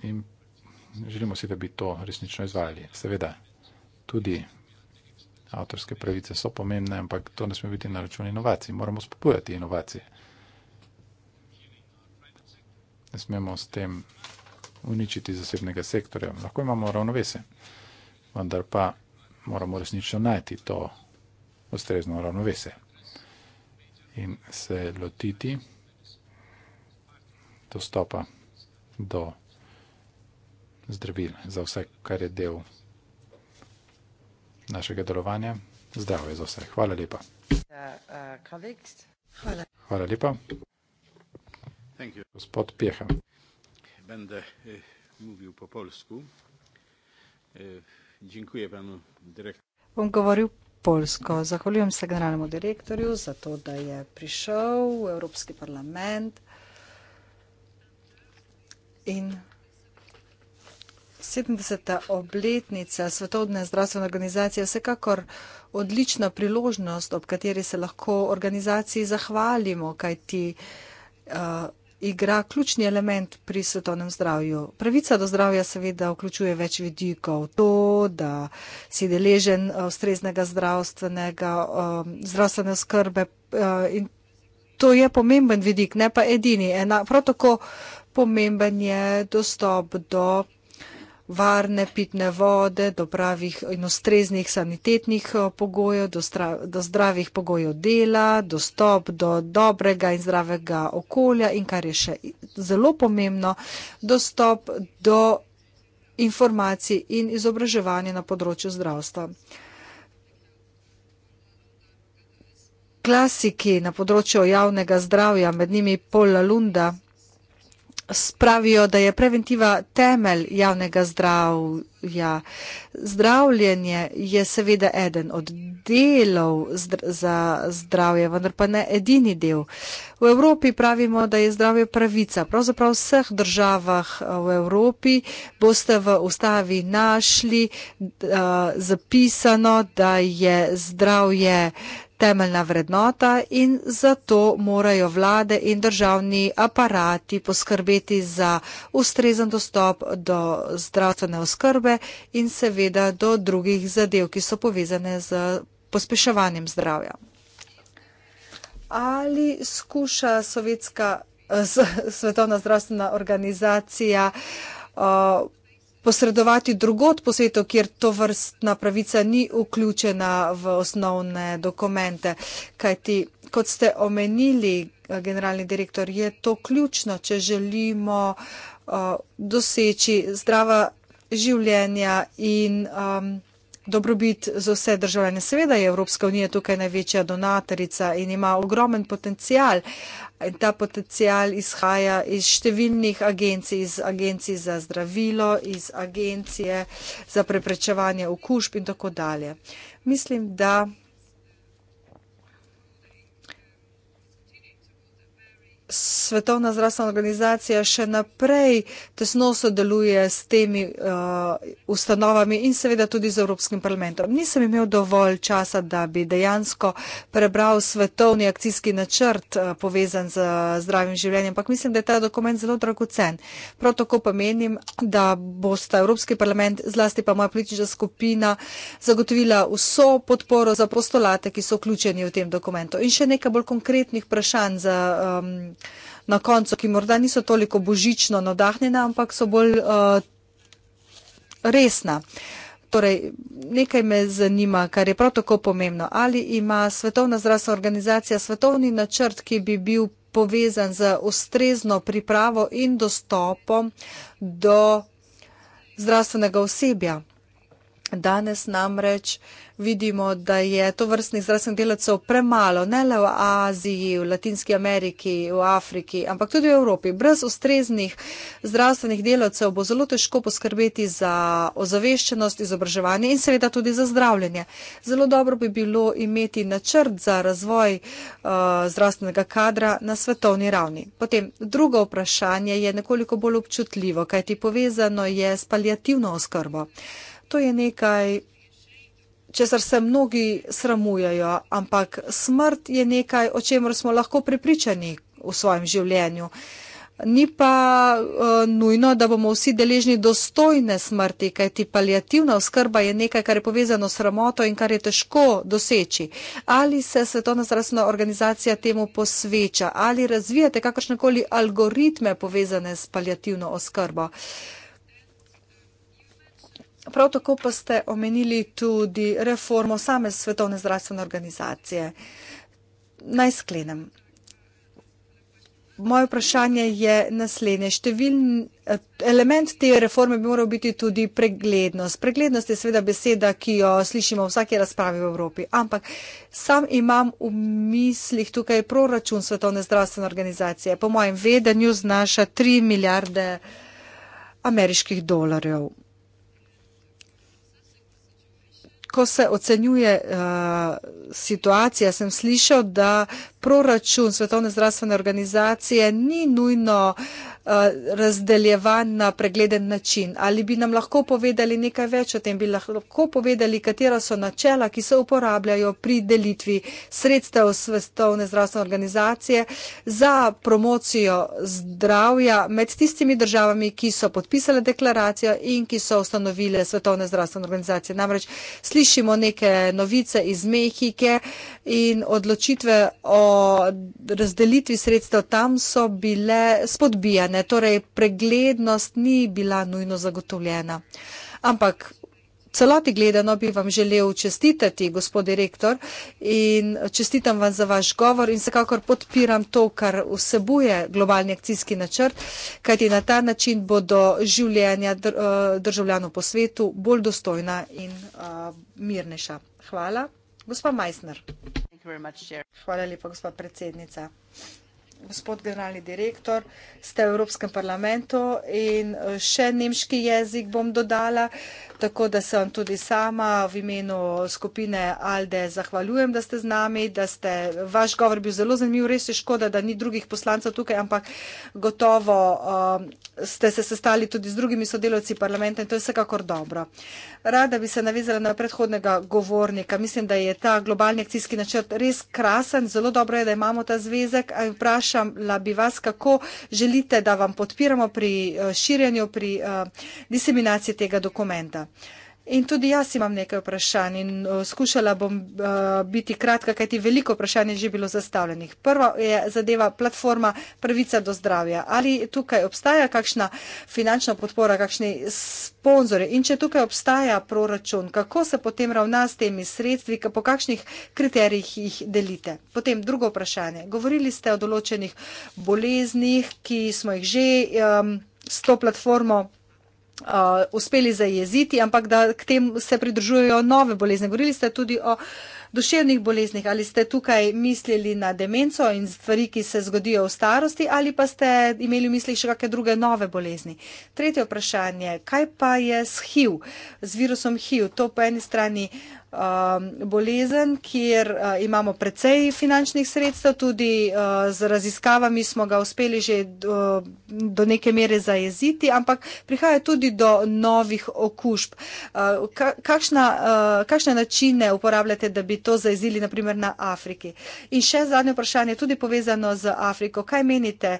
in želimo si, da bi to resnično izvajali. Seveda, tudi avtorske pravice so pomembne, ampak to ne sme biti na račun inovacij. Moramo spopujati inovacije. Ne smemo s tem uničiti zasebnega sektorja. Lahko imamo ravnovese, vendar pa moramo resnično najti to ustrezno ravnovese in se lotiti dostopa do zdravil za vse, kar je del našega delovanja. Zdravje za vse. Hvala lepa. Uh, uh, Hvala lepa. Gospod Pjeha będę e, mówił po polsku. E, dziękuję panu dyrektorowi. On mówił polsko. Zachwaliłem się generalnemu dyrektorowi za to, że przyszedł w Europejski Parlament. I 70. obletnica Światowej Zdrowotnej Organizacji jest jakakor odlična priložnost, ob kateri se lahko organizaciji zahvalimo, kajti uh, igra ključni element pri svetovnem zdravju. Pravica do zdravja seveda vključuje več vidikov. To, da si deležen eh, ustreznega zdravstvenega, eh, zdravstvene skrbe eh, in to je pomemben vidik, ne pa edini. Ena, prav tako pomemben je dostop do varne pitne vode, do pravih in ustreznih sanitetnih eh, pogojev, do, stra, do zdravih pogojev dela, dostop do dobrega in zdravega okolja in, kar je še zelo pomembno, dostop do informacij in izobraževanja na področju zdravstva. Klasiki na področju javnega zdravja, med njimi Paula Lunda, spravijo, da je preventiva temelj javnega zdravja. Zdravljenje je seveda eden od delov zdr za zdravje, vendar pa ne edini del. V Evropi pravimo, da je zdravje pravica. Pravzaprav v vseh državah eh, v Evropi boste v ustavi našli uh, zapisano, da je zdravje temeljna vrednota in zato morajo vlade in državni aparati poskrbeti za ustrezen dostop do zdravstvene oskrbe in seveda do drugih zadev, ki so povezane z pospeševanjem zdravja. Ali skuša Sovjetska, Svetovna zdravstvena organizacija uh, posredovati drugot po svetu, kjer to vrstna pravica ni vključena v osnovne dokumente. Kajti, kot ste omenili, eh, generalni direktor, je to ključno, če želimo uh, doseči zdrava življenja in um, dobrobit za vse državljane. Seveda je Evropska unija tukaj največja donatorica in ima ogromen potencial. In ta potencial izhaja iz številnih agencij, iz agencij za zdravilo, iz agencije za preprečevanje okužb in tako dalje. Mislim, da Svetovna zdravstvena organizacija še naprej tesno sodeluje s temi uh, ustanovami in seveda tudi z Evropskim parlamentom. Nisem imel dovolj časa, da bi dejansko prebral svetovni akcijski načrt uh, povezan z zdravim življenjem, ampak mislim, da je ta dokument zelo dragocen. Prav tako pa menim, da bosta Evropski parlament, zlasti pa moja politična skupina, zagotovila vso podporo za prostolate, ki so vključeni v tem dokumentu. In še nekaj bolj konkretnih vprašanj za. Um, na koncu, ki morda niso toliko božično navdahnjena, ampak so bolj uh, resna. Torej, nekaj me zanima, kar je prav tako pomembno. Ali ima Svetovna zdravstvena organizacija svetovni načrt, ki bi bil povezan z ustrezno pripravo in dostopom do zdravstvenega osebja? Danes namreč vidimo, da je to vrstnih zdravstvenih delavcev premalo, ne le v Aziji, v Latinski Ameriki, v Afriki, ampak tudi v Evropi. Brez ustreznih zdravstvenih delavcev bo zelo težko poskrbeti za ozaveščenost, izobraževanje in seveda tudi za zdravljenje. Zelo dobro bi bilo imeti načrt za razvoj uh, zdravstvenega kadra na svetovni ravni. Potem drugo vprašanje je nekoliko bolj občutljivo, kajti povezano je s paljativno oskrbo to je nekaj, česar se mnogi sramujajo, ampak smrt je nekaj, o čemer smo lahko prepričani v svojem življenju. Ni pa uh, nujno, da bomo vsi deležni dostojne smrti, kajti palijativna oskrba je nekaj, kar je povezano s ramoto in kar je težko doseči. Ali se Svetovna zdravstvena organizacija temu posveča, ali razvijate kakršnekoli algoritme povezane s palijativno oskrbo. Uh, Prav tako pa ste omenili tudi reformo same Svetovne zdravstvene organizacije. Naj sklenem. Moje vprašanje je naslednje. Številn element te reforme bi moral biti tudi preglednost. Preglednost je seveda beseda, ki jo slišimo v vsake razpravi v Evropi. Ampak sam imam v mislih tukaj proračun Svetovne zdravstvene organizacije. Po mojem vedenju znaša 3 milijarde ameriških dolarjev. ko se ocenjuje uh, situacija, sem slišal, da proračun Svetovne zdravstvene organizacije ni nujno uh, Eh, razdeljevan na pregleden način. Ali bi nam lahko povedali nekaj več o tem, bi lahko povedali, katera so načela, ki se uporabljajo pri delitvi sredstev Svetovne zdravstvene organizacije za promocijo zdravja med tistimi državami, ki so podpisale deklaracijo in ki so ustanovile Svetovne zdravstvene organizacije. Namreč slišimo neke novice iz Mehike in odločitve o razdelitvi sredstev tam so bile spodbijane ne? torej preglednost ni bila nujno zagotovljena. Ampak celoti gledano bi vam želel čestitati, gospod direktor, in čestitam vam za vaš govor in vsekakor podpiram to, kar vsebuje globalni akcijski načrt, kajti na ta način bodo življenja eh, državljanov po svetu bolj dostojna in eh, mirnejša. Hvala. Gospa Meissner. Hvala lepa, gospa predsednica gospod generalni direktor, ste v Evropskem parlamentu in eh, še nemški jezik bom dodala, tako da sem tudi sama v imenu skupine Alde zahvaljujem, da ste z nami, da ste, vaš govor bil zelo zanimiv, res je škoda, da ni drugih poslancev tukaj, ampak gotovo um, ste se sestali tudi z drugimi sodelovci parlamenta in to je vsekakor dobro. Rada bi se navezala na predhodnega govornika. Mislim, da je ta globalni akcijski načrt res krasen, zelo dobro je, da imamo ta zvezek. Vpraš, vprašala bi vas, kako želite, da vam podpiramo pri eh, širjenju, pri eh, diseminaciji tega dokumenta. In tudi jaz imam nekaj vprašanj in eh, skušala bom uh, biti kratka, kajti veliko vprašanj je že bilo zastavljenih. Prva je zadeva platforma Pravica do zdravja. Ali tukaj obstaja kakšna finančna podpora, kakšni sponzori in če tukaj obstaja proračun, kako se potem ravna s temi sredstvi, po kakšnih kriterijih jih delite. Potem drugo vprašanje. Govorili ste o določenih boleznih, ki smo jih že um, s to platformo. Uh, uspeli zajeziti, ampak da k tem se pridružujejo nove bolezni. Govorili ste tudi o duševnih boleznih. Ali ste tukaj mislili na demenco in stvari, ki se zgodijo v starosti, ali pa ste imeli v mislih še kakšne druge nove bolezni? Tretje vprašanje. Kaj pa je s HIV, z virusom HIV? To po eni strani. Uh, Um, bolezen, kjer uh, imamo precej finančnih sredstev, tudi uh, z raziskavami smo ga uspeli že do neke mere zajeziti, ampak prihaja tudi do novih okužb. Uh, kakšna, kakšne načine uporabljate, da bi to zajezili naprimer na Afriki? In še zadnje vprašanje, tudi povezano z Afriko. Kaj menite,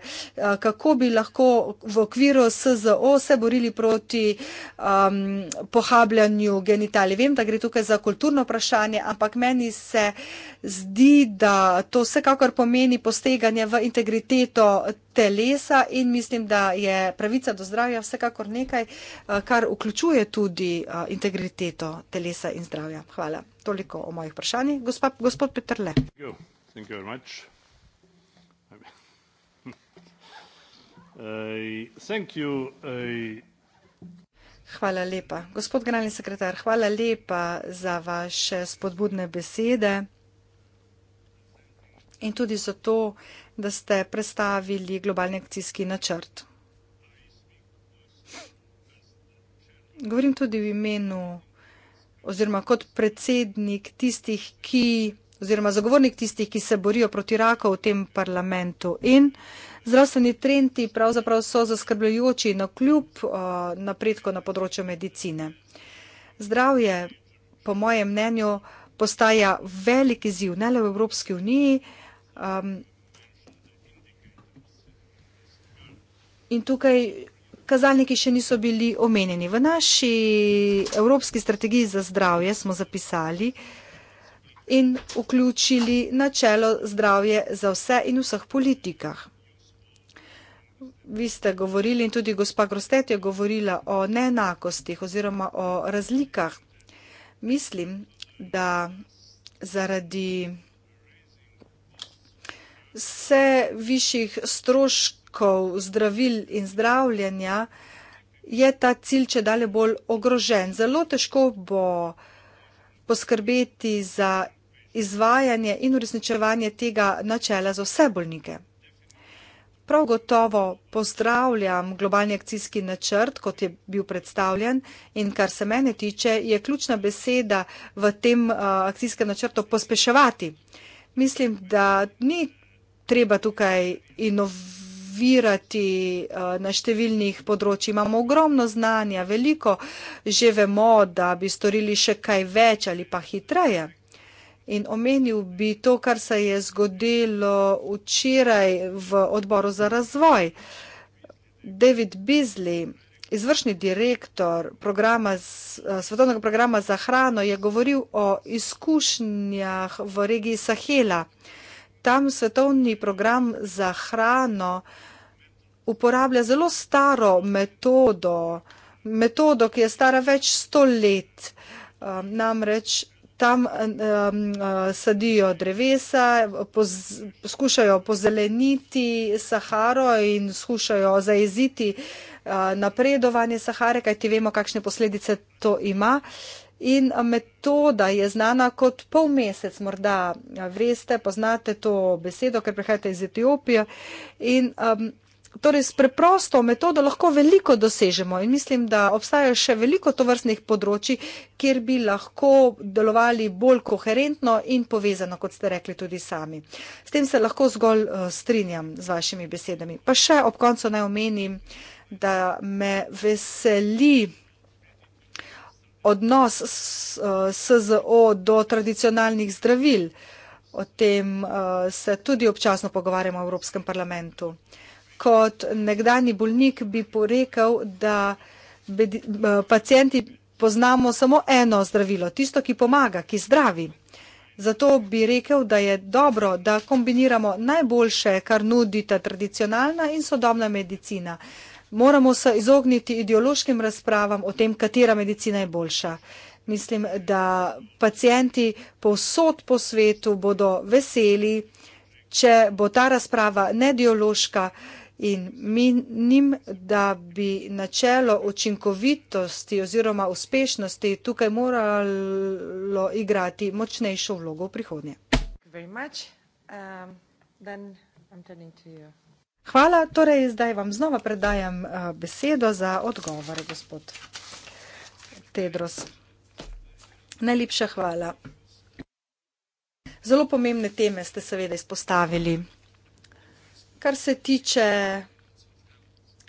kako bi lahko v okviru SZO se borili proti um, pohabljanju genitali? Vem, da gre tukaj za kulturo kulturno vprašanje, ampak meni se zdi, da to vsekakor pomeni posteganje v integriteto telesa in mislim, da je pravica do zdravja vsekakor nekaj, eh, kar vključuje tudi eh, integriteto telesa in zdravja. Hvala. Toliko o mojih vprašanjih. Gospod Petrle. Thank you. Uh, thank you uh, Hvala lepa. Gospod generalni sekretar, hvala lepa za vaše spodbudne besede in tudi za to, da ste predstavili globalni akcijski načrt. Govorim tudi v imenu oziroma kot predsednik tistih, ki oziroma zagovornik tistih, ki se borijo proti raku v tem parlamentu in Zdravstveni trendi pravzaprav so zaskrbljujoči na kljub eh, napredko na področju medicine. Zdravje, po mojem mnenju, postaja veliki ziv, ne le v Evropski uniji. Um, in tukaj kazalniki še niso bili omenjeni. V naši Evropski strategiji za zdravje smo zapisali in vključili načelo zdravje za vse in vseh politikah. Vi ste govorili in tudi gospa Grostet je govorila o neenakostih oziroma o razlikah. Mislim, da zaradi vse višjih stroškov zdravil in zdravljenja je ta cilj če dalje bolj ogrožen. Zelo težko bo poskrbeti za izvajanje in uresničevanje tega načela za vse bolnike. Prav gotovo pozdravljam globalni akcijski načrt, kot je bil predstavljen in kar se mene tiče, je ključna beseda v tem eh, akcijskem načrtu pospeševati. Mislim, da ni treba tukaj inovirati eh, na številnih področji. Imamo ogromno znanja, veliko že vemo, da bi storili še kaj več ali pa hitreje. In omenil bi to, kar se je zgodilo včeraj v odboru za razvoj. David Beasley, izvršni direktor programa, eh, svetovnega programa za hrano, je govoril o izkušnjah v regiji Sahela. Tam svetovni program za hrano uporablja zelo staro metodo, metodo, ki je stara več sto let. Eh, namreč tam um, sadijo drevesa, poz, poskušajo pozeleniti Saharo in skušajo zaeziti uh, napredovanje Sahare, kajti vemo, kakšne posledice to ima. In metoda je znana kot pol mesec, morda veste, poznate to besedo, ker prihajate iz Etiopije. In um, Torej, s preprosto metodo lahko veliko dosežemo in mislim, da obstaja še veliko tovrstnih področji, kjer bi lahko delovali bolj koherentno in povezano, kot ste rekli tudi sami. S tem se lahko zgolj eh, strinjam z vašimi besedami. Pa še ob koncu naj omenim, da me veseli odnos SZO eh, do tradicionalnih zdravil. O tem eh, se tudi občasno pogovarjamo v Evropskem parlamentu kot nekdani bolnik bi porekel, da bedi, eh, pacijenti poznamo samo eno zdravilo, tisto, ki pomaga, ki zdravi. Zato bi rekel, da je dobro, da kombiniramo najboljše, kar nudita tradicionalna in sodobna medicina. Moramo se izogniti ideološkim razpravam o tem, katera medicina je boljša. Mislim, da pacijenti povsod po svetu bodo veseli, če bo ta razprava nediološka in menim, da bi načelo učinkovitosti oziroma uspešnosti tukaj moralo igrati močnejšo vlogo v prihodnje. Um, hvala, torej zdaj vam znova predajam uh, besedo za odgovor, gospod Tedros. Najlepša hvala. Zelo pomembne teme ste seveda izpostavili kar se tiče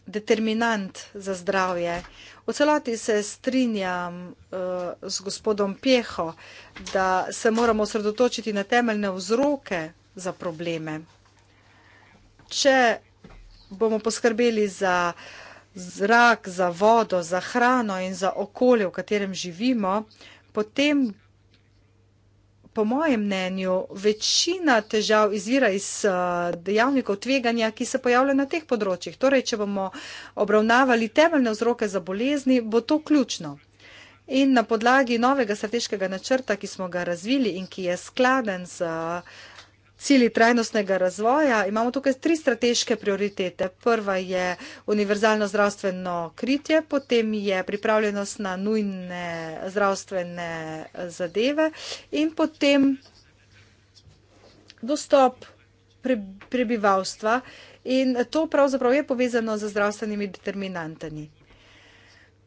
determinant za zdravje. V celoti se strinjam uh, z gospodom Pjeho, da se moramo osredotočiti na temeljne vzroke za probleme. Če bomo poskrbeli za zrak, za vodo, za hrano in za okolje, v katerem živimo, potem po mojem mnenju, večina težav izvira iz eh, dejavnikov tveganja, ki se pojavljajo na teh področjih. Torej, če bomo obravnavali temeljne vzroke za bolezni, bo to ključno. In na podlagi novega strateškega načrta, ki smo ga razvili in ki je skladen z uh, cilji trajnostnega razvoja, imamo tukaj tri strateške prioritete. Prva je univerzalno zdravstveno kritje, potem je pripravljenost na nujne zdravstvene eh, zadeve in potem dostop prebivalstva in to pravzaprav je povezano z zdravstvenimi determinantami.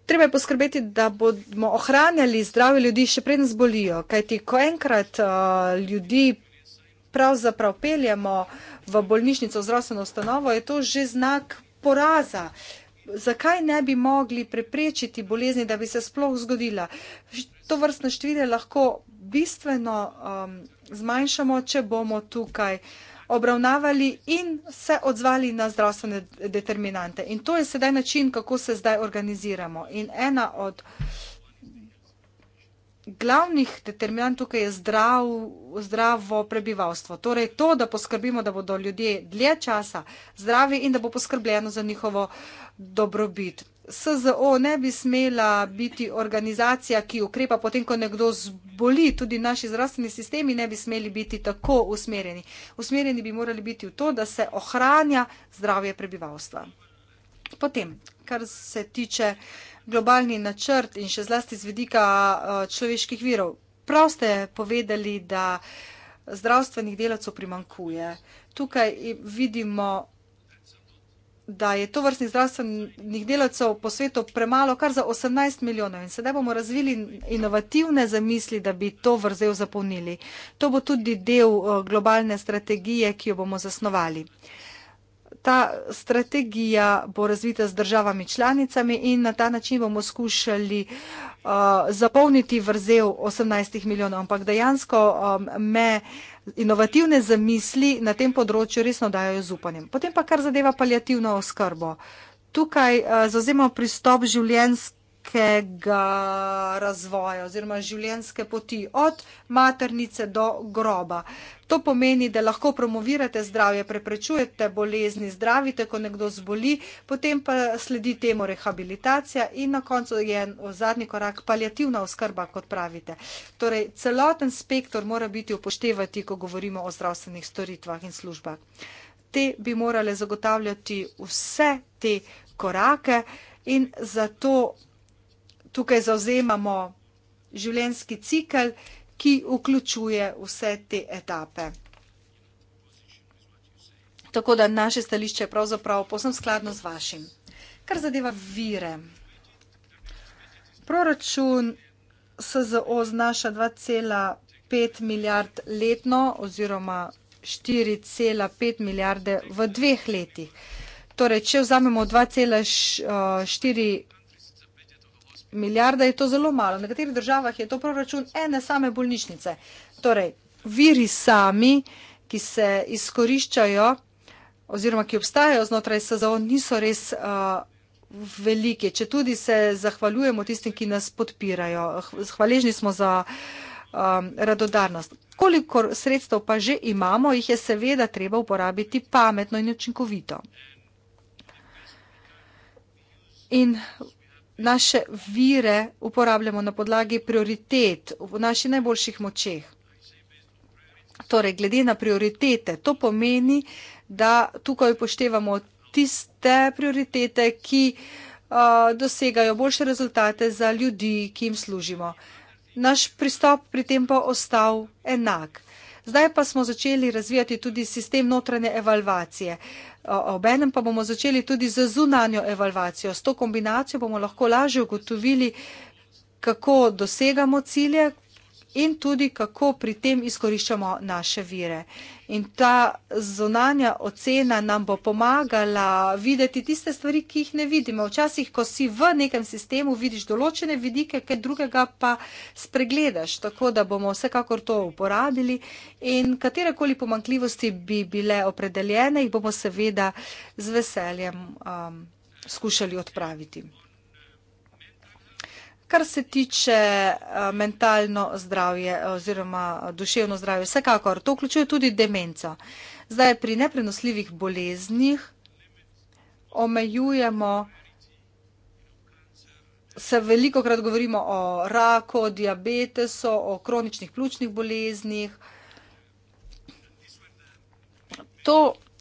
Treba je poskrbeti, da bomo ohranjali zdravje ljudi še preden zbolijo, kajti ko enkrat uh, ljudi pravzaprav peljemo v bolnišnico, v zdravstveno ustanovo, je to že znak poraza. Zakaj ne bi mogli preprečiti bolezni, da bi se sploh zgodila? To vrstne številke lahko bistveno um, zmanjšamo, če bomo tukaj obravnavali in se odzvali na zdravstvene determinante. In to je sedaj način, kako se zdaj organiziramo. In ena od. Uh, glavnih determinant tukaj je zdrav, zdravo prebivalstvo. Torej to, da poskrbimo, da bodo ljudje dlje časa zdravi in da bo poskrbljeno za njihovo dobrobit. SZO ne bi smela biti organizacija, ki ukrepa potem, ko nekdo zboli. Tudi naši zdravstveni sistemi ne bi smeli biti tako usmerjeni. Usmerjeni bi morali biti v to, da se ohranja zdravje prebivalstva. Potem, kar se tiče. Uh, globalni načrt in še zlasti z vidika eh, človeških virov. Prav ste povedali, da zdravstvenih delavcev primankuje. Tukaj vidimo, da je to vrstnih zdravstvenih delavcev po svetu premalo kar za 18 milijonov in sedaj bomo razvili inovativne zamisli, da bi to vrzel zapolnili. To bo tudi del eh, globalne strategije, ki jo bomo zasnovali ta strategija bo razvita z državami članicami in na ta način bomo skušali uh, zapolniti vrzel 18 milijonov. Ampak dejansko um, me inovativne zamisli na tem področju resno dajo z upanjem. Potem pa kar zadeva paljativno oskrbo. Tukaj uh, zauzemamo pristop življenjski vsakega razvoja oziroma življenjske poti, od maternice do groba. To pomeni, da lahko promovirate zdravje, preprečujete bolezni, zdravite, ko nekdo zboli, potem pa sledi temu rehabilitacija in na koncu je zadnji korak paljativna oskrba, kot pravite. Torej, celoten spektr mora biti upoštevati, ko govorimo o zdravstvenih storitvah in službah. Te bi morale zagotavljati vse te korake in zato tukaj zauzemamo življenjski cikl, ki vključuje vse te etape. Tako da naše stališče je pravzaprav posem skladno z vašim. Kar zadeva vire. Proračun SZO znaša 2,5 milijard letno oziroma 4,5 milijarde v dveh letih. Torej, če vzamemo 2,4 milijarde, Milijarda je to zelo malo. V nekaterih državah je to proračun ene same bolnišnice. Torej, viri sami, ki se izkoriščajo oziroma ki obstajajo znotraj SZO, niso res uh, velike. Če tudi se zahvaljujemo tistim, ki nas podpirajo. Hvaležni smo za um, radodarnost. Kolikor sredstev pa že imamo, jih je seveda treba uporabiti pametno in učinkovito. In naše vire uporabljamo na podlagi prioritet v naših najboljših močeh. Torej, glede na prioritete, to pomeni, da tukaj poštevamo tiste prioritete, ki uh, dosegajo boljše rezultate za ljudi, ki jim služimo. Naš pristop pri tem pa ostal enak. Zdaj pa smo začeli razvijati tudi sistem notranje evalvacije. Obenem pa bomo začeli tudi z zunanjo evalvacijo. S to kombinacijo bomo lahko lažje ugotovili, kako dosegamo cilje, in tudi kako pri tem izkoriščamo naše vire. In ta zunanja ocena nam bo pomagala videti tiste stvari, ki jih ne vidimo. Včasih, ko si v nekem sistemu, vidiš določene vidike, kaj drugega pa spregledaš, tako da bomo vsekakor to uporabili in katerekoli pomankljivosti bi bile opredeljene, jih bomo seveda z veseljem um, skušali odpraviti kar se tiče eh, mentalno zdravje eh, oziroma eh, duševno zdravje. Vsekakor, to vključuje tudi demenco. Zdaj pri neprenosljivih boleznih omejujemo, se veliko krat govorimo o raku, o diabetesu, o kroničnih pljučnih boleznih. To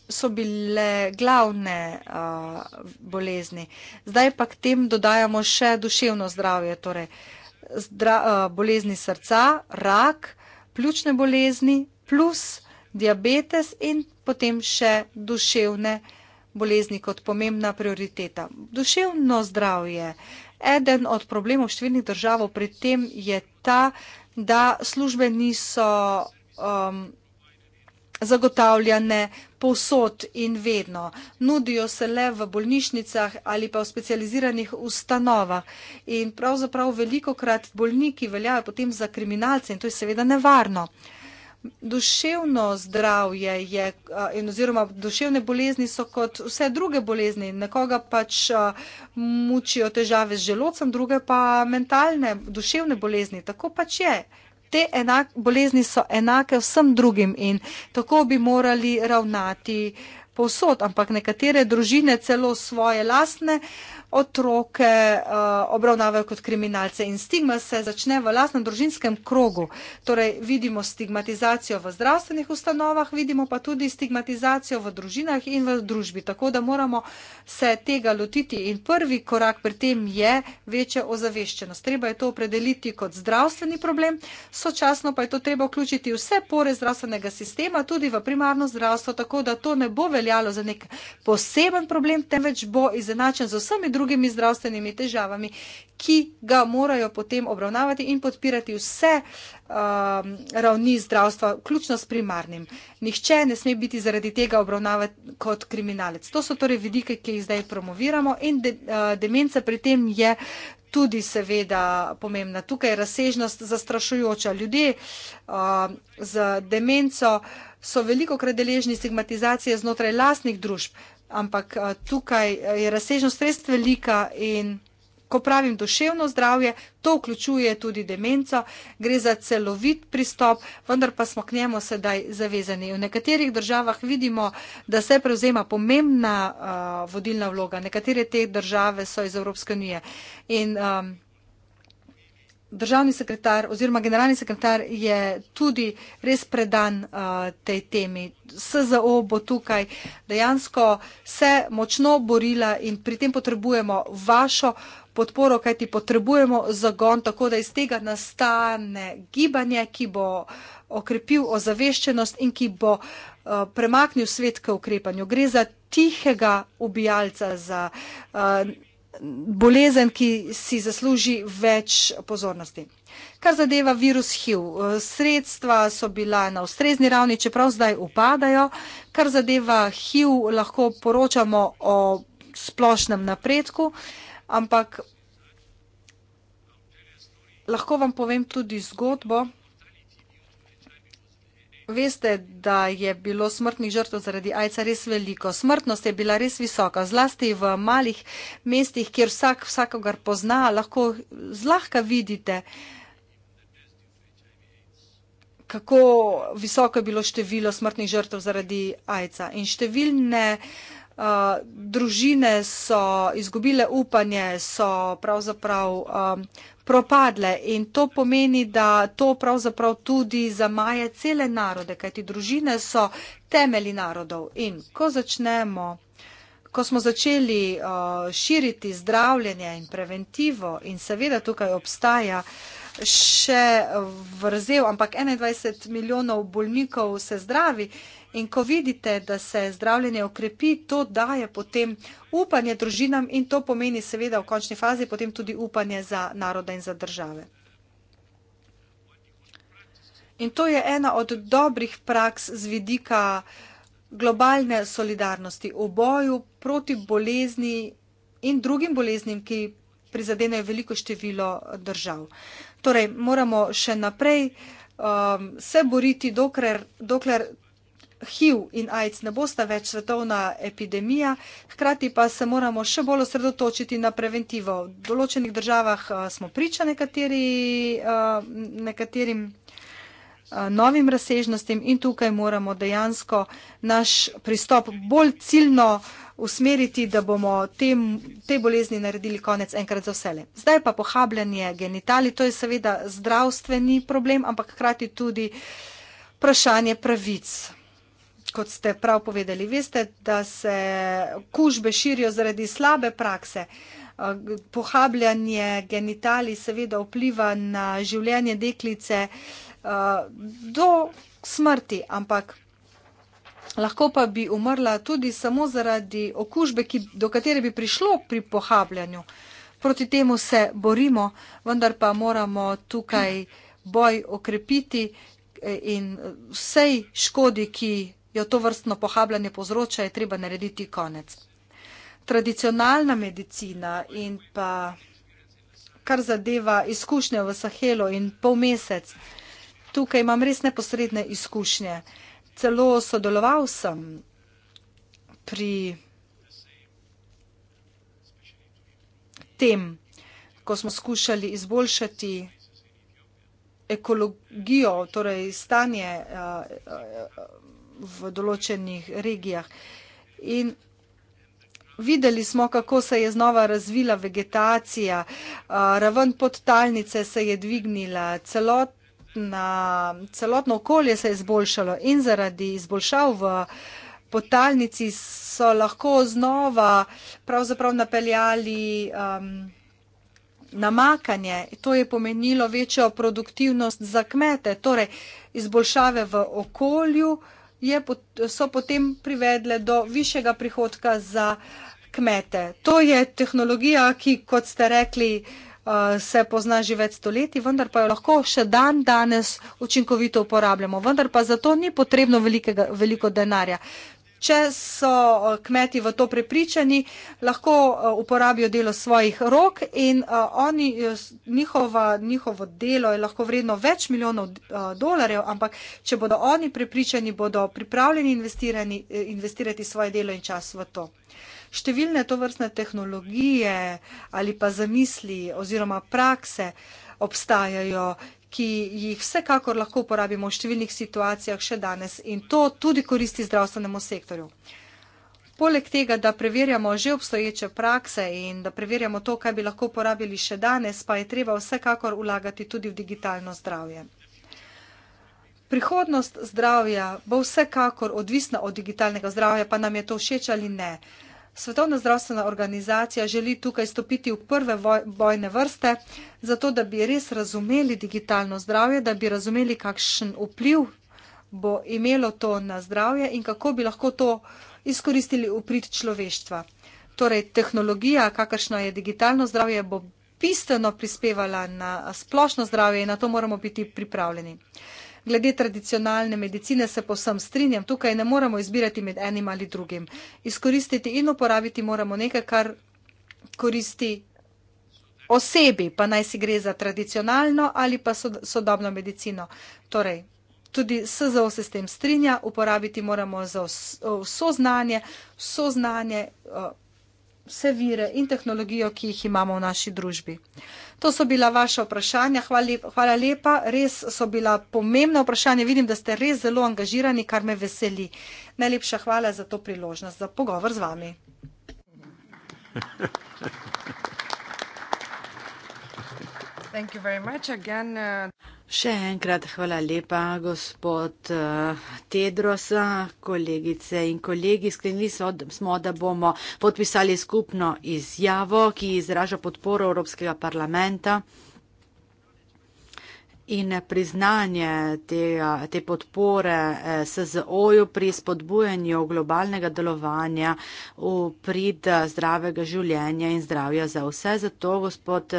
so bile glavne a, bolezni. Zdaj pa k tem dodajamo še duševno zdravje, torej zdra, a, bolezni srca, rak, pljučne bolezni, plus diabetes in potem še duševne bolezni kot pomembna prioriteta. Duševno zdravje. Eden od problemov številnih držav pri tem je ta, da službe niso. Um, zagotavljane povsod in vedno. Nudijo se le v bolnišnicah ali pa v specializiranih ustanovah. In pravzaprav veliko krat bolniki veljajo potem za kriminalce in to je seveda nevarno. Duševno zdravje je, oziroma duševne bolezni so kot vse druge bolezni. Nekoga pač mučijo težave z želodcem, druge pa mentalne, duševne bolezni. Tako pač je te enak, bolezni so enake vsem drugim in tako bi morali ravnati povsod, ampak nekatere družine celo svoje lastne otroke uh, obravnavajo kot kriminalce in stigma se začne v lastnem družinskem krogu. Torej vidimo stigmatizacijo v zdravstvenih ustanovah, vidimo pa tudi stigmatizacijo v družinah in v družbi. Tako da moramo se tega lotiti in prvi korak pri tem je večja ozaveščenost. Treba je to opredeliti kot zdravstveni problem, sočasno pa je to treba vključiti vse pore zdravstvenega sistema, tudi v primarno zdravstvo, tako da to ne bo veljalo za nek poseben problem, temveč bo izenačen z vsemi drugimi drugimi zdravstvenimi težavami, ki ga morajo potem obravnavati in podpirati vse um, ravni zdravstva, vključno s primarnim. Nihče ne sme biti zaradi tega obravnavan kot kriminalec. To so torej vidike, ki jih zdaj promoviramo in de, uh, demenca pri tem je. Tudi, seveda, pomembna. Tukaj je razsežnost zastrašujoča. Ljudje uh, z demenco so veliko krat deležni stigmatizacije znotraj lastnih družb ampak eh, tukaj eh, je razsežnost res velika in ko pravim duševno zdravje, to vključuje tudi demenco, gre za celovit pristop, vendar pa smo k njemu sedaj zavezani. V nekaterih državah vidimo, da se prevzema pomembna uh, vodilna vloga, nekatere te države so iz Evropske unije. In, um, državni sekretar oziroma generalni sekretar je tudi res predan uh, tej temi. SZO bo tukaj dejansko se močno borila in pri tem potrebujemo vašo podporo, kajti potrebujemo zagon, tako da iz tega nastane gibanje, ki bo okrepil ozaveščenost in ki bo uh, premaknil svet k ukrepanju. Gre za tihega ubijalca, za. Uh, bolezen, ki si zasluži več pozornosti. Kar zadeva virus HIV, eh, sredstva so bila na ustrezni ravni, čeprav zdaj upadajo. Kar zadeva HIV, lahko poročamo o splošnem napredku, ampak lahko vam povem tudi zgodbo. Veste, da je bilo smrtnih žrtev zaradi AIDS-a res veliko. Smrtnost je bila res visoka, zlasti v malih mestih, kjer vsak vsakogar pozna, lahko zlahka vidite, kako visoko je bilo število smrtnih žrtev zaradi AIDS-a. In številne uh, družine so izgubile upanje, so pravzaprav. Uh, propadle in to pomeni, da to pravzaprav tudi zamaje cele narode, kajti družine so temeli narodov in ko začnemo, ko smo začeli uh, širiti zdravljenje in preventivo in seveda tukaj obstaja uh, še vrzel, ampak 21 milijonov bolnikov se zdravi. In ko vidite, da se zdravljenje okrepi, to daje potem upanje družinam in to pomeni seveda v končni fazi potem tudi upanje za naroda in za države. In to je ena od dobrih praks z vidika globalne solidarnosti v boju proti bolezni in drugim boleznim, ki prizadenejo veliko število držav. Torej, moramo še naprej um, se boriti, dokler, dokler HIV in AIDS ne bosta več svetovna epidemija, hkrati pa se moramo še bolj osredotočiti na preventivo. V določenih državah uh, smo priča nekateri, uh, nekaterim uh, novim razsežnostim in tukaj moramo dejansko naš pristop bolj ciljno uh, usmeriti, da bomo tem, te bolezni naredili konec enkrat za vse. Zdaj pa pohabljanje genitali, to je seveda zdravstveni problem, ampak hkrati tudi vprašanje pravic. Kot ste prav povedali, veste, da se kužbe širijo zaradi slabe prakse. Pohabljanje genitali seveda vpliva na življenje deklice eh, do smrti, ampak lahko pa bi umrla tudi samo zaradi okužbe, ki, do katere bi prišlo pri pohabljanju. Proti temu se borimo, vendar pa moramo tukaj boj okrepiti e, in vsej škodi, ki jo to vrstno pohabljanje povzroča, je treba narediti konec. Tradicionalna medicina in pa kar zadeva izkušnje v Sahelu in pol mesec, tukaj imam res neposredne izkušnje celo sodeloval sem pri tem, ko smo skušali izboljšati ekologijo, torej stanje eh, eh, v določenih regijah. In videli smo, kako se je znova razvila vegetacija, eh, raven podtalnice se je dvignila, celotna celotna, celotno okolje se je izboljšalo in zaradi izboljšav v potalnici so lahko znova pravzaprav napeljali um, namakanje. To je pomenilo večjo produktivnost za kmete, torej izboljšave v okolju je, so potem privedle do višjega prihodka za kmete. To je tehnologija, ki, kot ste rekli, uh, uh, se pozna že več stoletij, vendar pa jo lahko še dan danes učinkovito uporabljamo. Vendar pa zato ni potrebno velikega, veliko denarja. Če so eh, kmeti v to prepričani, lahko eh, uporabijo delo svojih rok in eh, oni, njihova, njihovo delo je lahko vredno več milijonov dolarjev, ampak če bodo oni prepričani, bodo pripravljeni investirati svoje delo in čas v to številne tovrstne tehnologije ali pa zamisli oziroma prakse obstajajo, ki jih vsekakor lahko uporabimo v številnih situacijah še danes in to tudi koristi zdravstvenemu sektorju. Poleg tega, da preverjamo že obstoječe prakse in da preverjamo to, kaj bi lahko uporabili še danes, pa je treba vsekakor vlagati tudi v digitalno zdravje. Prihodnost zdravja bo vsekakor odvisna od digitalnega zdravja, pa nam je to všeč ali ne. Uh, Svetovna zdravstvena organizacija želi tukaj stopiti v prve bojne vrste, zato da bi res razumeli digitalno zdravje, da bi razumeli, kakšen vpliv bo imelo to na zdravje in kako bi lahko to izkoristili v prid človeštva. Torej, tehnologija, kakršna je digitalno zdravje, bo bistveno prispevala na splošno zdravje in na to moramo biti pripravljeni glede tradicionalne medicine se posem strinjam, tukaj ne moramo izbirati med enim ali drugim. Izkoristiti in uporabiti moramo nekaj, kar koristi osebi, pa naj si gre za tradicionalno ali pa sodobno medicino. Torej, tudi SZO se s tem strinja, uporabiti moramo za vso znanje, vso znanje, eh, vse vire in tehnologijo, ki jih imamo v naši družbi. To so bila vaša vprašanja, hvala lepa, res so bila pomembna vprašanja, vidim, da ste res zelo angažirani, kar me veseli. Najlepša hvala za to priložnost, za pogovor z vami. Thank you very much again. Uh... Še enkrat hvala lepa, gospod eh, Tedros, kolegice in kolegi. Sklenili smo, da bomo podpisali skupno izjavo, ki izraža podporo Evropskega parlamenta in priznanje te, te podpore eh, SZO-ju pri spodbujanju globalnega delovanja v prid zdravega življenja in zdravja za vse. Zato, gospod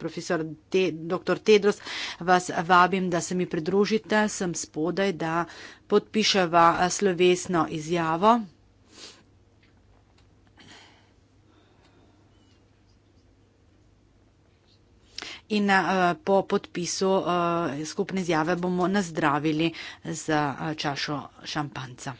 profesor te, dr. Tedros, vas vabim, da se mi pridružite, sem spodaj, da podpiševa eh, slovesno izjavo. in uh, po podpisu uh, skupne izjave bomo nazdravili z uh, čašo šampanca.